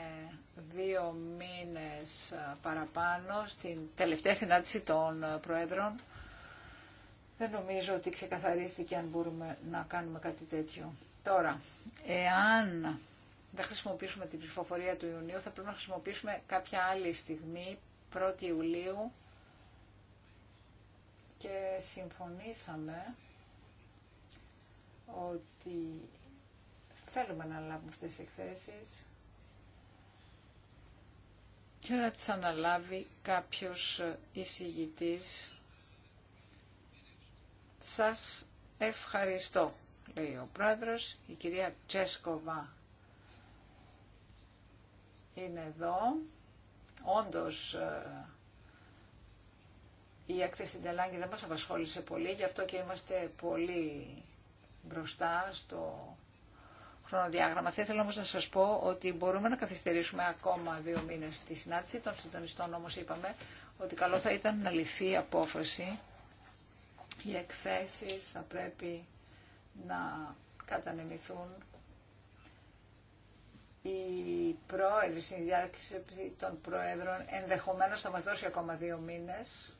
δύο μήνες παραπάνω στην τελευταία συνάντηση των Προέδρων. Δεν νομίζω ότι ξεκαθαρίστηκε αν μπορούμε να κάνουμε κάτι τέτοιο. Τώρα, εάν δεν χρησιμοποιήσουμε την ψηφοφορία του Ιουνίου, θα πρέπει να χρησιμοποιήσουμε κάποια άλλη στιγμή, 1η Ιουλίου, και συμφωνήσαμε ότι Θέλουμε να λάβουμε αυτές τις εκθέσεις και να τις αναλάβει κάποιος εισηγητής. Σας ευχαριστώ, λέει ο πρόεδρος, η κυρία Τσέσκοβα είναι εδώ. Όντως, ε, η έκθεση Ντελάγκη δεν μας απασχόλησε πολύ, γι' αυτό και είμαστε πολύ μπροστά στο χρονοδιάγραμμα. Θα ήθελα όμω να σα πω ότι μπορούμε να καθυστερήσουμε ακόμα δύο μήνε τη συνάντηση των συντονιστών. όμω είπαμε ότι καλό θα ήταν να λυθεί η απόφαση. Οι εκθέσει θα πρέπει να κατανεμηθούν. Η πρόεδρη, η των πρόεδρων ενδεχομένως θα μας δώσει ακόμα δύο μήνες.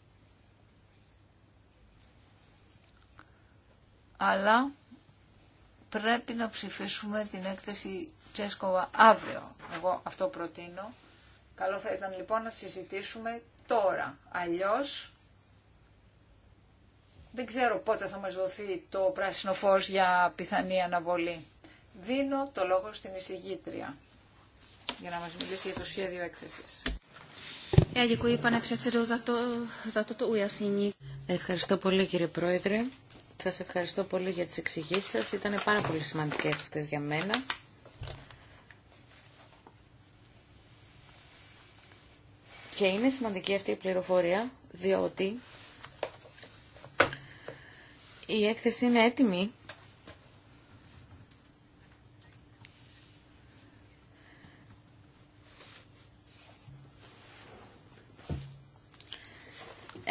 Αλλά πρέπει να ψηφίσουμε την έκθεση Τσέσκοβα αύριο. Εγώ αυτό προτείνω. Καλό θα ήταν λοιπόν να συζητήσουμε τώρα. Αλλιώς δεν ξέρω πότε θα μας δοθεί το πράσινο φως για πιθανή αναβολή. Δίνω το λόγο στην εισηγήτρια για να μας μιλήσει για το σχέδιο έκθεσης. Ε, Ευχαριστώ πολύ κύριε Πρόεδρε. Σας ευχαριστώ πολύ για τις εξηγήσεις σας. Ήταν πάρα πολύ σημαντικές αυτές για μένα. Και είναι σημαντική αυτή η πληροφορία, διότι η έκθεση είναι έτοιμη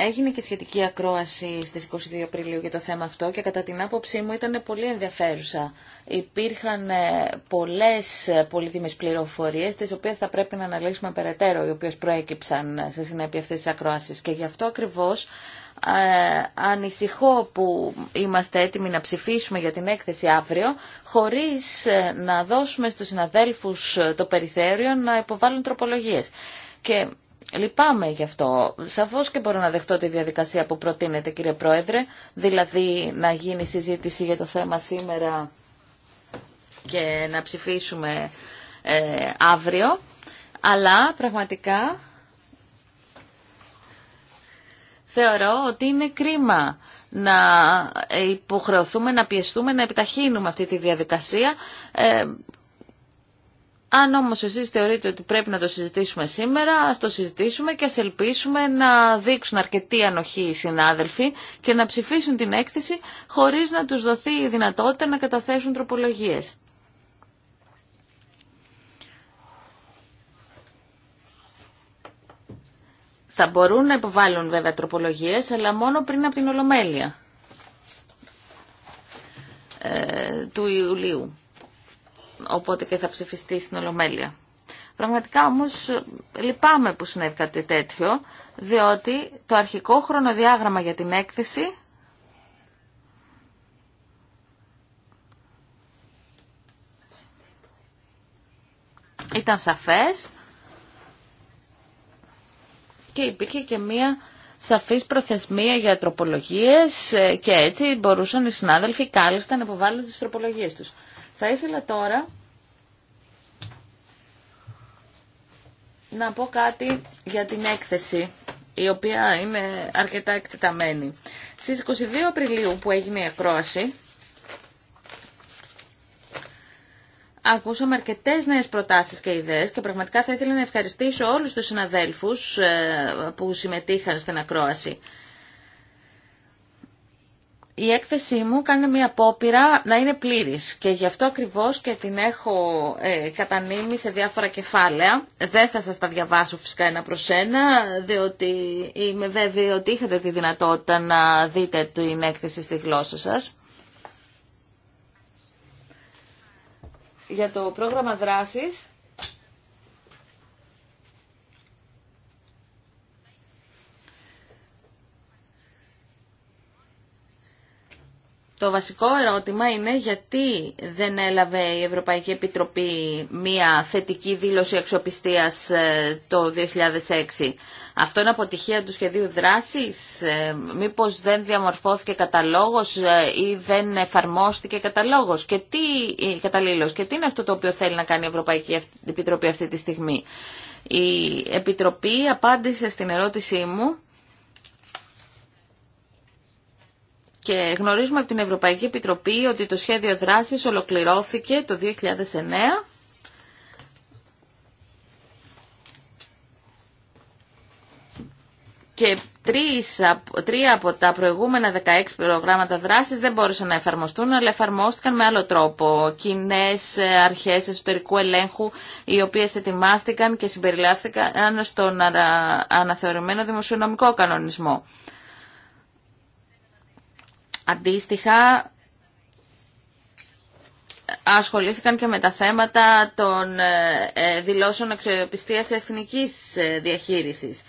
Έγινε και σχετική ακρόαση στις 22 Απριλίου για το θέμα αυτό και κατά την άποψή μου ήταν πολύ ενδιαφέρουσα. Υπήρχαν ε, πολλές πολύτιμες πληροφορίες, τις οποίες θα πρέπει να αναλύσουμε περαιτέρω, οι οποίες προέκυψαν σε συνέπεια αυτές τις ακρόασεις. Και γι' αυτό ακριβώς ε, ανησυχώ που είμαστε έτοιμοι να ψηφίσουμε για την έκθεση αύριο, χωρίς ε, να δώσουμε στους συναδέλφους το περιθέριο να υποβάλουν τροπολογίες. Και Λυπάμαι γι' αυτό. Σαφώς και μπορώ να δεχτώ τη διαδικασία που προτείνετε κύριε Πρόεδρε, δηλαδή να γίνει συζήτηση για το θέμα σήμερα και να ψηφίσουμε ε, αύριο, αλλά πραγματικά θεωρώ ότι είναι κρίμα να υποχρεωθούμε, να πιεστούμε, να επιταχύνουμε αυτή τη διαδικασία ε, αν όμως εσείς θεωρείτε ότι πρέπει να το συζητήσουμε σήμερα, ας το συζητήσουμε και ας ελπίσουμε να δείξουν αρκετή ανοχή οι συνάδελφοι και να ψηφίσουν την έκθεση χωρίς να τους δοθεί η δυνατότητα να καταθέσουν τροπολογίες. Θα μπορούν να υποβάλουν βέβαια τροπολογίες, αλλά μόνο πριν από την Ολομέλεια ε, του Ιουλίου οπότε και θα ψηφιστεί στην Ολομέλεια. Πραγματικά όμως λυπάμαι που συνέβη κάτι τέτοιο, διότι το αρχικό χρονοδιάγραμμα για την έκθεση ήταν σαφές και υπήρχε και μία σαφής προθεσμία για τροπολογίες ε, και έτσι μπορούσαν οι συνάδελφοι κάλλιστα να υποβάλουν τις τροπολογίες τους. Θα ήθελα τώρα να πω κάτι για την έκθεση, η οποία είναι αρκετά εκτεταμένη. Στις 22 Απριλίου που έγινε η ακρόαση, Ακούσαμε αρκετέ νέε προτάσει και ιδέε και πραγματικά θα ήθελα να ευχαριστήσω όλου του συναδέλφου ε, που συμμετείχαν στην ακρόαση η έκθεσή μου κάνει μια απόπειρα να είναι πλήρης και γι' αυτό ακριβώς και την έχω ε, κατανείμει σε διάφορα κεφάλαια. Δεν θα σας τα διαβάσω φυσικά ένα προς ένα, διότι είμαι βέβαιη ότι είχατε τη δυνατότητα να δείτε την έκθεση στη γλώσσα σας. Για το πρόγραμμα δράσης Το βασικό ερώτημα είναι γιατί δεν έλαβε η Ευρωπαϊκή Επιτροπή μία θετική δήλωση αξιοπιστίας ε, το 2006. Αυτό είναι αποτυχία του σχεδίου δράσης, ε, μήπως δεν διαμορφώθηκε καταλόγος ε, ή δεν εφαρμόστηκε καταλόγος. Και τι, και τι είναι αυτό το οποίο θέλει να κάνει η Ευρωπαϊκή Επιτροπή αυτή τη στιγμή. Η Επιτροπή απάντησε στην ερώτησή μου Και γνωρίζουμε από την Ευρωπαϊκή Επιτροπή ότι το σχέδιο δράσης ολοκληρώθηκε το 2009 και τρία από τα προηγούμενα 16 προγράμματα δράσης δεν μπόρεσαν να εφαρμοστούν, αλλά εφαρμόστηκαν με άλλο τρόπο. Κοινέ ε, αρχές εσωτερικού ελέγχου, οι οποίες ετοιμάστηκαν και συμπεριλάφθηκαν στον αναθεωρημένο δημοσιονομικό κανονισμό. Αντίστοιχα, ασχολήθηκαν και με τα θέματα των ε, ε, δηλώσεων αξιοπιστίας εθνικής ε, διαχείρισης.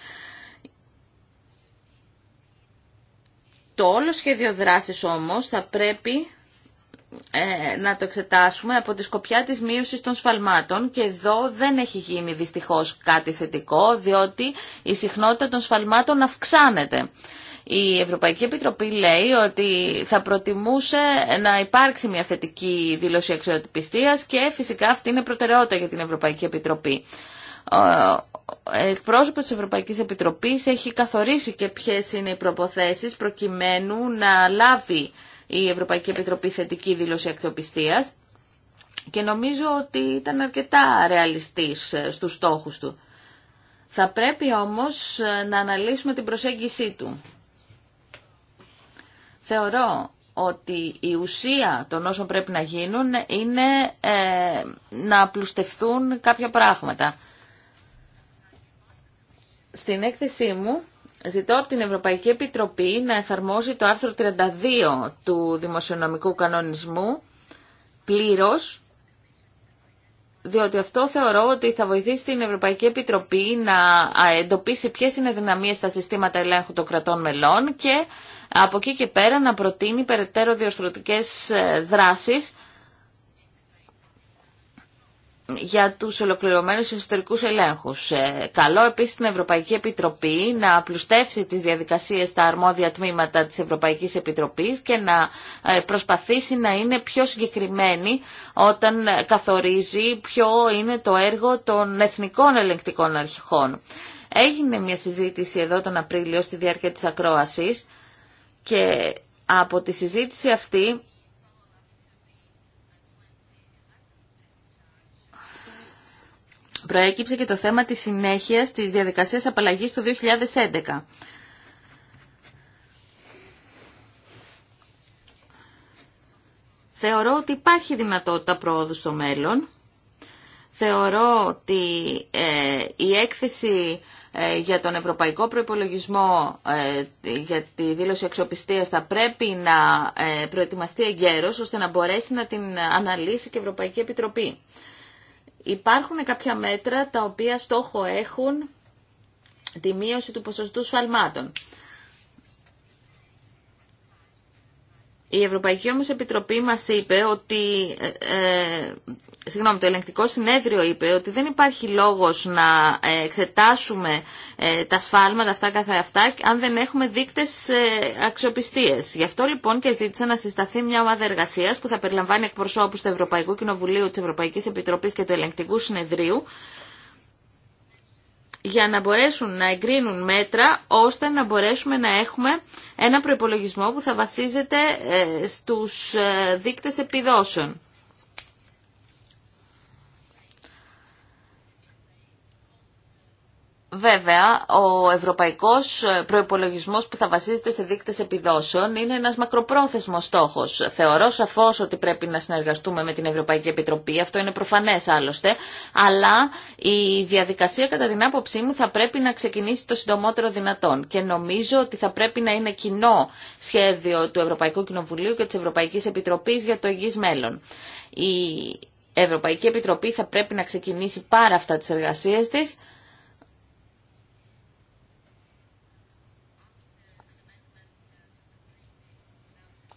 Το όλο σχέδιο δράσης όμως θα πρέπει να το εξετάσουμε από τη σκοπιά της μείωσης των σφαλμάτων και εδώ δεν έχει γίνει δυστυχώς κάτι θετικό διότι η συχνότητα των σφαλμάτων αυξάνεται. Η Ευρωπαϊκή Επιτροπή λέει ότι θα προτιμούσε να υπάρξει μια θετική δήλωση αξιοπιστίας και φυσικά αυτή είναι προτεραιότητα για την Ευρωπαϊκή Επιτροπή. Εκπρόσωπο τη Ευρωπαϊκή Επιτροπή έχει καθορίσει και ποιε είναι οι προποθέσει προκειμένου να λάβει η Ευρωπαϊκή Επιτροπή θετική δήλωση αξιοπιστία και νομίζω ότι ήταν αρκετά ρεαλιστής στου στόχους του. Θα πρέπει όμως να αναλύσουμε την προσέγγιση του. Θεωρώ ότι η ουσία των όσων πρέπει να γίνουν είναι ε, να απλουστευθούν κάποια πράγματα. Στην έκθεσή μου ζητώ από την Ευρωπαϊκή Επιτροπή να εφαρμόζει το άρθρο 32 του Δημοσιονομικού Κανονισμού πλήρως, διότι αυτό θεωρώ ότι θα βοηθήσει την Ευρωπαϊκή Επιτροπή να εντοπίσει ποιες είναι δυναμίες στα συστήματα ελέγχου των κρατών μελών και από εκεί και πέρα να προτείνει περαιτέρω διορθωτικές ε, δράσεις για τους ολοκληρωμένους εσωτερικούς ελέγχους. Ε, καλό επίσης την Ευρωπαϊκή Επιτροπή να απλουστεύσει τις διαδικασίες στα αρμόδια τμήματα της Ευρωπαϊκής Επιτροπής και να ε, προσπαθήσει να είναι πιο συγκεκριμένη όταν καθορίζει ποιο είναι το έργο των εθνικών ελεγκτικών αρχηχών. Έγινε μια συζήτηση εδώ τον Απρίλιο στη διάρκεια της ακρόασης και από τη συζήτηση αυτή προέκυψε και το θέμα της συνέχειας της διαδικασίας απαλλαγής του 2011. Θεωρώ ότι υπάρχει δυνατότητα πρόοδου στο μέλλον. Θεωρώ ότι ε, η έκθεση ε, για τον ευρωπαϊκό προϋπολογισμό ε, για τη δήλωση αξιοπιστίας θα πρέπει να ε, προετοιμαστεί εγκαίρως ώστε να μπορέσει να την αναλύσει και η Ευρωπαϊκή Επιτροπή. Υπάρχουν κάποια μέτρα τα οποία στόχο έχουν τη μείωση του ποσοστού σφαλμάτων. Η Ευρωπαϊκή όμως Επιτροπή μας είπε ότι Συγγνώμη, το ελεγκτικό συνέδριο είπε ότι δεν υπάρχει λόγος να ε, εξετάσουμε ε, τα σφάλματα αυτά καθ' αυτά αν δεν έχουμε δείκτες ε, αξιοπιστίες. Γι' αυτό λοιπόν και ζήτησα να συσταθεί μια ομάδα εργασίας που θα περιλαμβάνει εκπροσώπους του Ευρωπαϊκού Κοινοβουλίου, της Ευρωπαϊκής Επιτροπής και του Ελεγκτικού Συνεδρίου για να μπορέσουν να εγκρίνουν μέτρα ώστε να μπορέσουμε να έχουμε ένα προϋπολογισμό που θα βασίζεται στους δείκτες επιδόσεων. Βέβαια, ο ευρωπαϊκό ε, προπολογισμό που θα βασίζεται σε δείκτε επιδόσεων είναι ένα μακροπρόθεσμο στόχο. Θεωρώ σαφώ ότι πρέπει να συνεργαστούμε με την Ευρωπαϊκή Επιτροπή, αυτό είναι προφανέ άλλωστε, αλλά η διαδικασία κατά την άποψή μου θα πρέπει να ξεκινήσει το συντομότερο δυνατόν και νομίζω ότι θα πρέπει να είναι κοινό σχέδιο του Ευρωπαϊκού Κοινοβουλίου και τη Ευρωπαϊκή Επιτροπή για το υγιή μέλλον. Η Ευρωπαϊκή Επιτροπή θα πρέπει να ξεκινήσει πάρα αυτά τι εργασίε τη.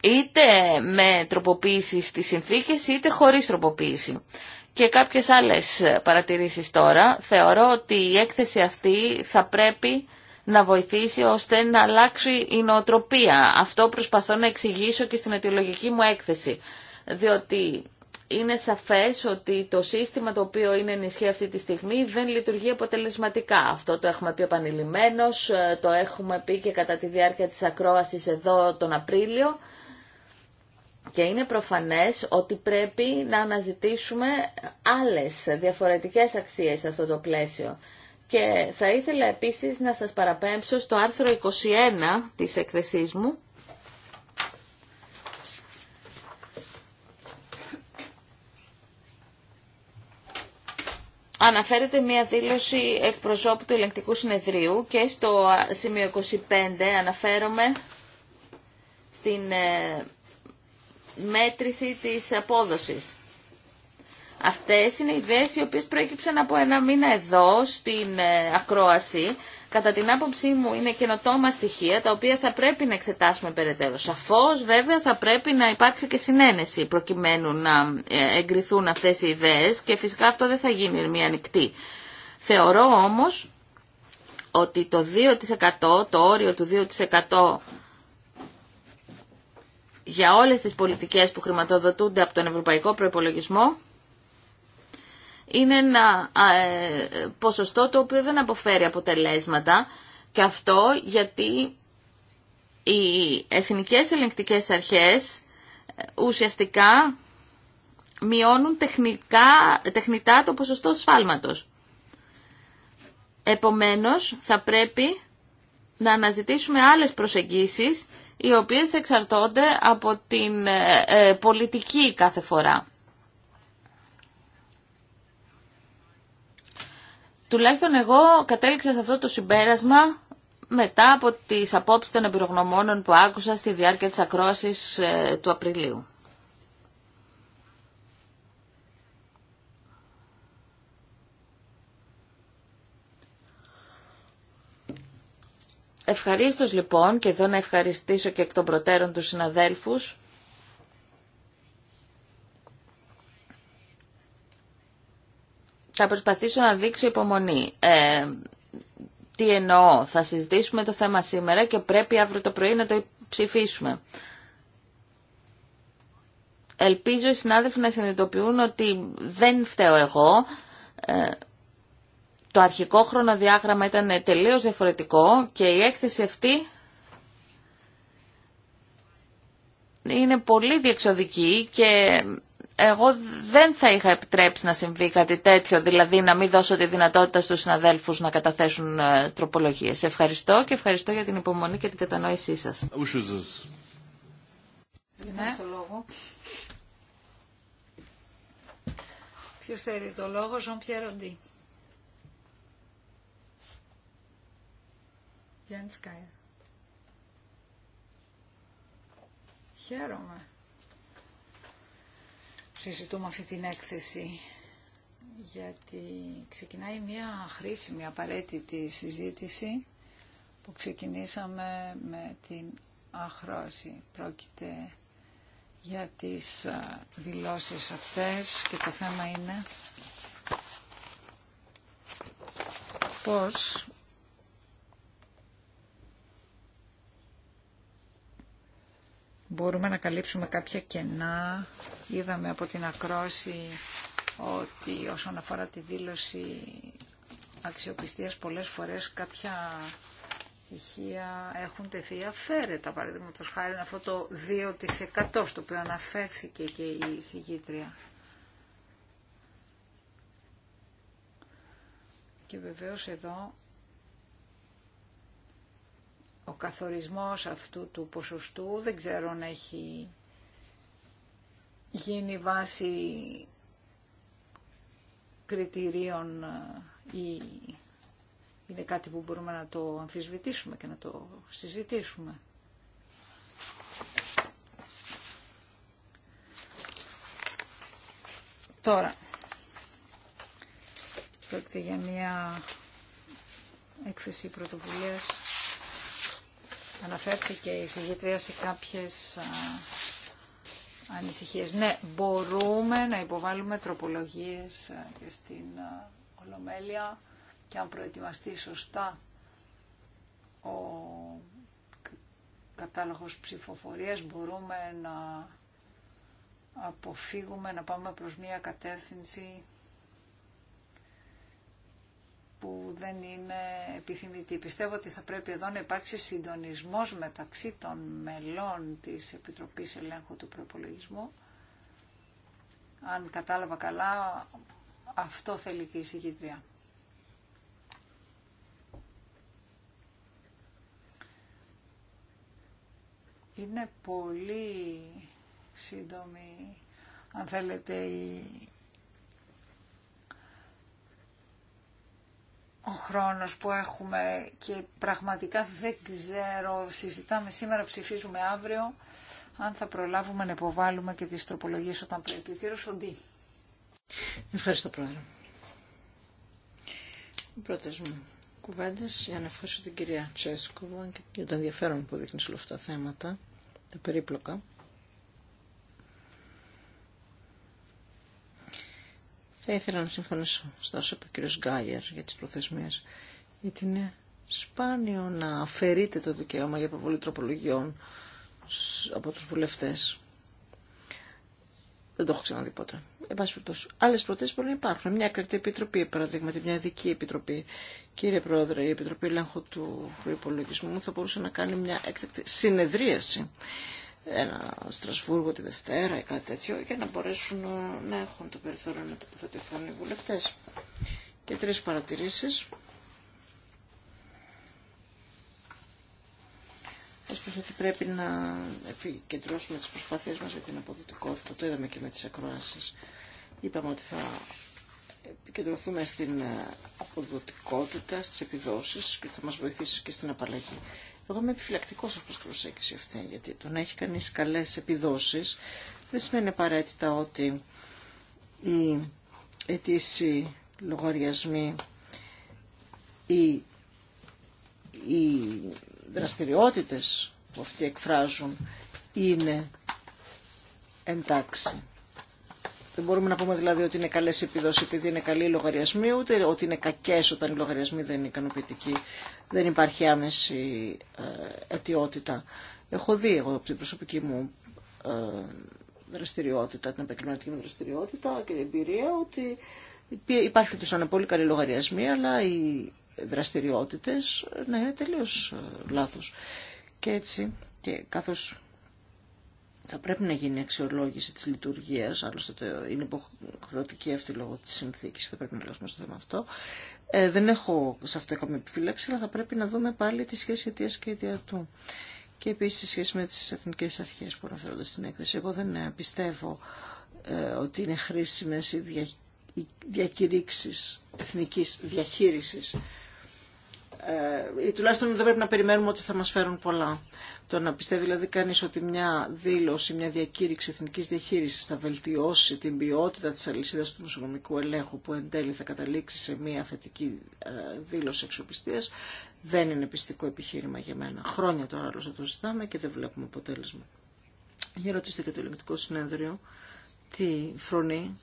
είτε με τροποποίηση στις συνθήκες είτε χωρίς τροποποίηση. Και κάποιες άλλες παρατηρήσεις τώρα. Θεωρώ ότι η έκθεση αυτή θα πρέπει να βοηθήσει ώστε να αλλάξει η νοοτροπία. Αυτό προσπαθώ να εξηγήσω και στην αιτιολογική μου έκθεση. Διότι είναι σαφές ότι το σύστημα το οποίο είναι ενισχύει αυτή τη στιγμή δεν λειτουργεί αποτελεσματικά. Αυτό το έχουμε πει επανειλημμένος, το έχουμε πει και κατά τη διάρκεια της ακρόασης εδώ τον Απρίλιο και είναι προφανές ότι πρέπει να αναζητήσουμε άλλες διαφορετικές αξίες σε αυτό το πλαίσιο. Και θα ήθελα επίσης να σας παραπέμψω στο άρθρο 21 της εκθεσής μου, Αναφέρεται μια δήλωση εκπροσώπου του ελεγκτικού συνεδρίου και στο σημείο 25 αναφέρομαι στην ε, μέτρηση της απόδοσης. Αυτές είναι οι ιδέες οι οποίες προέκυψαν από ένα μήνα εδώ στην ε, ακρόαση. Κατά την άποψή μου είναι καινοτόμα στοιχεία τα οποία θα πρέπει να εξετάσουμε περαιτέρω. Σαφώς βέβαια θα πρέπει να υπάρξει και συνένεση προκειμένου να ε, εγκριθούν αυτές οι ιδέες και φυσικά αυτό δεν θα γίνει μια ανοιχτή. Θεωρώ όμως ότι το 2% το όριο του 2% για όλες τις πολιτικές που χρηματοδοτούνται από τον Ευρωπαϊκό Προϋπολογισμό είναι ένα ε, ποσοστό το οποίο δεν αποφέρει αποτελέσματα και αυτό γιατί οι εθνικές ελεγκτικές αρχές ε, ουσιαστικά μειώνουν τεχνικά, τεχνητά το ποσοστό σφάλματος. Επομένως, θα πρέπει να αναζητήσουμε άλλες προσεγγίσεις οι οποίες εξαρτώνται από την ε, ε, πολιτική κάθε φορά. Τουλάχιστον εγώ κατέληξα σε αυτό το συμπέρασμα μετά από τις απόψεις των εμπειρογνωμόνων που άκουσα στη διάρκεια της ακρόασης ε, του Απριλίου. Ευχαρίστως λοιπόν και εδώ να ευχαριστήσω και εκ των προτέρων τους συναδέλφους Θα προσπαθήσω να δείξω υπομονή. Ε, τι εννοώ, θα συζητήσουμε το θέμα σήμερα και πρέπει αύριο το πρωί να το ψηφίσουμε. Ελπίζω οι συνάδελφοι να συνειδητοποιούν ότι δεν φταίω εγώ. Ε, το αρχικό χρονοδιάγραμμα ήταν τελείως διαφορετικό και η έκθεση αυτή είναι πολύ διεξοδική και εγώ δεν θα είχα επιτρέψει να συμβεί κάτι τέτοιο, δηλαδή να μην δώσω τη δυνατότητα στους συναδέλφους να καταθέσουν ε, τροπολογίες. Ευχαριστώ και ευχαριστώ για την υπομονή και την κατανόησή σας. Ναι. Ποιος θέλει το λόγο, Ζων Γιάννης Σκάιρ. Χαίρομαι. Συζητούμε αυτή την έκθεση γιατί ξεκινάει μια χρήσιμη, απαραίτητη συζήτηση που ξεκινήσαμε με την αχρώση. Πρόκειται για τις δηλώσεις αυτές και το θέμα είναι πώς μπορούμε να καλύψουμε κάποια κενά. Είδαμε από την ακρόση ότι όσον αφορά τη δήλωση αξιοπιστίας πολλές φορές κάποια ηχεία έχουν τεθεί αφαίρετα, παραδείγματο χάρη αυτό το 2% στο οποίο αναφέρθηκε και η συγκήτρια. Και βεβαίως εδώ ο καθορισμός αυτού του ποσοστού δεν ξέρω αν έχει γίνει βάση κριτηρίων ε, ή είναι κάτι που μπορούμε να το αμφισβητήσουμε και να το συζητήσουμε. Τώρα, πρόκειται για μια έκθεση πρωτοβουλίας Αναφέρθηκε η συγγετρία σε κάποιες ανησυχίες. Ναι, μπορούμε να υποβάλουμε τροπολογίες και στην Ολομέλεια και αν προετοιμαστεί σωστά ο κατάλογος ψηφοφορίας μπορούμε να αποφύγουμε να πάμε προς μια κατεύθυνση που δεν είναι επιθυμητή. Πιστεύω ότι θα πρέπει εδώ να υπάρξει συντονισμός μεταξύ των μελών της Επιτροπής Ελέγχου του Προπολογισμού. Αν κατάλαβα καλά, αυτό θέλει και η συγκήτρια. Είναι πολύ σύντομη, αν θέλετε, η ο χρόνος που έχουμε και πραγματικά δεν ξέρω, συζητάμε σήμερα, ψηφίζουμε αύριο, αν θα προλάβουμε να υποβάλουμε και τις τροπολογίες όταν πρέπει. Ο κύριος Σοντή. Ευχαριστώ πρόεδρε. Οι πρώτες μου κουβέντες για να ευχαριστώ την κυρία Τσέσκοβα και για το ενδιαφέρον που δείχνει σε όλα αυτά τα θέματα, τα περίπλοκα. Θα ήθελα να συμφωνήσω στα όσο είπε ο κ. Γκάιερ για τις προθεσμίες, γιατί είναι σπάνιο να αφαιρείται το δικαίωμα για υποβολή τροπολογιών από τους βουλευτές. Δεν το έχω ξαναδεί ποτέ. Εν πάση περιπτώσει, άλλε προτάσει μπορεί να υπάρχουν. Μια κρατή επιτροπή, παραδείγματι, μια ειδική επιτροπή. Κύριε Πρόεδρε, η Επιτροπή Ελέγχου του Προπολογισμού θα μπορούσε να κάνει μια έκτακτη συνεδρίαση ένα Στρασβούργο τη Δευτέρα ή κάτι τέτοιο για να μπορέσουν ε, να έχουν το περιθώριο να τοποθετηθούν οι βουλευτές. Και τρεις παρατηρήσεις. Ωστόσο ότι πρέπει να επικεντρώσουμε τις προσπάθειες μας για την αποδοτικότητα. Το είδαμε και με τις ακροάσεις. Είπαμε ότι θα επικεντρωθούμε στην ε, αποδοτικότητα, στις επιδόσεις και θα μας βοηθήσει και στην απαλλαγή. Εγώ είμαι επιφυλακτικό όπω προσέγγιση αυτή, γιατί το να έχει κανεί καλέ επιδόσει δεν σημαίνει απαραίτητα ότι οι αιτήσιοι λογαριασμοί ή οι δραστηριότητες που αυτοί εκφράζουν είναι εντάξει. Δεν μπορούμε να πούμε δηλαδή ότι είναι καλέ επιδόσει επειδή είναι καλοί οι λογαριασμοί, ούτε ότι είναι κακέ όταν οι λογαριασμοί δεν είναι ικανοποιητικοί. Δεν υπάρχει άμεση ε, αιτιότητα. Έχω δει εγώ από την προσωπική μου ε, δραστηριότητα, την επαγγελματική μου δραστηριότητα και την εμπειρία ότι υπάρχουν τους πολύ καλοί λογαριασμοί, αλλά οι δραστηριότητες να είναι τελείως ε, λάθος. Και έτσι, και καθώς θα πρέπει να γίνει αξιολόγηση της λειτουργίας, άλλωστε το είναι υποχρεωτική αυτή λόγω της συνθήκης, θα πρέπει να λύσουμε στο θέμα αυτό. Ε, δεν έχω σε αυτό καμία επιφύλαξη, αλλά θα πρέπει να δούμε πάλι τη σχέση αιτία και αιτία του. Και επίσης τη σχέση με τις εθνικές αρχές που αναφέρονται στην έκθεση. Εγώ δεν ε, πιστεύω ε, ότι είναι χρήσιμες οι, δια, οι διακηρύξεις εθνικής διαχείρισης. Ε, τουλάχιστον δεν πρέπει να περιμένουμε ότι θα μας φέρουν πολλά. Το να πιστεύει δηλαδή κανείς ότι μια δήλωση, μια διακήρυξη εθνικής διαχείρισης θα βελτιώσει την ποιότητα της αλυσίδας του νοσογνωμικού ελέγχου που εν τέλει θα καταλήξει σε μια θετική ε, δήλωση εξοπιστίας δεν είναι πιστικό επιχείρημα για μένα. Χρόνια τώρα άλλωστε το ζητάμε και δεν βλέπουμε αποτέλεσμα. Για ρωτήστε και το ελεγκτικό συνέδριο τι φρονεί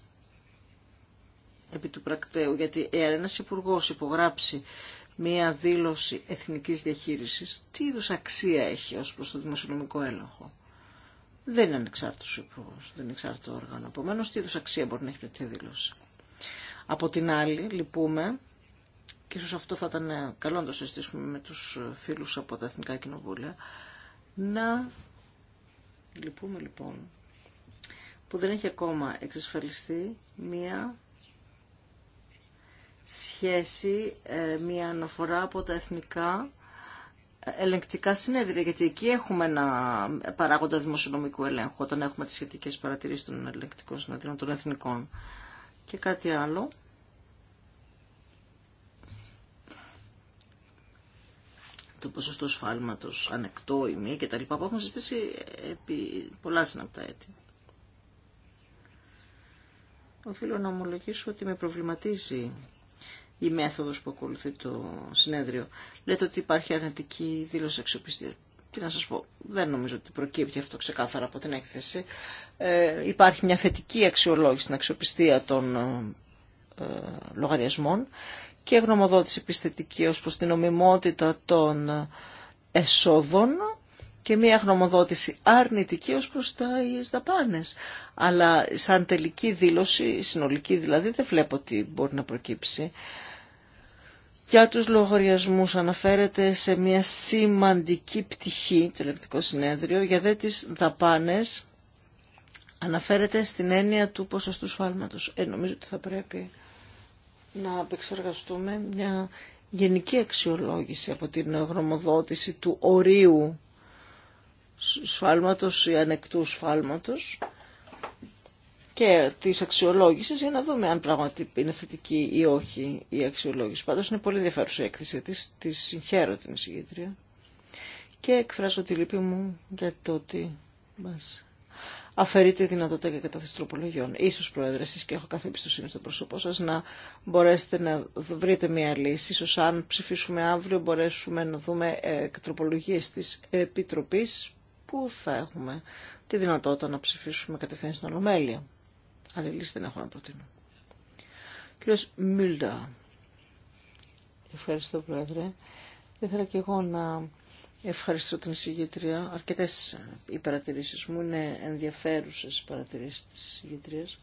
επί του πρακτέου, γιατί εάν ένας υπουργός υπογράψει μία δήλωση εθνικής διαχείρισης, τι είδους αξία έχει ως προς το δημοσιονομικό έλεγχο. Δεν είναι ανεξάρτητος υπουργός, δεν είναι εξάρτητο όργανο. Επομένως, τι είδους αξία μπορεί να έχει τέτοια δήλωση. Από την άλλη, λυπούμε, και ίσως αυτό θα ήταν καλό να το συζητήσουμε με τους φίλους από τα Εθνικά Κοινοβούλια, να λυπούμε λοιπόν που δεν έχει ακόμα εξασφαλιστεί μία σχέση ε, μια αναφορά από τα εθνικά ε, ελεγκτικά συνέδρια, γιατί εκεί έχουμε ένα παράγοντα δημοσιονομικού ελέγχου, όταν έχουμε τις σχετικές παρατηρήσεις των ελεγκτικών συνέδριων των εθνικών. Και κάτι άλλο. το ποσοστό σφάλματος, ανεκτό ή μη και τα λοιπά που έχουμε συστήσει επί πολλά συναπτά έτη. Οφείλω να ομολογήσω ότι με προβληματίζει η μέθοδος που ακολουθεί το συνέδριο. Λέτε ότι υπάρχει αρνητική δήλωση αξιοπιστία. Τι να σας πω, δεν νομίζω ότι προκύπτει αυτό ξεκάθαρα από την έκθεση. Ε, υπάρχει μια θετική αξιολόγηση στην αξιοπιστία των ε, λογαριασμών και γνωμοδότηση πιστετική ως προς την ομιμότητα των ε, εσόδων και μία γνωμοδότηση αρνητική ως προς τα δαπάνες. Αλλά σαν τελική δήλωση, συνολική δηλαδή, δεν βλέπω ότι μπορεί να προκύψει. Για τους λογαριασμούς αναφέρεται σε μια σημαντική πτυχή το ελεκτικό συνέδριο, για δε τις δαπάνες αναφέρεται στην έννοια του ποσοστού σφάλματος. Ε, νομίζω ότι θα πρέπει να επεξεργαστούμε μια γενική αξιολόγηση από την γνωμοδότηση του ορίου σφάλματος ή ανεκτού σφάλματος και της αξιολόγησης για να δούμε αν πράγματι είναι θετική ή όχι η αξιολόγηση. Πάντως είναι πολύ ενδιαφέρουσα η έκθεση της, τη συγχαίρω την εισηγήτρια και εκφράζω τη λύπη μου για το ότι μας η δυνατότητα για κατάθεση τροπολογιών. Ίσως, Πρόεδρε, εσείς και έχω κάθε εμπιστοσύνη στο πρόσωπό σας, να μπορέσετε να βρείτε μια λύση. Ίσως αν ψηφίσουμε αύριο μπορέσουμε να δούμε ε, τροπολογίες της Επιτροπής που θα έχουμε τη δυνατότητα να ψηφίσουμε κατευθείαν στην Ολομέλεια. Άλλη λύση δεν έχω να προτείνω. Κύριο Μίλντα. Ευχαριστώ, Πρόεδρε. Θα ήθελα και εγώ να ευχαριστώ την συγγετρία. Αρκετέ οι παρατηρήσει μου είναι ενδιαφέρουσες οι παρατηρήσεις της συγγετρίας.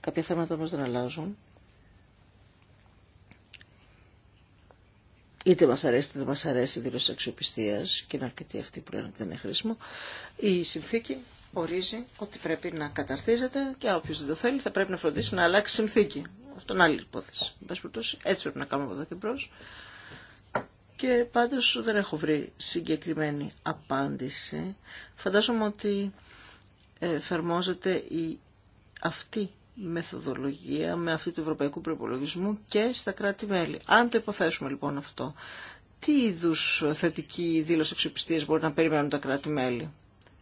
Κάποια θέματα όμω δεν αλλάζουν. είτε μας αρέσει είτε δεν μας αρέσει η δήλωση αξιοπιστίας και είναι αρκετή αυτή που λένε ότι δεν είναι χρήσιμο, η συνθήκη ορίζει ότι πρέπει να καταρτίζεται και όποιος δεν το θέλει θα πρέπει να φροντίσει να αλλάξει συνθήκη. Αυτό είναι άλλη υπόθεση. Έτσι πρέπει να κάνουμε από εδώ και μπρος. Και πάντως δεν έχω βρει συγκεκριμένη απάντηση. Φαντάζομαι ότι ε, εφαρμόζεται η αυτή μεθοδολογία με αυτή του ευρωπαϊκού προπολογισμού και στα κράτη-μέλη. Αν το υποθέσουμε λοιπόν αυτό, τι είδου θετική δήλωση αξιοπιστία μπορεί να περιμένουν τα κράτη-μέλη.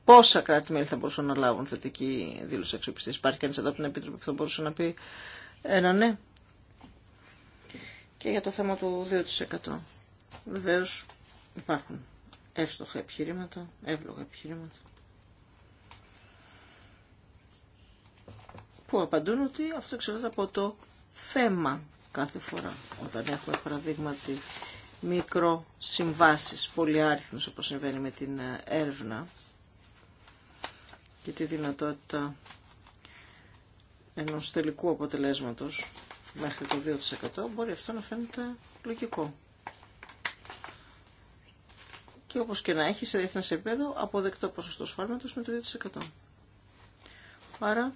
Πόσα κράτη-μέλη θα μπορούσαν να λάβουν θετική δήλωση αξιοπιστία. Υπάρχει κανεί εδώ από την Επίτροπη που θα μπορούσε να πει ένα ναι. Και για το θέμα του 2%. Βεβαίω υπάρχουν εύστοχα επιχειρήματα, εύλογα επιχειρήματα. που απαντούν ότι αυτό εξαρτάται από το θέμα κάθε φορά. Όταν έχουμε παραδείγματι μικρό συμβάσεις, πολυάριθμους όπως συμβαίνει με την ε, έρευνα και τη δυνατότητα ενός τελικού αποτελέσματος μέχρι το 2% μπορεί αυτό να φαίνεται λογικό. Και όπως και να έχει σε διεθνές επίπεδο αποδεκτό ποσοστό σφάλματος με το 2%. Άρα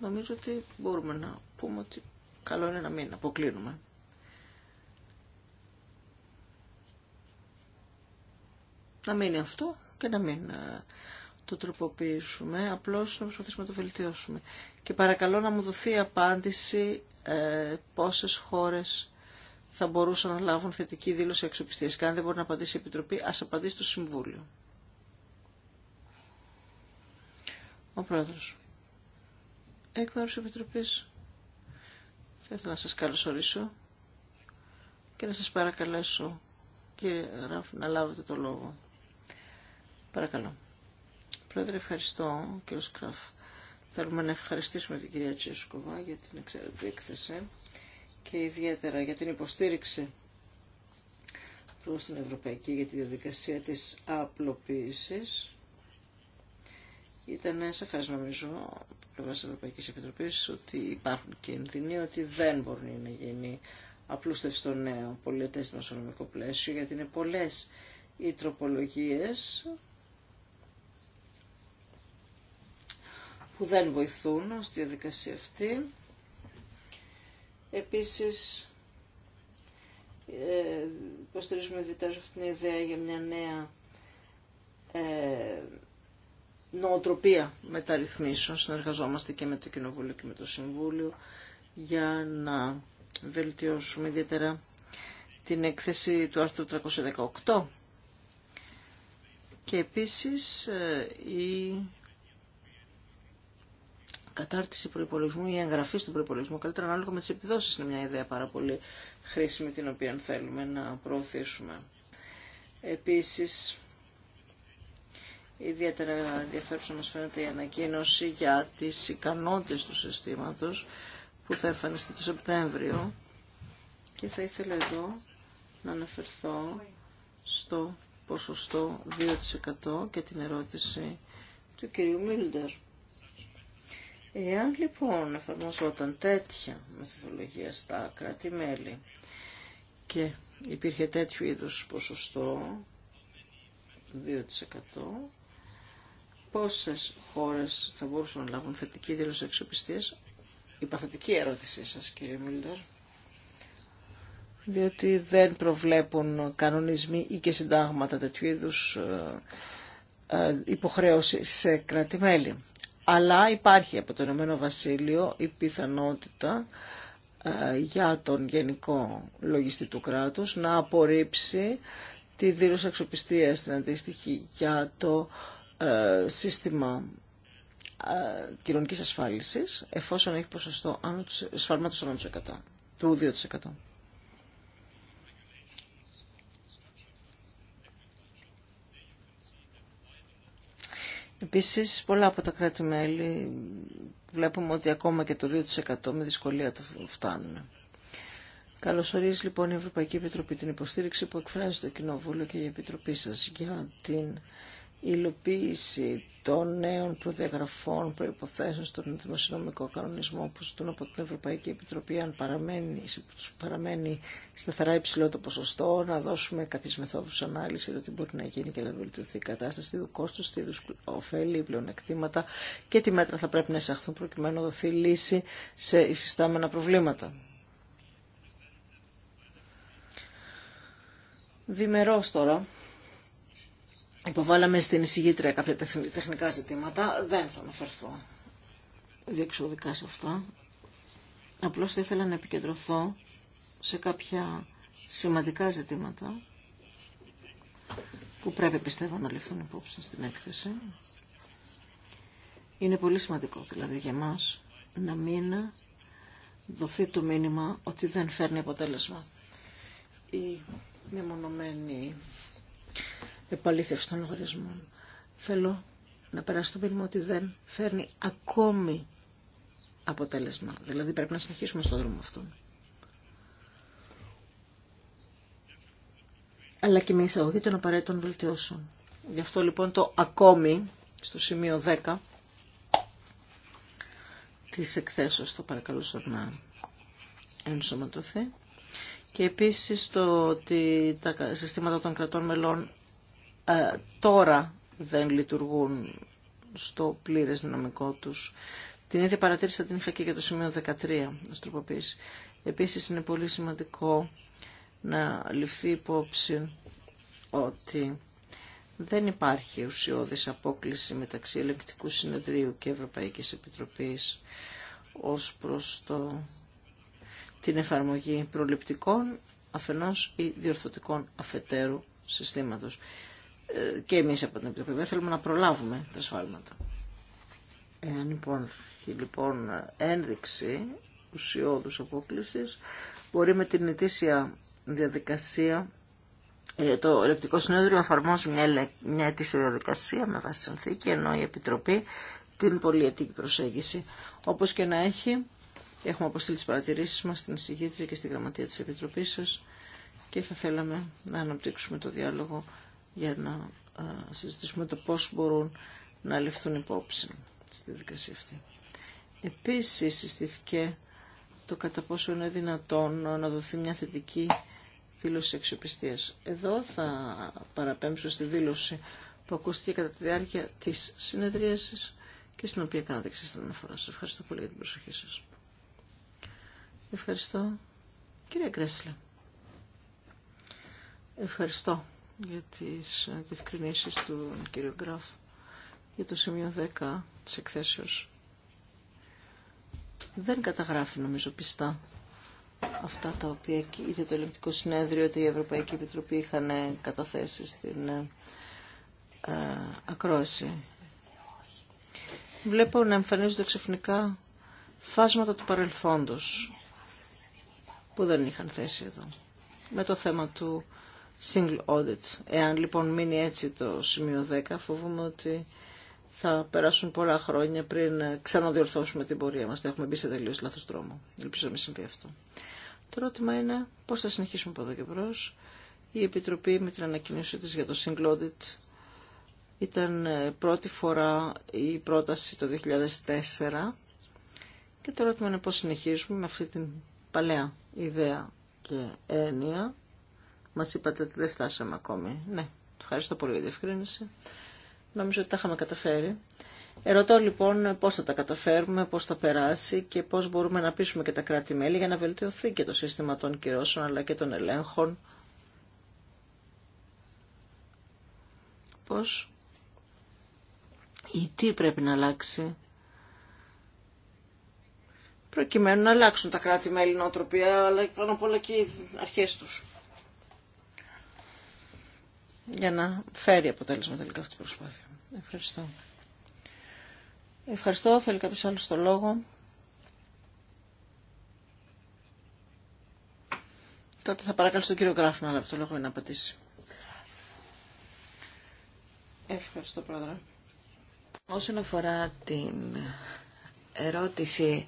νομίζω ότι μπορούμε να πούμε ότι καλό είναι να μην αποκλίνουμε. Να μείνει αυτό και να μην ε, το τροποποιήσουμε, απλώς να προσπαθήσουμε να το βελτιώσουμε. Και παρακαλώ να μου δοθεί απάντηση ε, πόσες χώρες θα μπορούσαν να λάβουν θετική δήλωση αξιοπιστίας. Και αν δεν μπορεί να απαντήσει η Επιτροπή, ας απαντήσει το Συμβούλιο. Ο Πρόεδρος. Εκ μέρους Επιτροπής θα ήθελα να σας καλωσορίσω και να σας παρακαλέσω κύριε Ραφ να λάβετε το λόγο. Παρακαλώ. Πρόεδρε ευχαριστώ κύριο Σκράφ. Θέλουμε να ευχαριστήσουμε την κυρία Τσίσκοβα για την εξαιρετική έκθεση και ιδιαίτερα για την υποστήριξη προς την Ευρωπαϊκή για τη διαδικασία της απλοποίησης ήταν σαφέ νομίζω από πλευρά τη Ευρωπαϊκή Επιτροπή ότι υπάρχουν κίνδυνοι, ότι δεν μπορεί να γίνει απλούστευση στο νέο στο νομικό πλαίσιο, γιατί είναι πολλές οι τροπολογίε που δεν βοηθούν στη διαδικασία αυτή. Επίσης, ε, υποστηρίζουμε ιδιαίτερα αυτήν την ιδέα για μια νέα ε, νοοτροπία μεταρρυθμίσεων. Συνεργαζόμαστε και με το Κοινοβούλιο και με το Συμβούλιο για να βελτιώσουμε ιδιαίτερα την έκθεση του άρθρου 318 και επίσης ε, η κατάρτιση προϋπολογισμού, ή εγγραφή στον προϋπολογισμό, καλύτερα ανάλογα με τις επιδόσεις, είναι μια ιδέα πάρα πολύ χρήσιμη την οποία θέλουμε να προωθήσουμε. Επίσης Ιδιαίτερα ενδιαφέρουσα μας φαίνεται η ανακοίνωση για τις ικανότητες του συστήματος που θα εμφανιστεί το Σεπτέμβριο και θα ήθελα εδώ να αναφερθώ στο ποσοστό 2% και την ερώτηση του κυρίου Μίλντερ. Εάν λοιπόν εφαρμοζόταν τέτοια μεθοδολογία στα κράτη-μέλη και υπήρχε τέτοιου είδους ποσοστό 2% πόσες χώρες θα μπορούσαν να λάβουν θετική δήλωση αξιοπιστίας. Η παθητική ερώτησή σας κύριε Μιλντερ. Διότι δεν προβλέπουν κανονισμοί ή και συντάγματα τέτοιου είδου ε, ε, υποχρέωση σε κράτη-μέλη. Αλλά υπάρχει από το Ηνωμένο Βασίλειο η πιθανότητα ε, για τον Γενικό Λογιστή του Κράτους να απορρίψει τη δήλωση αξιοπιστίας στην αντίστοιχη για το ε, σύστημα ε, κοινωνική ασφάλισης εφόσον έχει ποσοστό άνω του του 100, του 2%. Επίσης, πολλά από τα κράτη-μέλη βλέπουμε ότι ακόμα και το 2% με δυσκολία το φτάνουν. Καλωσορίζει λοιπόν η Ευρωπαϊκή Επιτροπή την υποστήριξη που εκφράζει το Κοινοβούλιο και η Επιτροπή σας για την υλοποίηση των νέων προδιαγραφών προϋποθέσεων στον δημοσιονομικό κανονισμό που ζητούν από την Ευρωπαϊκή Επιτροπή αν παραμένει, παραμένει σταθερά υψηλό το ποσοστό, να δώσουμε κάποιες μεθόδους ανάλυση για το τι μπορεί να γίνει και να βελτιωθεί η κατάσταση, του κόστου τι είδους ωφέλη, πλεονεκτήματα και τι μέτρα θα πρέπει να εισαχθούν προκειμένου να δοθεί λύση σε υφιστάμενα προβλήματα. Διμερός τώρα. Υποβάλαμε στην εισηγήτρια κάποια τεχνικά ζητήματα. Δεν θα αναφερθώ διεξοδικά σε αυτά. Απλώς θα ήθελα να επικεντρωθώ σε κάποια σημαντικά ζητήματα που πρέπει πιστεύω να ληφθούν υπόψη στην έκθεση. Είναι πολύ σημαντικό δηλαδή για μας να μην δοθεί το μήνυμα ότι δεν φέρνει αποτέλεσμα. Η μεμονωμένη επαλήθευση των λογαριασμών. Θέλω να περάσω το πείγμα ότι δεν φέρνει ακόμη αποτέλεσμα. Δηλαδή πρέπει να συνεχίσουμε στον δρόμο αυτόν. αλλά και με εισαγωγή των απαραίτητων βελτιώσεων. Γι' αυτό λοιπόν το ακόμη στο σημείο 10 της εκθέσεως θα παρακαλούσα να ενσωματωθεί. Και επίσης το ότι τα συστήματα των κρατών μελών ε, τώρα δεν λειτουργούν στο πλήρες δυναμικό τους. Την ίδια παρατήρησα την είχα και για το σημείο 13, επίση Επίσης είναι πολύ σημαντικό να ληφθεί υπόψη ότι δεν υπάρχει ουσιώδης απόκληση μεταξύ Ελεγκτικού Συνεδρίου και Ευρωπαϊκής Επιτροπής ως προς το, την εφαρμογή προληπτικών αφενός ή διορθωτικών αφετέρου συστήματος και εμείς από την Επιτροπή θέλουμε να προλάβουμε τα σφάλματα. Εάν λοιπόν, λοιπόν ένδειξη ουσιώδους απόκλησης μπορεί με την ετήσια διαδικασία ε, το ελεκτικό συνέδριο εφαρμόζει μια, μια αιτήσια διαδικασία με βάση συνθήκη, ενώ η Επιτροπή την πολυετική προσέγγιση. Όπως και να έχει, έχουμε αποστείλει τις παρατηρήσεις μας στην εισηγήτρια και στη γραμματεία της Επιτροπής σας και θα θέλαμε να αναπτύξουμε το διάλογο για να συζητήσουμε το πώς μπορούν να ληφθούν υπόψη στη δικασία αυτή. Επίσης συστήθηκε το κατά πόσο είναι δυνατόν να δοθεί μια θετική δήλωση αξιοπιστίας. Εδώ θα παραπέμψω στη δήλωση που ακούστηκε κατά τη διάρκεια της συνεδρίασης και στην οποία κάνατε εξής την αναφορά. Σας ευχαριστώ πολύ για την προσοχή σας. Ευχαριστώ. Κυρία Γκρέσλε. Ευχαριστώ για τις ε, διευκρινήσεις του κ. Γκράφ για το σημείο 10 της εκθέσεως. Δεν καταγράφει νομίζω πιστά αυτά τα οποία είδε το ελληνικό συνέδριο ότι η Ευρωπαϊκή Επιτροπή είχαν ε, καταθέσει στην ε, ε, ακρόαση. Βλέπω να εμφανίζονται ξαφνικά φάσματα του παρελθόντος που δεν είχαν θέση εδώ. Με το θέμα του single audit. Εάν λοιπόν μείνει έτσι το σημείο 10, φοβούμαι ότι θα περάσουν πολλά χρόνια πριν ξαναδιορθώσουμε την πορεία μας. Θα έχουμε μπει σε τελείως λάθος τρόμο. Ελπίζω να μην συμβεί αυτό. Το ερώτημα είναι πώς θα συνεχίσουμε από εδώ και μπρος. Η Επιτροπή με την ανακοινήσή της για το single audit ήταν ε, πρώτη φορά η πρόταση το 2004 και το ερώτημα είναι πώς συνεχίζουμε με αυτή την παλαιά ιδέα και έννοια Μα είπατε ότι δεν φτάσαμε ακόμη. Ναι, ευχαριστώ πολύ για τη διευκρίνηση. Νομίζω ότι τα είχαμε καταφέρει. Ερωτώ λοιπόν πώ θα τα καταφέρουμε, πώς θα περάσει και πώς μπορούμε να πείσουμε και τα κράτη-μέλη για να βελτιωθεί και το σύστημα των κυρώσεων αλλά και των ελέγχων. Πώς ή τι πρέπει να αλλάξει προκειμένου να αλλάξουν τα κράτη-μέλη νοοτροπία αλλά πάνω απ' όλα και οι αρχές τους για να φέρει αποτέλεσμα τελικά αυτή τη προσπάθεια. Ευχαριστώ. Ευχαριστώ. Θέλει κάποιο άλλο το λόγο. Τότε θα παρακαλώ τον κύριο Γκράφνα αλλά αυτό το λόγο να απαντήσει. Ευχαριστώ, Πρόεδρε. Όσον αφορά την ερώτηση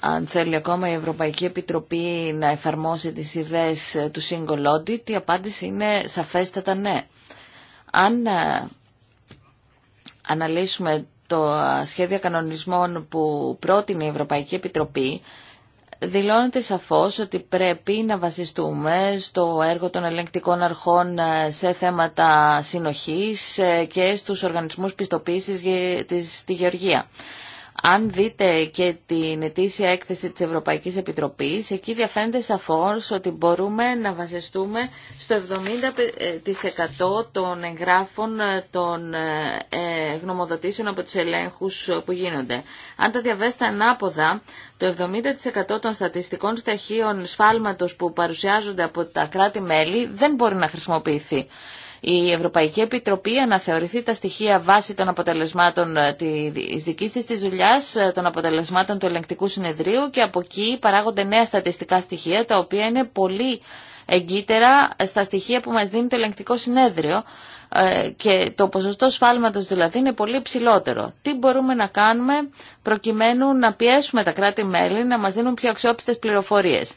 αν θέλει ακόμα η Ευρωπαϊκή Επιτροπή να εφαρμόσει τις ιδέες του Single η απάντηση είναι σαφέστατα ναι. Αν ε, αναλύσουμε το σχέδιο κανονισμών που πρότεινε η Ευρωπαϊκή Επιτροπή, δηλώνεται σαφώς ότι πρέπει να βασιστούμε στο έργο των ελεγκτικών αρχών ε, σε θέματα συνοχής ε, και στους οργανισμούς πιστοποίησης στη Γεωργία. Αν δείτε και την ετήσια έκθεση της Ευρωπαϊκής Επιτροπής, εκεί διαφαίνεται σαφώς ότι μπορούμε να βασιστούμε στο 70% ε, των εγγράφων ε, των ε, γνωμοδοτήσεων από τους ελέγχους που γίνονται. Αν τα διαβέστε ανάποδα, το 70% των στατιστικών στοιχείων σφάλματος που παρουσιάζονται από τα κράτη-μέλη δεν μπορεί να χρησιμοποιηθεί η Ευρωπαϊκή Επιτροπή αναθεωρηθεί τα στοιχεία βάσει των αποτελεσμάτων ε, της δικής της της δουλειάς, ε, των αποτελεσμάτων του ελεγκτικού συνεδρίου και από εκεί παράγονται νέα στατιστικά στοιχεία τα οποία είναι πολύ εγκύτερα στα στοιχεία που μας δίνει το ελεγκτικό συνέδριο ε, και το ποσοστό σφάλματος δηλαδή είναι πολύ ψηλότερο. Τι μπορούμε να κάνουμε προκειμένου να πιέσουμε τα κράτη-μέλη να μας δίνουν πιο αξιόπιστες πληροφορίες.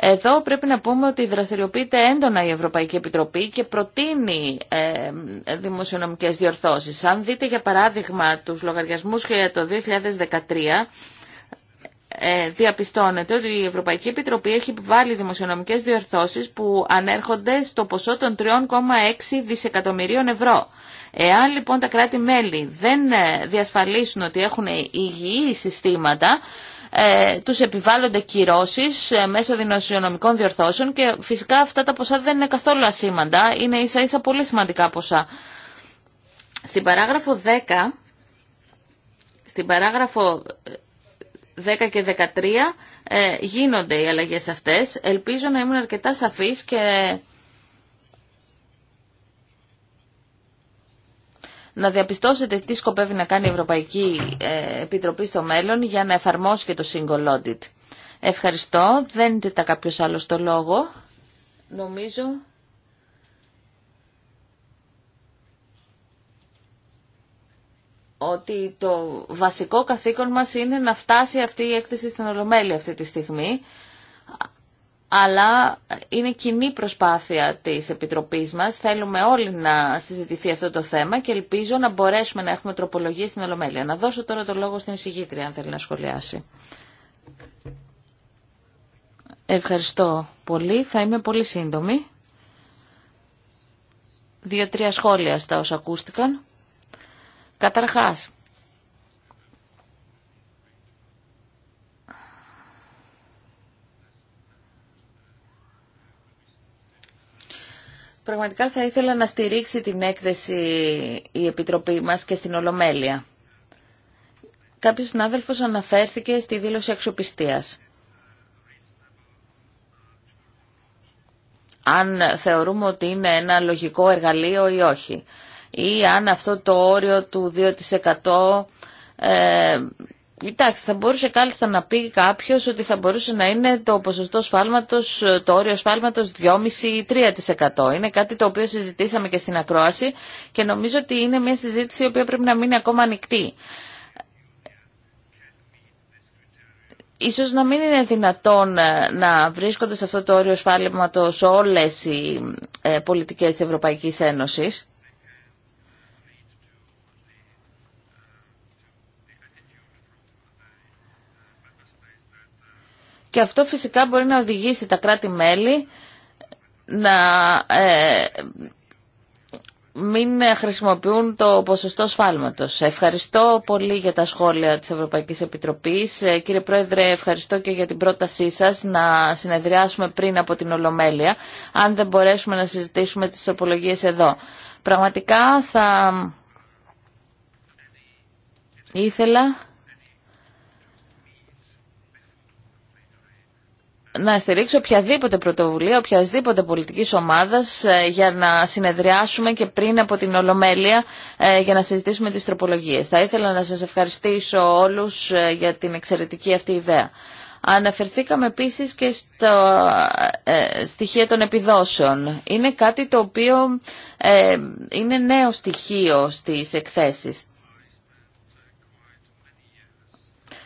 Εδώ πρέπει να πούμε ότι δραστηριοποιείται έντονα η Ευρωπαϊκή Επιτροπή και προτείνει ε, δημοσιονομικές διορθώσεις. Αν δείτε για παράδειγμα τους λογαριασμούς για το 2013, ε, διαπιστώνεται ότι η Ευρωπαϊκή Επιτροπή έχει βάλει δημοσιονομικές διορθώσεις που ανέρχονται στο ποσό των 3,6 δισεκατομμυρίων ευρώ. Εάν λοιπόν τα κράτη-μέλη δεν ε, διασφαλίσουν ότι έχουν υγιή συστήματα, ε, τους επιβάλλονται κυρώσεις ε, μέσω δημοσιονομικών διορθώσεων και φυσικά αυτά τα ποσά δεν είναι καθόλου ασήμαντα, είναι ίσα ίσα πολύ σημαντικά ποσά. Στην παράγραφο 10, στην παράγραφο 10 ε, και 13 ε, γίνονται οι αλλαγές αυτές. Ελπίζω να ήμουν αρκετά σαφής και να διαπιστώσετε τι σκοπεύει να κάνει η Ευρωπαϊκή ε, Επιτροπή στο μέλλον για να εφαρμόσει και το single audit. Ευχαριστώ. Δεν τα κάποιο άλλο το λόγο. Νομίζω. ότι το βασικό καθήκον μας είναι να φτάσει αυτή η έκθεση στην Ολομέλη αυτή τη στιγμή αλλά είναι κοινή προσπάθεια της Επιτροπής μας. Θέλουμε όλοι να συζητηθεί αυτό το θέμα και ελπίζω να μπορέσουμε να έχουμε τροπολογίες στην Ολομέλεια. Να δώσω τώρα το λόγο στην εισηγήτρια αν θέλει να σχολιάσει. Ευχαριστώ πολύ. Θα είμαι πολύ σύντομη. Δύο-τρία σχόλια στα όσα ακούστηκαν. Καταρχάς, Πραγματικά θα ήθελα να στηρίξει την έκθεση η Επιτροπή μας και στην Ολομέλεια. Κάποιος συνάδελφος αναφέρθηκε στη δήλωση αξιοπιστίας. Αν θεωρούμε ότι είναι ένα λογικό εργαλείο ή όχι. Ή αν αυτό το όριο του 2% Κοιτάξτε, θα μπορούσε κάλλιστα να πει κάποιος ότι θα μπορούσε να είναι το ποσοστό σφάλματος, το όριο σφάλματος 2,5-3%. Είναι κάτι το οποίο συζητήσαμε και στην ακρόαση και νομίζω ότι είναι μια συζήτηση η οποία πρέπει να μείνει ακόμα ανοιχτή. Ίσως να μην είναι δυνατόν ε, να βρίσκονται σε αυτό το όριο σφάλματος όλες οι ε, πολιτικές Ευρωπαϊκής Ένωσης. και αυτό φυσικά μπορεί να οδηγήσει τα κράτη-μέλη να ε, μην χρησιμοποιούν το ποσοστό σφάλματος. Ευχαριστώ πολύ για τα σχόλια της Ευρωπαϊκής Επιτροπής. Ε, κύριε Πρόεδρε, ευχαριστώ και για την πρότασή σας να συνεδριάσουμε πριν από την Ολομέλεια, αν δεν μπορέσουμε να συζητήσουμε τις τροπολογίες εδώ. Πραγματικά θα ήθελα να στηρίξω οποιαδήποτε πρωτοβουλία, οποιασδήποτε πολιτικής ομάδας ε, για να συνεδριάσουμε και πριν από την Ολομέλεια ε, για να συζητήσουμε τι τροπολογίε. Θα ήθελα να σα ευχαριστήσω όλους ε, για την εξαιρετική αυτή ιδέα. Αναφερθήκαμε επίσης και στο ε, στοιχεία των επιδόσεων. Είναι κάτι το οποίο είναι νέο στοιχείο στις εκθέσεις.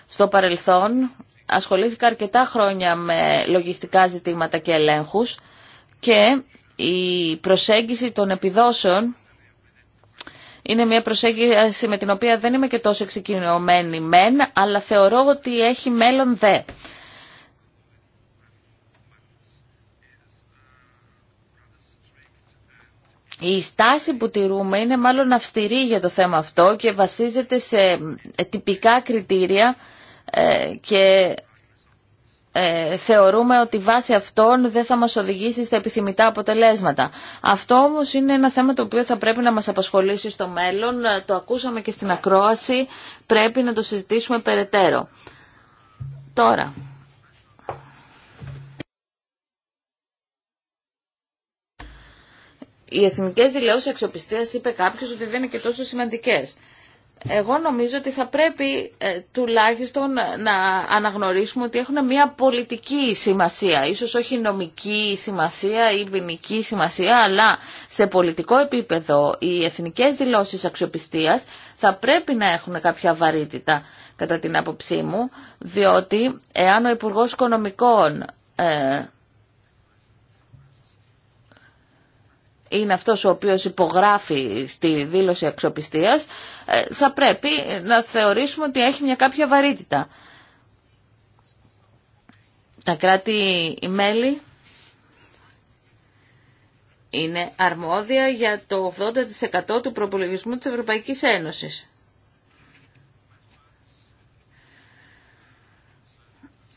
Στο παρελθόν ασχολήθηκα αρκετά χρόνια με λογιστικά ζητήματα και ελέγχους και η προσέγγιση των επιδόσεων είναι μια προσέγγιση με την οποία δεν είμαι και τόσο εξοικειωμένη μεν, αλλά θεωρώ ότι έχει μέλλον δε. Η στάση που τηρούμε είναι μάλλον αυστηρή για το θέμα αυτό και βασίζεται σε τυπικά κριτήρια ε, και ε, θεωρούμε ότι βάσει αυτών δεν θα μας οδηγήσει στα επιθυμητά αποτελέσματα. Αυτό όμως είναι ένα θέμα το οποίο θα πρέπει να μας απασχολήσει στο μέλλον. Ε, το ακούσαμε και στην ακρόαση. Πρέπει να το συζητήσουμε περαιτέρω. Τώρα... Οι εθνικές δηλώσεις αξιοπιστίας είπε κάποιος ότι δεν είναι και τόσο σημαντικές εγώ νομίζω ότι θα πρέπει ε, τουλάχιστον ε, να αναγνωρίσουμε ότι έχουν μια πολιτική σημασία, ίσως όχι νομική σημασία ή ποινική σημασία, αλλά σε πολιτικό επίπεδο οι εθνικές δηλώσεις αξιοπιστίας θα πρέπει να έχουν κάποια βαρύτητα κατά την άποψή μου, διότι εάν ο Υπουργός Οικονομικών ε, είναι αυτός ο οποίος υπογράφει στη δήλωση αξιοπιστίας, ε, θα πρέπει να θεωρήσουμε ότι έχει μια κάποια βαρύτητα. Τα κράτη-μέλη είναι αρμόδια για το 80% του προπολογισμού της Ευρωπαϊκής Ένωσης.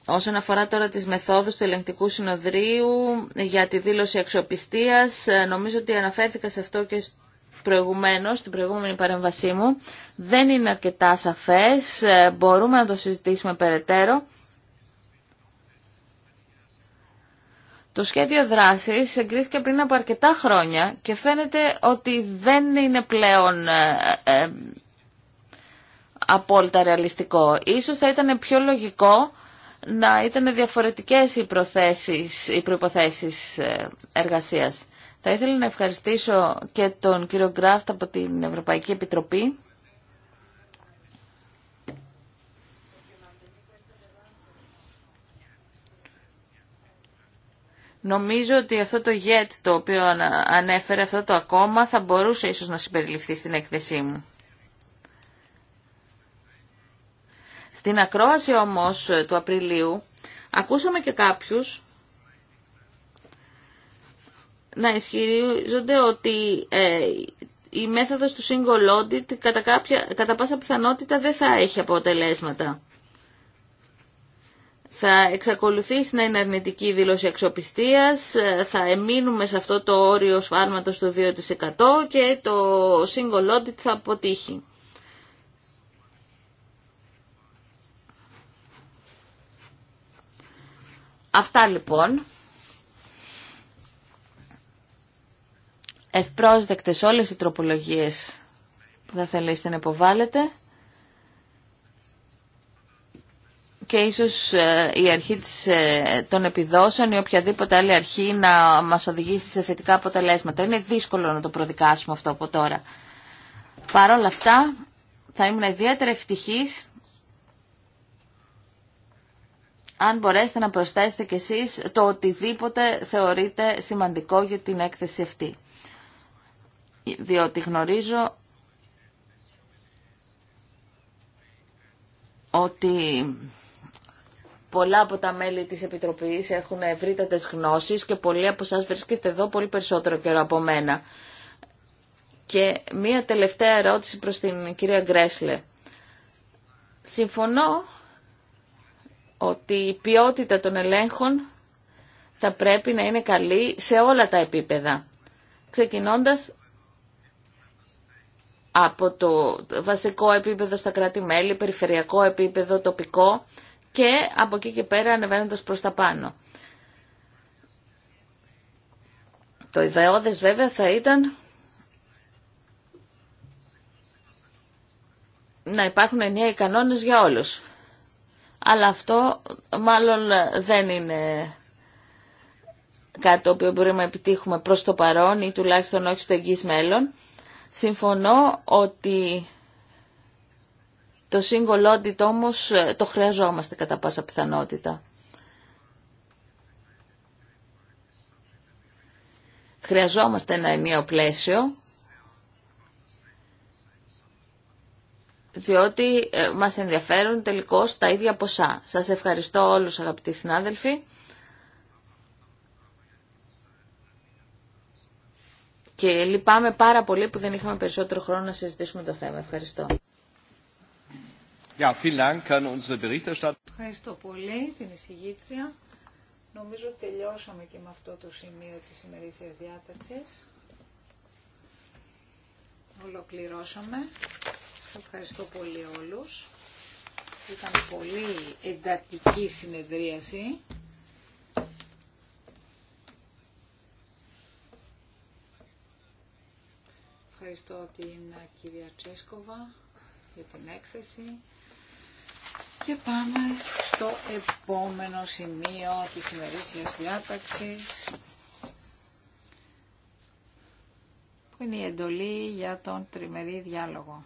Όσον αφορά τώρα τις μεθόδους του ελεγκτικού συνοδρίου για τη δήλωση αξιοπιστίας, ε, νομίζω ότι αναφέρθηκα σε αυτό και προηγουμένως, στην προηγούμενη παρέμβασή μου. Δεν είναι αρκετά σαφές, ε, μπορούμε να το συζητήσουμε περαιτέρω. Το σχέδιο δράσης εγκρίθηκε πριν από αρκετά χρόνια και φαίνεται ότι δεν είναι πλέον ε, απόλυτα ρεαλιστικό. Ίσως θα ήταν πιο λογικό να ήταν διαφορετικές οι, προθέσεις, οι προϋποθέσεις ε, εργασίας. Θα ήθελα να ευχαριστήσω και τον κύριο Γκράφτ από την Ευρωπαϊκή Επιτροπή. Νομίζω ότι αυτό το γετ το οποίο ανέφερε, αυτό το ακόμα, θα μπορούσε ίσως να συμπεριληφθεί στην έκθεσή μου. Στην ακρόαση όμως του Απριλίου ακούσαμε και κάποιους να ισχυρίζονται ότι ε, η μέθοδος του single audit κατά, κάποια, κατά πάσα πιθανότητα δεν θα έχει αποτελέσματα. Θα εξακολουθήσει να είναι αρνητική η δήλωση αξιοπιστίας, ε, θα εμείνουμε σε αυτό το όριο σφάλματος του 2% και το single audit θα αποτύχει. Αυτά λοιπόν. Ευπρόσδεκτες όλες οι τροπολογίες που θα θέλετε να υποβάλλετε. και ίσως ε, η αρχή της, ε, των επιδόσεων ή οποιαδήποτε άλλη αρχή να μας οδηγήσει σε θετικά αποτελέσματα. Είναι δύσκολο να το προδικάσουμε αυτό από τώρα. Παρ' όλα αυτά θα ήμουν ιδιαίτερα ευτυχής αν μπορέσετε να προσθέσετε κι εσείς το οτιδήποτε θεωρείτε σημαντικό για την έκθεση αυτή. Διότι γνωρίζω ότι πολλά από τα μέλη της Επιτροπής έχουν ευρύτατες γνώσεις και πολλοί από εσάς βρίσκεστε εδώ πολύ περισσότερο καιρό από μένα. Και μία τελευταία ερώτηση προς την κυρία Γκρέσλε. Συμφωνώ ότι η ποιότητα των ελέγχων θα πρέπει να είναι καλή σε όλα τα επίπεδα. Ξεκινώντας από το βασικό επίπεδο στα κράτη-μέλη, περιφερειακό επίπεδο, τοπικό και από εκεί και πέρα ανεβαίνοντας προς τα πάνω. Το ιδεώδες βέβαια θα ήταν να υπάρχουν ενιαίοι κανόνες για όλους αλλά αυτό μάλλον δεν είναι κάτι το οποίο μπορούμε να επιτύχουμε προς το παρόν ή τουλάχιστον όχι στο εγγύς μέλλον. Συμφωνώ ότι το single audit όμως ε, το χρειαζόμαστε κατά πάσα πιθανότητα. Χρειαζόμαστε ένα ενίο πλαίσιο διότι ε, μας ενδιαφέρουν τελικώς τα ίδια ποσά. Σας ευχαριστώ όλους αγαπητοί συνάδελφοι. Και λυπάμαι πάρα πολύ που δεν είχαμε περισσότερο χρόνο να συζητήσουμε το θέμα. Ευχαριστώ. Ευχαριστώ πολύ την εισηγήτρια. Νομίζω τελειώσαμε και με αυτό το σημείο της ημερήσιας διάταξης. Ολοκληρώσαμε. Ευχαριστώ πολύ όλους. Ήταν πολύ εντατική συνεδρίαση. Ευχαριστώ την ε, κυρία Τσέσκοβα για την έκθεση. Και πάμε στο επόμενο σημείο της ημερήσιας διάταξης που είναι η εντολή για τον τριμερή διάλογο.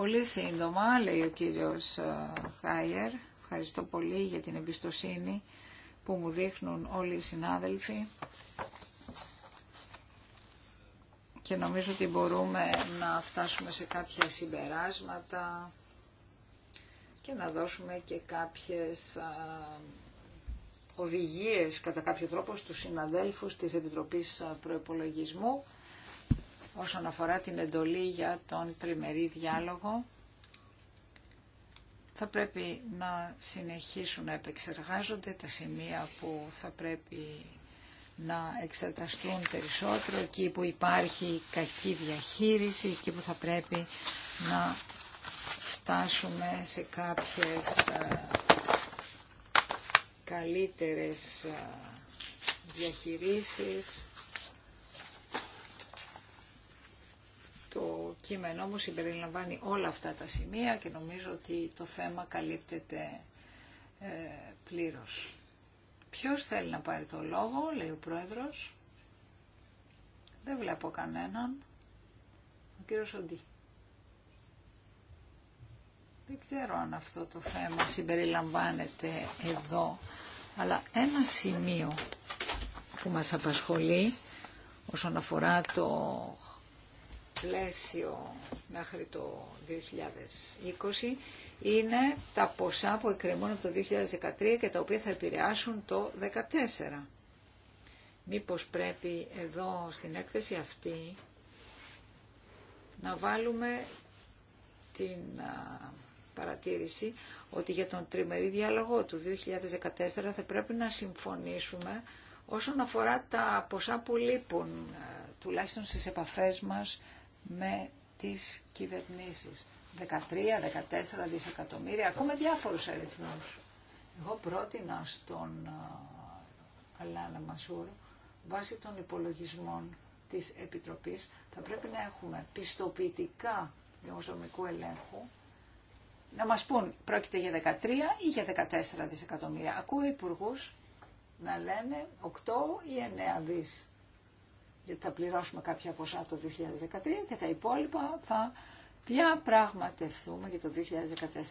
Πολύ σύντομα, λέει ο κύριος ε, Χάιερ. Ευχαριστώ πολύ για την εμπιστοσύνη που μου δείχνουν όλοι οι συνάδελφοι. Και νομίζω ότι μπορούμε να φτάσουμε σε κάποια συμπεράσματα και να δώσουμε και κάποιες οδηγίες κατά κάποιο τρόπο στους συναδέλφους της Επιτροπής Προεπολογισμού όσον αφορά την εντολή για τον τριμερή διάλογο. Θα πρέπει να συνεχίσουν να επεξεργάζονται τα σημεία που θα πρέπει να εξεταστούν περισσότερο, εκεί που υπάρχει κακή διαχείριση, εκεί που θα πρέπει να φτάσουμε σε κάποιες ε, καλύτερες ε, διαχειρίσεις. Το κείμενο μου συμπεριλαμβάνει όλα αυτά τα σημεία και νομίζω ότι το θέμα καλύπτεται ε, πλήρως. Ποιος θέλει να πάρει το λόγο, λέει ο Πρόεδρος. Δεν βλέπω κανέναν. Ο κύριος Σοντή. Δεν ξέρω αν αυτό το θέμα συμπεριλαμβάνεται εδώ, αλλά ένα σημείο που μας απασχολεί όσον αφορά το πλαίσιο μέχρι το 2020 είναι τα ποσά που εκκρεμούν από το 2013 και τα οποία θα επηρεάσουν το 2014. Μήπως πρέπει εδώ στην έκθεση αυτή να βάλουμε την παρατήρηση ότι για τον τριμερή διάλογο του 2014 θα πρέπει να συμφωνήσουμε όσον αφορά τα ποσά που λείπουν, τουλάχιστον στις επαφές μας με τις κυβερνήσεις. 13, 14 δισεκατομμύρια, ακόμα διάφορους αριθμούς. Εγώ πρότεινα στον Αλάνα Μασούρ, βάσει των υπολογισμών της Επιτροπής, θα πρέπει να έχουμε πιστοποιητικά δημοσιονομικού ελέγχου, να μας πούν πρόκειται για 13 ή για 14 δισεκατομμύρια. Ακούω υπουργού να λένε 8 ή 9 δις θα πληρώσουμε κάποια ποσά το 2013 και τα υπόλοιπα θα πια πραγματευτούμε για το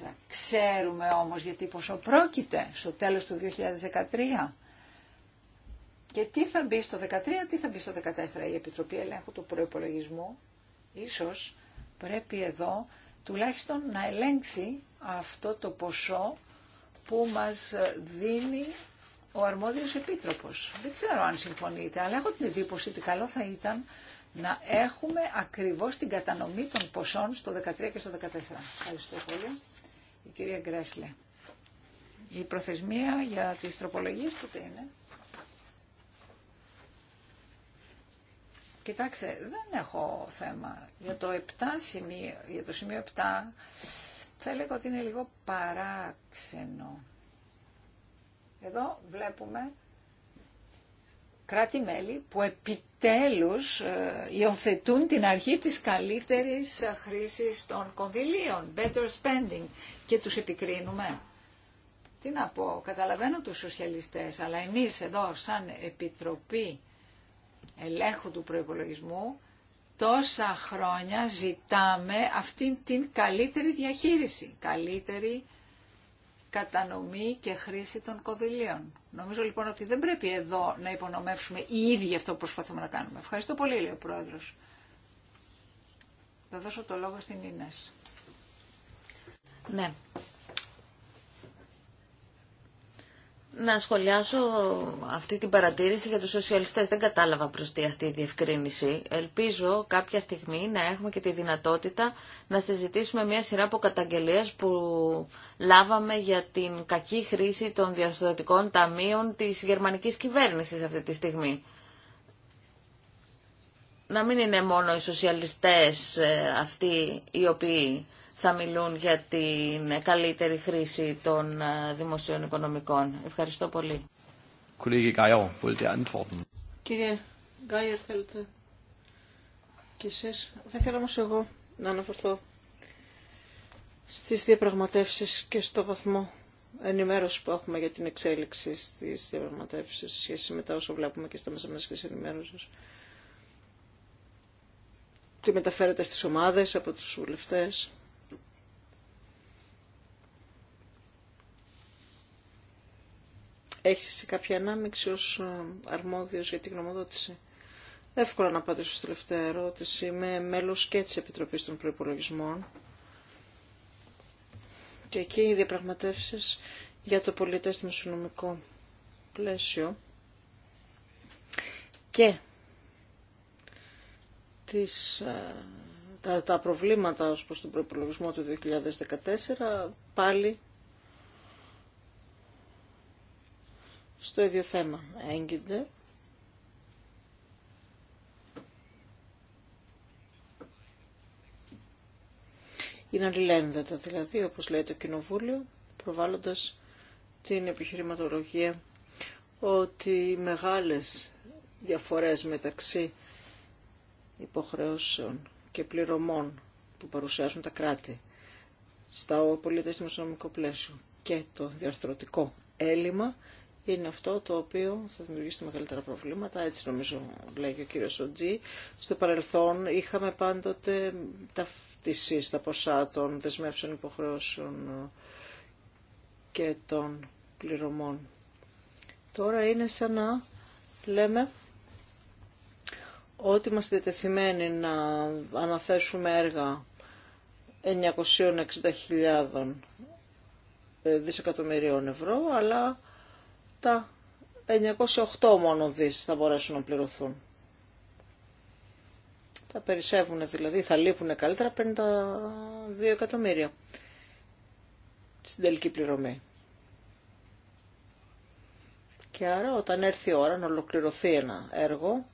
2014. Ξέρουμε όμως γιατί ποσό πρόκειται στο τέλος του 2013. Και τι θα μπει στο 2013, τι θα μπει στο 2014. Η Επιτροπή Ελέγχου του Προϋπολογισμού ίσως πρέπει εδώ τουλάχιστον να ελέγξει αυτό το ποσό που μας δίνει ο αρμόδιος επίτροπος. Δεν ξέρω αν συμφωνείτε, αλλά έχω την εντύπωση ότι καλό θα ήταν να έχουμε ακριβώς την κατανομή των ποσών στο 13 και στο 14. Ευχαριστώ πολύ. Η κυρία Γκρέσλε. Η προθεσμία για τις τροπολογίες που είναι. Κοιτάξτε, δεν έχω θέμα. Για το, 7 σημείο, για το σημείο 7 θα έλεγα ότι είναι λίγο παράξενο. Εδώ βλέπουμε κράτη-μέλη που επιτέλους ε, υιοθετούν την αρχή της καλύτερης ε, χρήσης των κονδυλίων, better spending, και τους επικρίνουμε. Τι να πω, καταλαβαίνω τους σοσιαλιστές, αλλά εμείς εδώ σαν Επιτροπή Ελέγχου του Προϋπολογισμού τόσα χρόνια ζητάμε αυτή την καλύτερη διαχείριση, καλύτερη κατανομή και χρήση των κονδυλίων. Νομίζω λοιπόν ότι δεν πρέπει εδώ να υπονομεύσουμε οι ίδιοι αυτό που προσπαθούμε να κάνουμε. Ευχαριστώ πολύ, λέει ο Πρόεδρος. Θα δώσω το λόγο στην Ίνες. Ναι, να σχολιάσω αυτή την παρατήρηση για τους σοσιαλιστές. Δεν κατάλαβα προς τι αυτή η διευκρίνηση. Ελπίζω κάποια στιγμή να έχουμε και τη δυνατότητα να συζητήσουμε μια σειρά από καταγγελίες που λάβαμε για την κακή χρήση των διαστατικών ταμείων της γερμανικής κυβέρνησης αυτή τη στιγμή. Να μην είναι μόνο οι σοσιαλιστές ε, αυτοί οι οποίοι θα μιλούν για την καλύτερη χρήση των ε, δημοσίων οικονομικών. Ευχαριστώ πολύ. Κύριε Γκάιερ, θέλετε και εσείς. Θα ήθελα όμως εγώ να αναφερθώ στις διαπραγματεύσεις και στο βαθμό ενημέρωση που έχουμε για την εξέλιξη στις διαπραγματεύσεις σε σχέση με τα όσα βλέπουμε και στα μέσα μας Τι μεταφέρεται στις ομάδες από τους βουλευτές. Έχεις εσύ κάποια ανάμειξη ως ε, αρμόδιος για την γνωμοδότηση. Εύκολα να απαντήσω στη τελευταία ερώτηση. Είμαι μέλος και της Επιτροπής των Προϋπολογισμών. Και εκεί οι διαπραγματεύσεις για το πολιτές συνομικό πλαίσιο και τις, ε, τα, τα προβλήματα ως προς τον προϋπολογισμό του 2014 πάλι στο ίδιο θέμα έγκυνται. Είναι αλληλένδετα δηλαδή, όπως λέει το Κοινοβούλιο, προβάλλοντας την επιχειρηματολογία ότι οι μεγάλες διαφορές μεταξύ υποχρεώσεων και πληρωμών που παρουσιάζουν τα κράτη στα πολιτές δημοσιονομικό πλαίσιο και το διαρθρωτικό έλλειμμα είναι αυτό το οποίο θα δημιουργήσει μεγαλύτερα προβλήματα, έτσι νομίζω λέγει ο κύριος Οντζή. Στο παρελθόν είχαμε πάντοτε ταυτίσεις, τα ποσά των δεσμεύσεων υποχρεώσεων και των πληρωμών. Τώρα είναι σαν να λέμε ότι είμαστε διατεθειμένοι να αναθέσουμε έργα 960.000 δισεκατομμυρίων ευρώ, αλλά τα 908 μόνο δις θα μπορέσουν να πληρωθούν. Θα περισσεύουν δηλαδή, θα λείπουν καλύτερα 2 εκατομμύρια στην τελική πληρωμή. Και άρα όταν έρθει η ώρα να ολοκληρωθεί ένα έργο,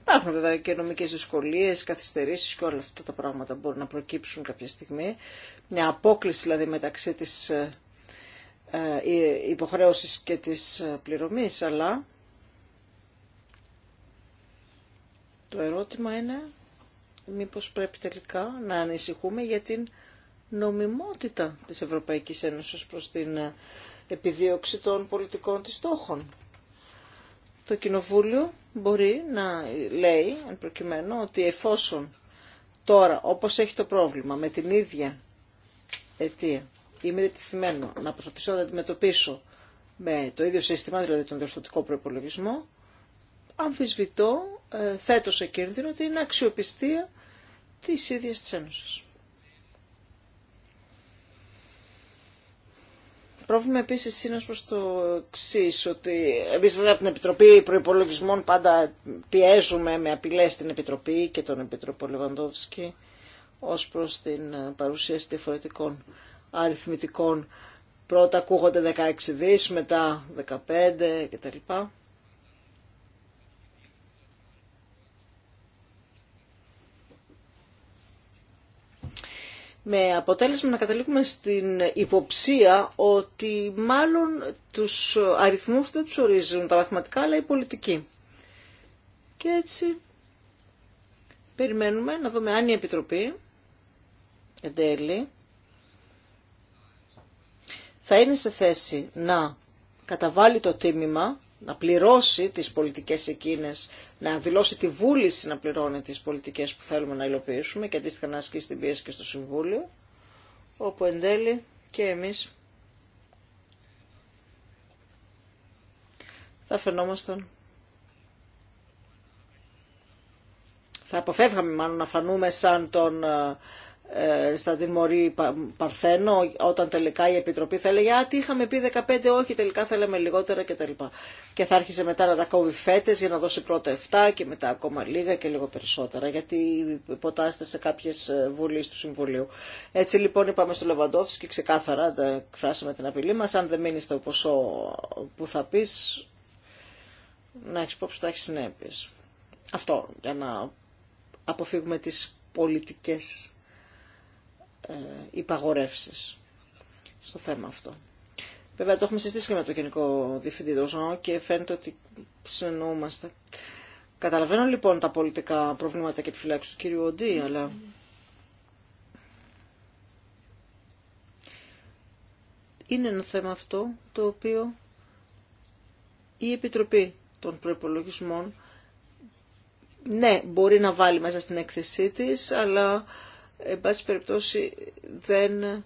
υπάρχουν βέβαια και νομικέ δυσκολίε, καθυστερήσει και όλα αυτά τα πράγματα μπορούν να προκύψουν κάποια στιγμή. Μια απόκληση δηλαδή μεταξύ της ε, ε, υποχρέωσης και της ε, πληρωμής, αλλά το ερώτημα είναι μήπως πρέπει τελικά να ανησυχούμε για την νομιμότητα της Ευρωπαϊκής Ένωσης προς την ε, επιδίωξη των πολιτικών της στόχων. Το Κοινοβούλιο μπορεί να λέει, εν προκειμένου, ότι εφόσον τώρα, όπως έχει το πρόβλημα, με την ίδια αιτία, είμαι διατηθειμένο να προσπαθήσω να αντιμετωπίσω με το ίδιο σύστημα, δηλαδή τον διορθωτικό προπολογισμό, αμφισβητώ, ε, θέτω σε κίνδυνο την αξιοπιστία της ίδιας της Ένωσης. Πρόβλημα επίση είναι ω προ το εξή ότι εμεί βέβαια από την Επιτροπή προπολογισμών πάντα πιέζουμε με απειλέ την Επιτροπή και τον Επιτροπό Λεβαντόφσκι ως προς την παρουσίαση διαφορετικών αριθμητικών. Πρώτα ακούγονται 16 δις, μετά 15 κτλ. με αποτέλεσμα να καταλήγουμε στην υποψία ότι μάλλον τους αριθμούς δεν τους ορίζουν τα μαθηματικά αλλά η πολιτική. Και έτσι περιμένουμε να δούμε αν η Επιτροπή εν τέλει θα είναι σε θέση να καταβάλει το τίμημα, να πληρώσει τις πολιτικές εκείνες, να δηλώσει τη βούληση να πληρώνει τις πολιτικές που θέλουμε να υλοποιήσουμε και αντίστοιχα να ασκήσει την πίεση και στο Συμβούλιο, όπου εν τέλει και εμείς θα φαινόμασταν. Θα αποφεύγαμε μάλλον να φανούμε σαν τον ε, ε, σαν την Μωρή Παρθένο όταν τελικά η Επιτροπή θα έλεγε «Α, τι είχαμε πει 15, όχι, τελικά θέλαμε λιγότερα» κτλ. Και θα άρχισε μετά να τα κόβει φέτες για να δώσει πρώτα 7 και μετά ακόμα λίγα και λίγο περισσότερα γιατί υποτάσσεται σε κάποιες ε, βουλείς του Συμβουλίου. Έτσι λοιπόν είπαμε στο Λεβαντόφσκι και ξεκάθαρα τα εκφράσαμε την απειλή μας αν δεν μείνει στο ποσό που θα πεις να έχεις υπόψη θα έχει συνέπειε. Αυτό για να αποφύγουμε τις πολιτικές ε, υπαγορεύσεις στο θέμα αυτό. Βέβαια το έχουμε συζητήσει και με το Γενικό Διευθυντή και φαίνεται ότι συνεννοούμαστε. Καταλαβαίνω λοιπόν τα πολιτικά προβλήματα και επιφυλάξει του κύριου Οντή, αλλά... Είναι ένα θέμα αυτό το οποίο η Επιτροπή των Προϋπολογισμών ναι, μπορεί να βάλει μέσα στην έκθεσή της, αλλά εν πάση περιπτώσει δεν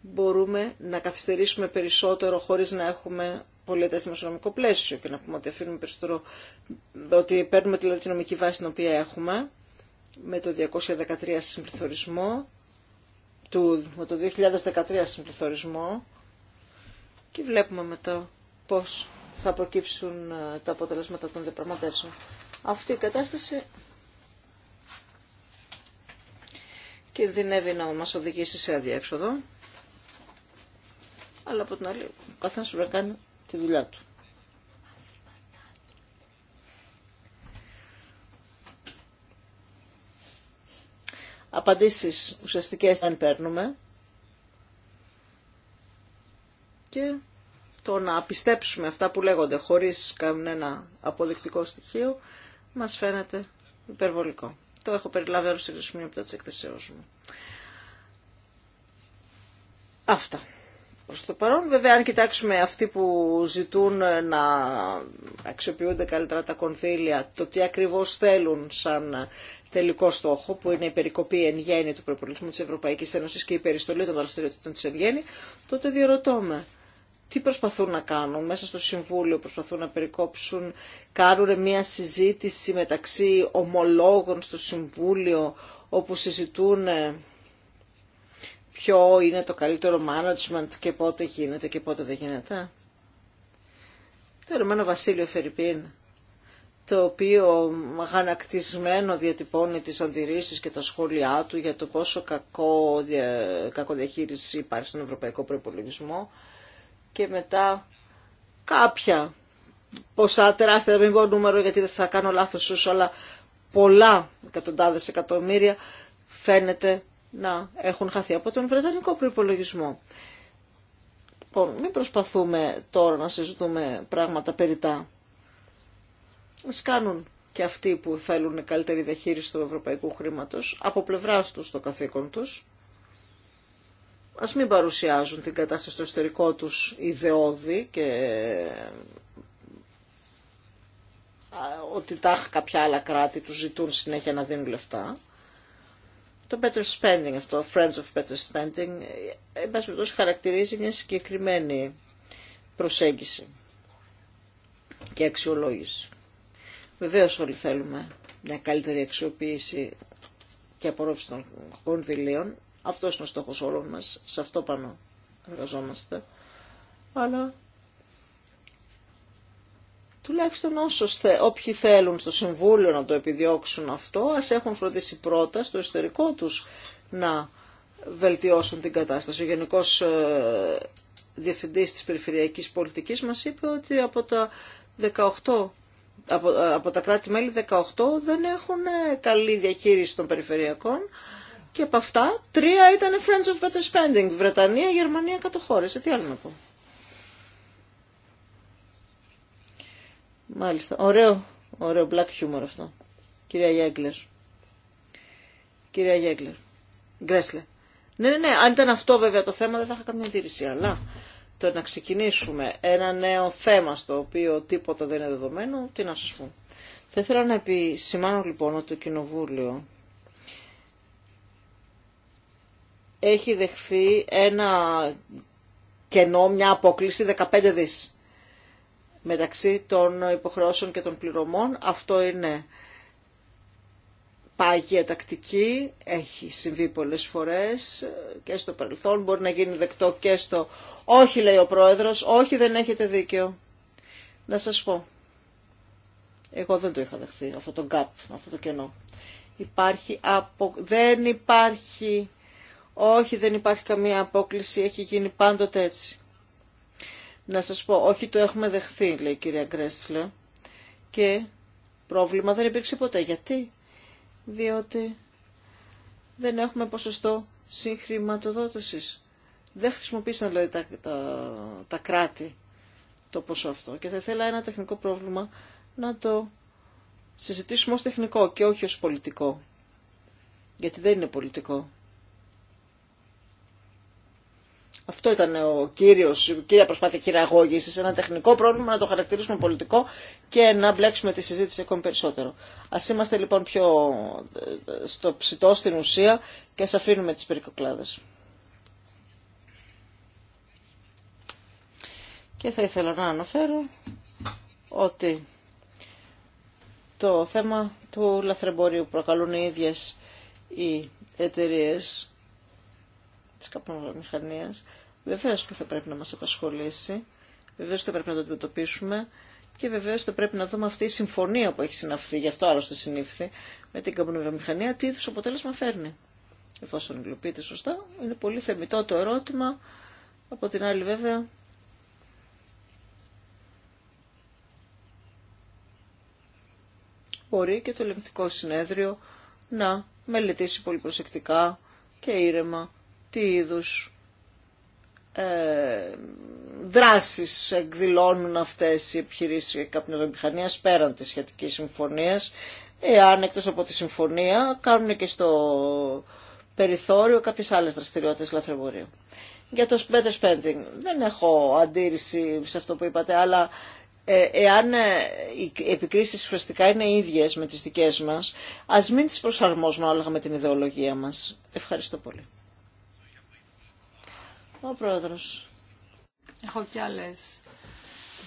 μπορούμε να καθυστερήσουμε περισσότερο χωρίς να έχουμε πολίτες δημοσιονομικό πλαίσιο και να πούμε ότι αφήνουμε περισσότερο, ότι παίρνουμε τη νομική βάση την οποία έχουμε με το 213 συμπληθωρισμό, του, με το 2013 συμπληθωρισμό και βλέπουμε μετά πώς θα προκύψουν ε, τα αποτελέσματα των διαπραγματεύσεων. Αυτή η κατάσταση κινδυνεύει να μας οδηγήσει σε αδιέξοδο. Αλλά από την άλλη, ο καθένας πρέπει να κάνει τη δουλειά του. Απαντήσεις ουσιαστικές δεν παίρνουμε. Και το να πιστέψουμε αυτά που λέγονται χωρίς κανένα αποδεικτικό στοιχείο μας φαίνεται υπερβολικό. Το έχω περιλάβει όλο σε από τα εκθεσέω μου. Αυτά. Προς το παρόν, βέβαια, αν κοιτάξουμε αυτοί που ζητούν να αξιοποιούνται καλύτερα τα κονδύλια, το τι ακριβώς θέλουν σαν τελικό στόχο, που είναι η περικοπή εν γέννη του προπολισμού της Ευρωπαϊκής Ένωσης και η περιστολή των δραστηριοτήτων της εν τότε διαρωτώ με τι προσπαθούν να κάνουν. Μέσα στο Συμβούλιο προσπαθούν να περικόψουν, κάνουν μια συζήτηση μεταξύ ομολόγων στο Συμβούλιο όπου συζητούν ποιο είναι το καλύτερο management και πότε γίνεται και πότε δεν γίνεται. Το ερωμένο Βασίλειο Φερρυπίν, το οποίο γανακτισμένο διατυπώνει τις αντιρρήσεις και τα σχόλιά του για το πόσο κακό, κακό διαχείριση υπάρχει στον Ευρωπαϊκό Προϋπολογισμό, και μετά κάποια ποσά τεράστια, δεν πω νούμερο γιατί δεν θα κάνω λάθος σου, αλλά πολλά εκατοντάδες εκατομμύρια φαίνεται να έχουν χαθεί από τον Βρετανικό προϋπολογισμό. Λοιπόν, μην προσπαθούμε τώρα να συζητούμε πράγματα περιτά. Ας κάνουν και αυτοί που θέλουν καλύτερη διαχείριση του ευρωπαϊκού χρήματος, από πλευράς τους το καθήκον τους, ας μην παρουσιάζουν την κατάσταση στο εσωτερικό τους ιδεώδη και ότι τάχ κάποια άλλα κράτη τους ζητούν συνέχεια να δίνουν λεφτά. Το better spending αυτό, friends of better spending, ε, εν χαρακτηρίζει μια συγκεκριμένη προσέγγιση και αξιολόγηση. Βεβαίως όλοι θέλουμε μια καλύτερη αξιοποίηση και απορρόφηση των κονδυλίων, αυτός είναι ο στόχος όλων μας. Σε αυτό πάνω εργαζόμαστε. Αλλά τουλάχιστον όσο όποιοι θέλουν στο Συμβούλιο να το επιδιώξουν αυτό, ας έχουν φροντίσει πρώτα στο εσωτερικό τους να βελτιώσουν την κατάσταση. Ο Γενικός ε, Διευθυντής της Περιφερειακής Πολιτικής μας είπε ότι από τα 18 από, ε, από τα κράτη-μέλη 18 δεν έχουν ε, καλή διαχείριση των περιφερειακών και από αυτά τρία ήταν Friends of Better Spending. Βρετανία, Γερμανία, 100 ε, τι άλλο να πω. Μάλιστα. Ωραίο, ωραίο black humor αυτό. Κυρία Γέγκλερ. Κυρία Γέγκλερ. Γκρέσλε. Ναι, ναι, ναι. Αν ήταν αυτό βέβαια το θέμα δεν θα είχα καμία αντίρρηση. Αλλά το να ξεκινήσουμε ένα νέο θέμα στο οποίο τίποτα δεν είναι δεδομένο, τι να σας πω. Θα ήθελα να επισημάνω λοιπόν ότι το Κοινοβούλιο έχει δεχθεί ένα κενό, μια απόκληση 15 δις μεταξύ των υποχρεώσεων και των πληρωμών. Αυτό είναι πάγια τακτική, έχει συμβεί πολλές φορές και στο παρελθόν, μπορεί να γίνει δεκτό και στο «Όχι» λέει ο πρόεδρος, «Όχι δεν έχετε δίκαιο». Να σας πω, εγώ δεν το είχα δεχθεί αυτό το gap, αυτό το κενό. Υπάρχει απο... Δεν υπάρχει όχι, δεν υπάρχει καμία απόκληση, έχει γίνει πάντοτε έτσι. Να σας πω, όχι το έχουμε δεχθεί, λέει η κυρία Γκρέσλε. Και πρόβλημα δεν υπήρξε ποτέ. Γιατί? Διότι δεν έχουμε ποσοστό συγχρηματοδότησης. Δεν χρησιμοποίησαν δηλαδή τα, τα, τα κράτη το ποσό αυτό. Και θα ήθελα ένα τεχνικό πρόβλημα να το συζητήσουμε ως τεχνικό και όχι ως πολιτικό. Γιατί δεν είναι πολιτικό. Αυτό ήταν ο κύριος, η κύρια προσπάθεια σε ένα τεχνικό πρόβλημα να το χαρακτηρίσουμε πολιτικό και να μπλέξουμε τη συζήτηση ακόμη περισσότερο. Ας είμαστε λοιπόν πιο ε, στο ψητό στην ουσία και ας αφήνουμε τις περικοκλάδε. Και θα ήθελα να αναφέρω ότι το θέμα του λαθρεμπορίου προκαλούν οι ίδιες οι εταιρείες της καπνομηχανίας. Βεβαίως και θα πρέπει να μας απασχολήσει, βεβαίως θα πρέπει να το αντιμετωπίσουμε και βεβαίως θα πρέπει να δούμε αυτή η συμφωνία που έχει συναυθεί, γι' αυτό άλλωστε συνήφθη, με την καπνομηχανία, τι είδους αποτέλεσμα φέρνει. Εφόσον υλοποιείται σωστά, είναι πολύ θεμητό το ερώτημα. Από την άλλη βέβαια, μπορεί και το ελεγκτικό συνέδριο να μελετήσει πολύ προσεκτικά και ήρεμα τι είδους ε, δράσεις εκδηλώνουν αυτές οι επιχειρήσεις καπνιδομηχανίας πέραν της σχετικής συμφωνίας εάν εκτός από τη συμφωνία κάνουν και στο περιθώριο κάποιες άλλες δραστηριότητες λαθρεμπορίου. Για το better spending δεν έχω αντίρρηση σε αυτό που είπατε, αλλά ε, εάν ε, οι επικρίσεις φυσικά είναι ίδιες με τις δικές μας, ας μην τις προσαρμόσουμε όλα με την ιδεολογία μας. Ευχαριστώ πολύ. Ο Πρόεδρος. Έχω κι άλλες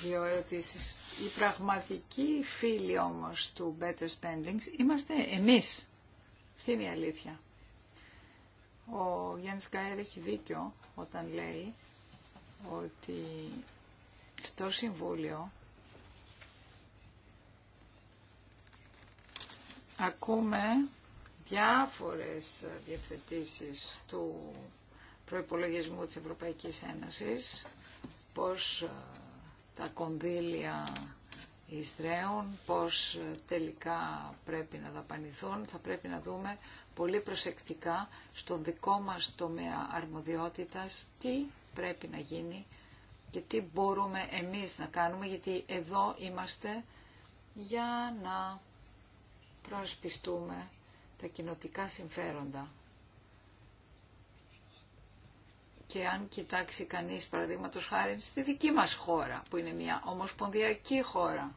δύο ερωτήσεις. Οι πραγματικοί φίλοι όμως του Better Spendings είμαστε εμείς. Αυτή είναι η αλήθεια. Ο Γιάννης Γκάιερ έχει δίκιο όταν λέει ότι στο Συμβούλιο ακούμε διάφορες διευθετήσεις του προϋπολογισμού της Ευρωπαϊκής Ένωσης, πώς ε, τα κονδύλια ιστρέων, πώς ε, τελικά πρέπει να δαπανηθούν. Θα πρέπει να δούμε πολύ προσεκτικά στον δικό μας τομέα αρμοδιότητας τι πρέπει να γίνει και τι μπορούμε εμείς να κάνουμε, γιατί εδώ είμαστε για να προσπιστούμε τα κοινοτικά συμφέροντα. Και αν κοιτάξει κανείς παραδείγματος χάρη στη δική μας χώρα, που είναι μια ομοσπονδιακή χώρα,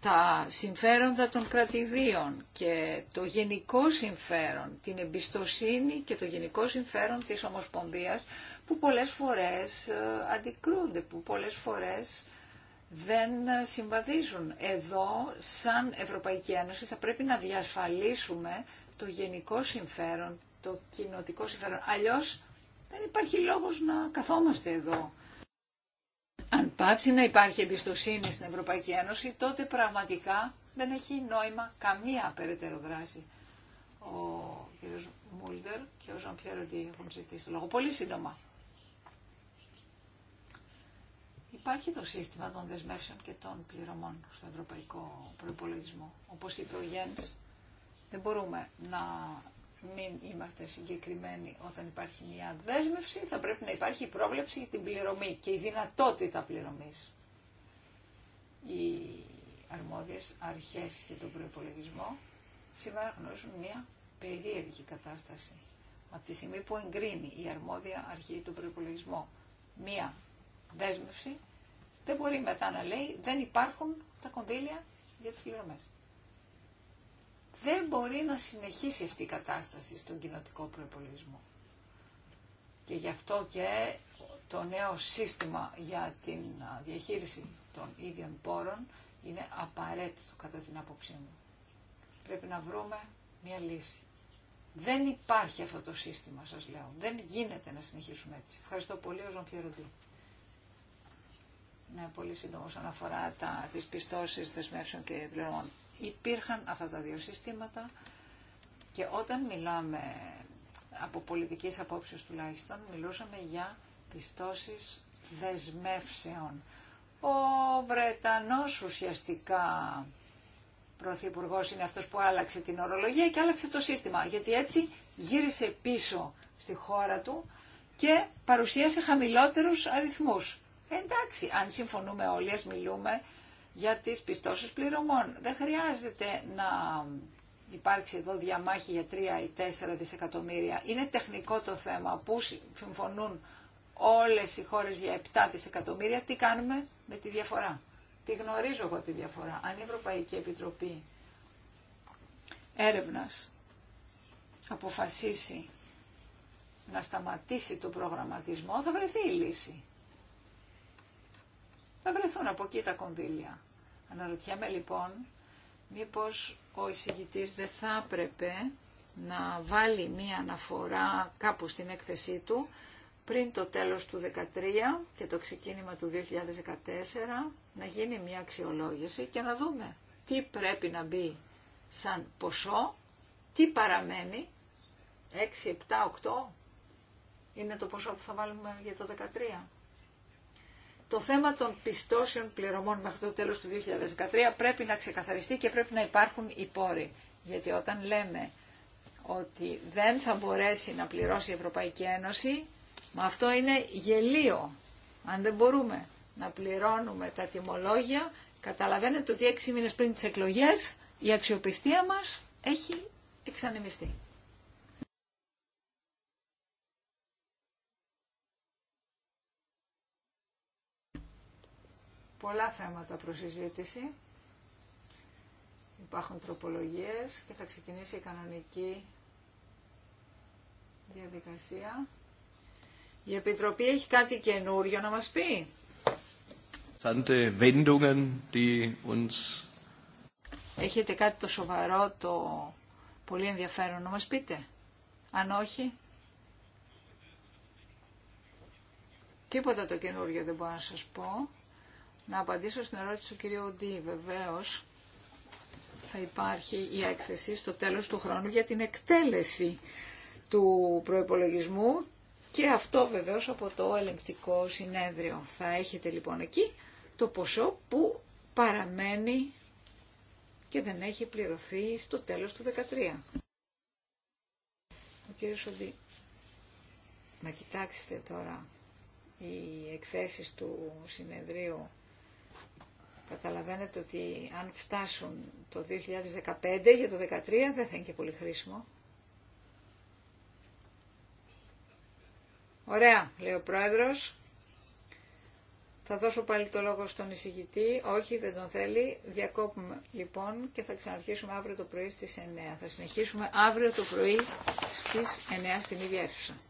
τα συμφέροντα των κρατηδίων και το γενικό συμφέρον, την εμπιστοσύνη και το γενικό συμφέρον της Ομοσπονδίας που πολλές φορές ε, αντικρούνται, που πολλές φορές δεν συμβαδίζουν. Εδώ, σαν Ευρωπαϊκή Ένωση, θα πρέπει να διασφαλίσουμε το γενικό συμφέρον, το κοινοτικό συμφέρον. Αλλιώς δεν υπάρχει λόγος να καθόμαστε εδώ. Αν πάψει να υπάρχει εμπιστοσύνη στην Ευρωπαϊκή Ένωση, τότε πραγματικά δεν έχει νόημα καμία περαιτέρω δράση. Ο κ. Μούλτερ και ο Ζαν Πιέροντι έχουν ζητήσει το λόγο. Πολύ σύντομα. Υπάρχει το σύστημα των δεσμεύσεων και των πληρωμών στο ευρωπαϊκό προπολογισμό. Όπως είπε ο Γιάννης, δεν μπορούμε να μην είμαστε συγκεκριμένοι όταν υπάρχει μια δέσμευση, θα πρέπει να υπάρχει η πρόβλεψη για την πληρωμή και η δυνατότητα πληρωμής. Οι αρμόδιες αρχές και τον προπολογισμό σήμερα γνωρίζουν μια περίεργη κατάσταση. Από τη στιγμή που εγκρίνει η αρμόδια αρχή του προπολογισμού μία δέσμευση, δεν μπορεί μετά να λέει δεν υπάρχουν τα κονδύλια για τις πληρωμές. Δεν μπορεί να συνεχίσει αυτή η κατάσταση στον κοινοτικό προπολογισμό. Και γι' αυτό και το νέο σύστημα για την διαχείριση των ίδιων πόρων είναι απαραίτητο κατά την άποψή μου. Πρέπει να βρούμε μια λύση. Δεν υπάρχει αυτό το σύστημα, σας λέω. Δεν γίνεται να συνεχίσουμε έτσι. Ευχαριστώ πολύ, ο Ζων Ναι, πολύ σύντομο αναφορά αφορά τα, τις πιστώσεις δεσμεύσεων και πληρωμών. Υπήρχαν αυτά τα δύο συστήματα και όταν μιλάμε από πολιτικής απόψεως τουλάχιστον, μιλούσαμε για πιστώσεις δεσμεύσεων. Ο Βρετανός ουσιαστικά πρωθυπουργός είναι αυτός που άλλαξε την ορολογία και άλλαξε το σύστημα, γιατί έτσι γύρισε πίσω στη χώρα του και παρουσίασε χαμηλότερους αριθμούς. Εντάξει, αν συμφωνούμε όλοι, ας μιλούμε για τις πιστώσεις πληρωμών. Δεν χρειάζεται να υπάρξει εδώ διαμάχη για 3 ή 4 δισεκατομμύρια. Είναι τεχνικό το θέμα που συμφωνούν όλες οι χώρες για 7 δισεκατομμύρια. Τι κάνουμε με τη διαφορά. Τη γνωρίζω εγώ τη διαφορά. Αν η Ευρωπαϊκή Επιτροπή έρευνας αποφασίσει να σταματήσει το προγραμματισμό, θα βρεθεί η λύση θα βρεθούν από εκεί τα κονδύλια. Αναρωτιέμαι λοιπόν μήπως ο εισηγητής δεν θα έπρεπε να βάλει μία αναφορά κάπου στην έκθεσή του πριν το τέλος του 2013 και το ξεκίνημα του 2014 να γίνει μία αξιολόγηση και να δούμε τι πρέπει να μπει σαν ποσό, τι παραμένει, 6, 7, 8 είναι το ποσό που θα βάλουμε για το 2013 το θέμα των πιστώσεων πληρωμών μέχρι το τέλος του 2013 πρέπει να ξεκαθαριστεί και πρέπει να υπάρχουν οι πόροι. Γιατί όταν λέμε ότι δεν θα μπορέσει να πληρώσει η Ευρωπαϊκή Ένωση, μα αυτό είναι γελίο. Αν δεν μπορούμε να πληρώνουμε τα τιμολόγια, καταλαβαίνετε ότι έξι μήνες πριν τις εκλογές η αξιοπιστία μας έχει εξανεμιστεί. πολλά θέματα προς συζήτηση. Υπάρχουν τροπολογίες και θα ξεκινήσει η κανονική διαδικασία. Η Επιτροπή έχει κάτι καινούριο να μας πει. Έχετε κάτι το σοβαρό, το πολύ ενδιαφέρον να μας πείτε. Αν όχι, τίποτα το καινούργιο δεν μπορώ να σας πω. Να απαντήσω στην ερώτηση του κυρίου Οντή. Βεβαίω θα υπάρχει η έκθεση στο τέλος του χρόνου για την εκτέλεση του προϋπολογισμού και αυτό βεβαίως από το ελεγκτικό συνέδριο. Θα έχετε λοιπόν εκεί το ποσό που παραμένει και δεν έχει πληρωθεί στο τέλος του 2013. Ο κύριος Σοντή, να κοιτάξετε τώρα οι εκθέσεις του συνεδρίου Καταλαβαίνετε ότι αν φτάσουν το 2015 για το 2013 δεν θα είναι και πολύ χρήσιμο. Ωραία, λέει ο Πρόεδρος. Θα δώσω πάλι το λόγο στον εισηγητή. Όχι, δεν τον θέλει. Διακόπουμε λοιπόν και θα ξαναρχίσουμε αύριο το πρωί στις 9. Θα συνεχίσουμε αύριο το πρωί στις 9 στην ίδια αίθουσα.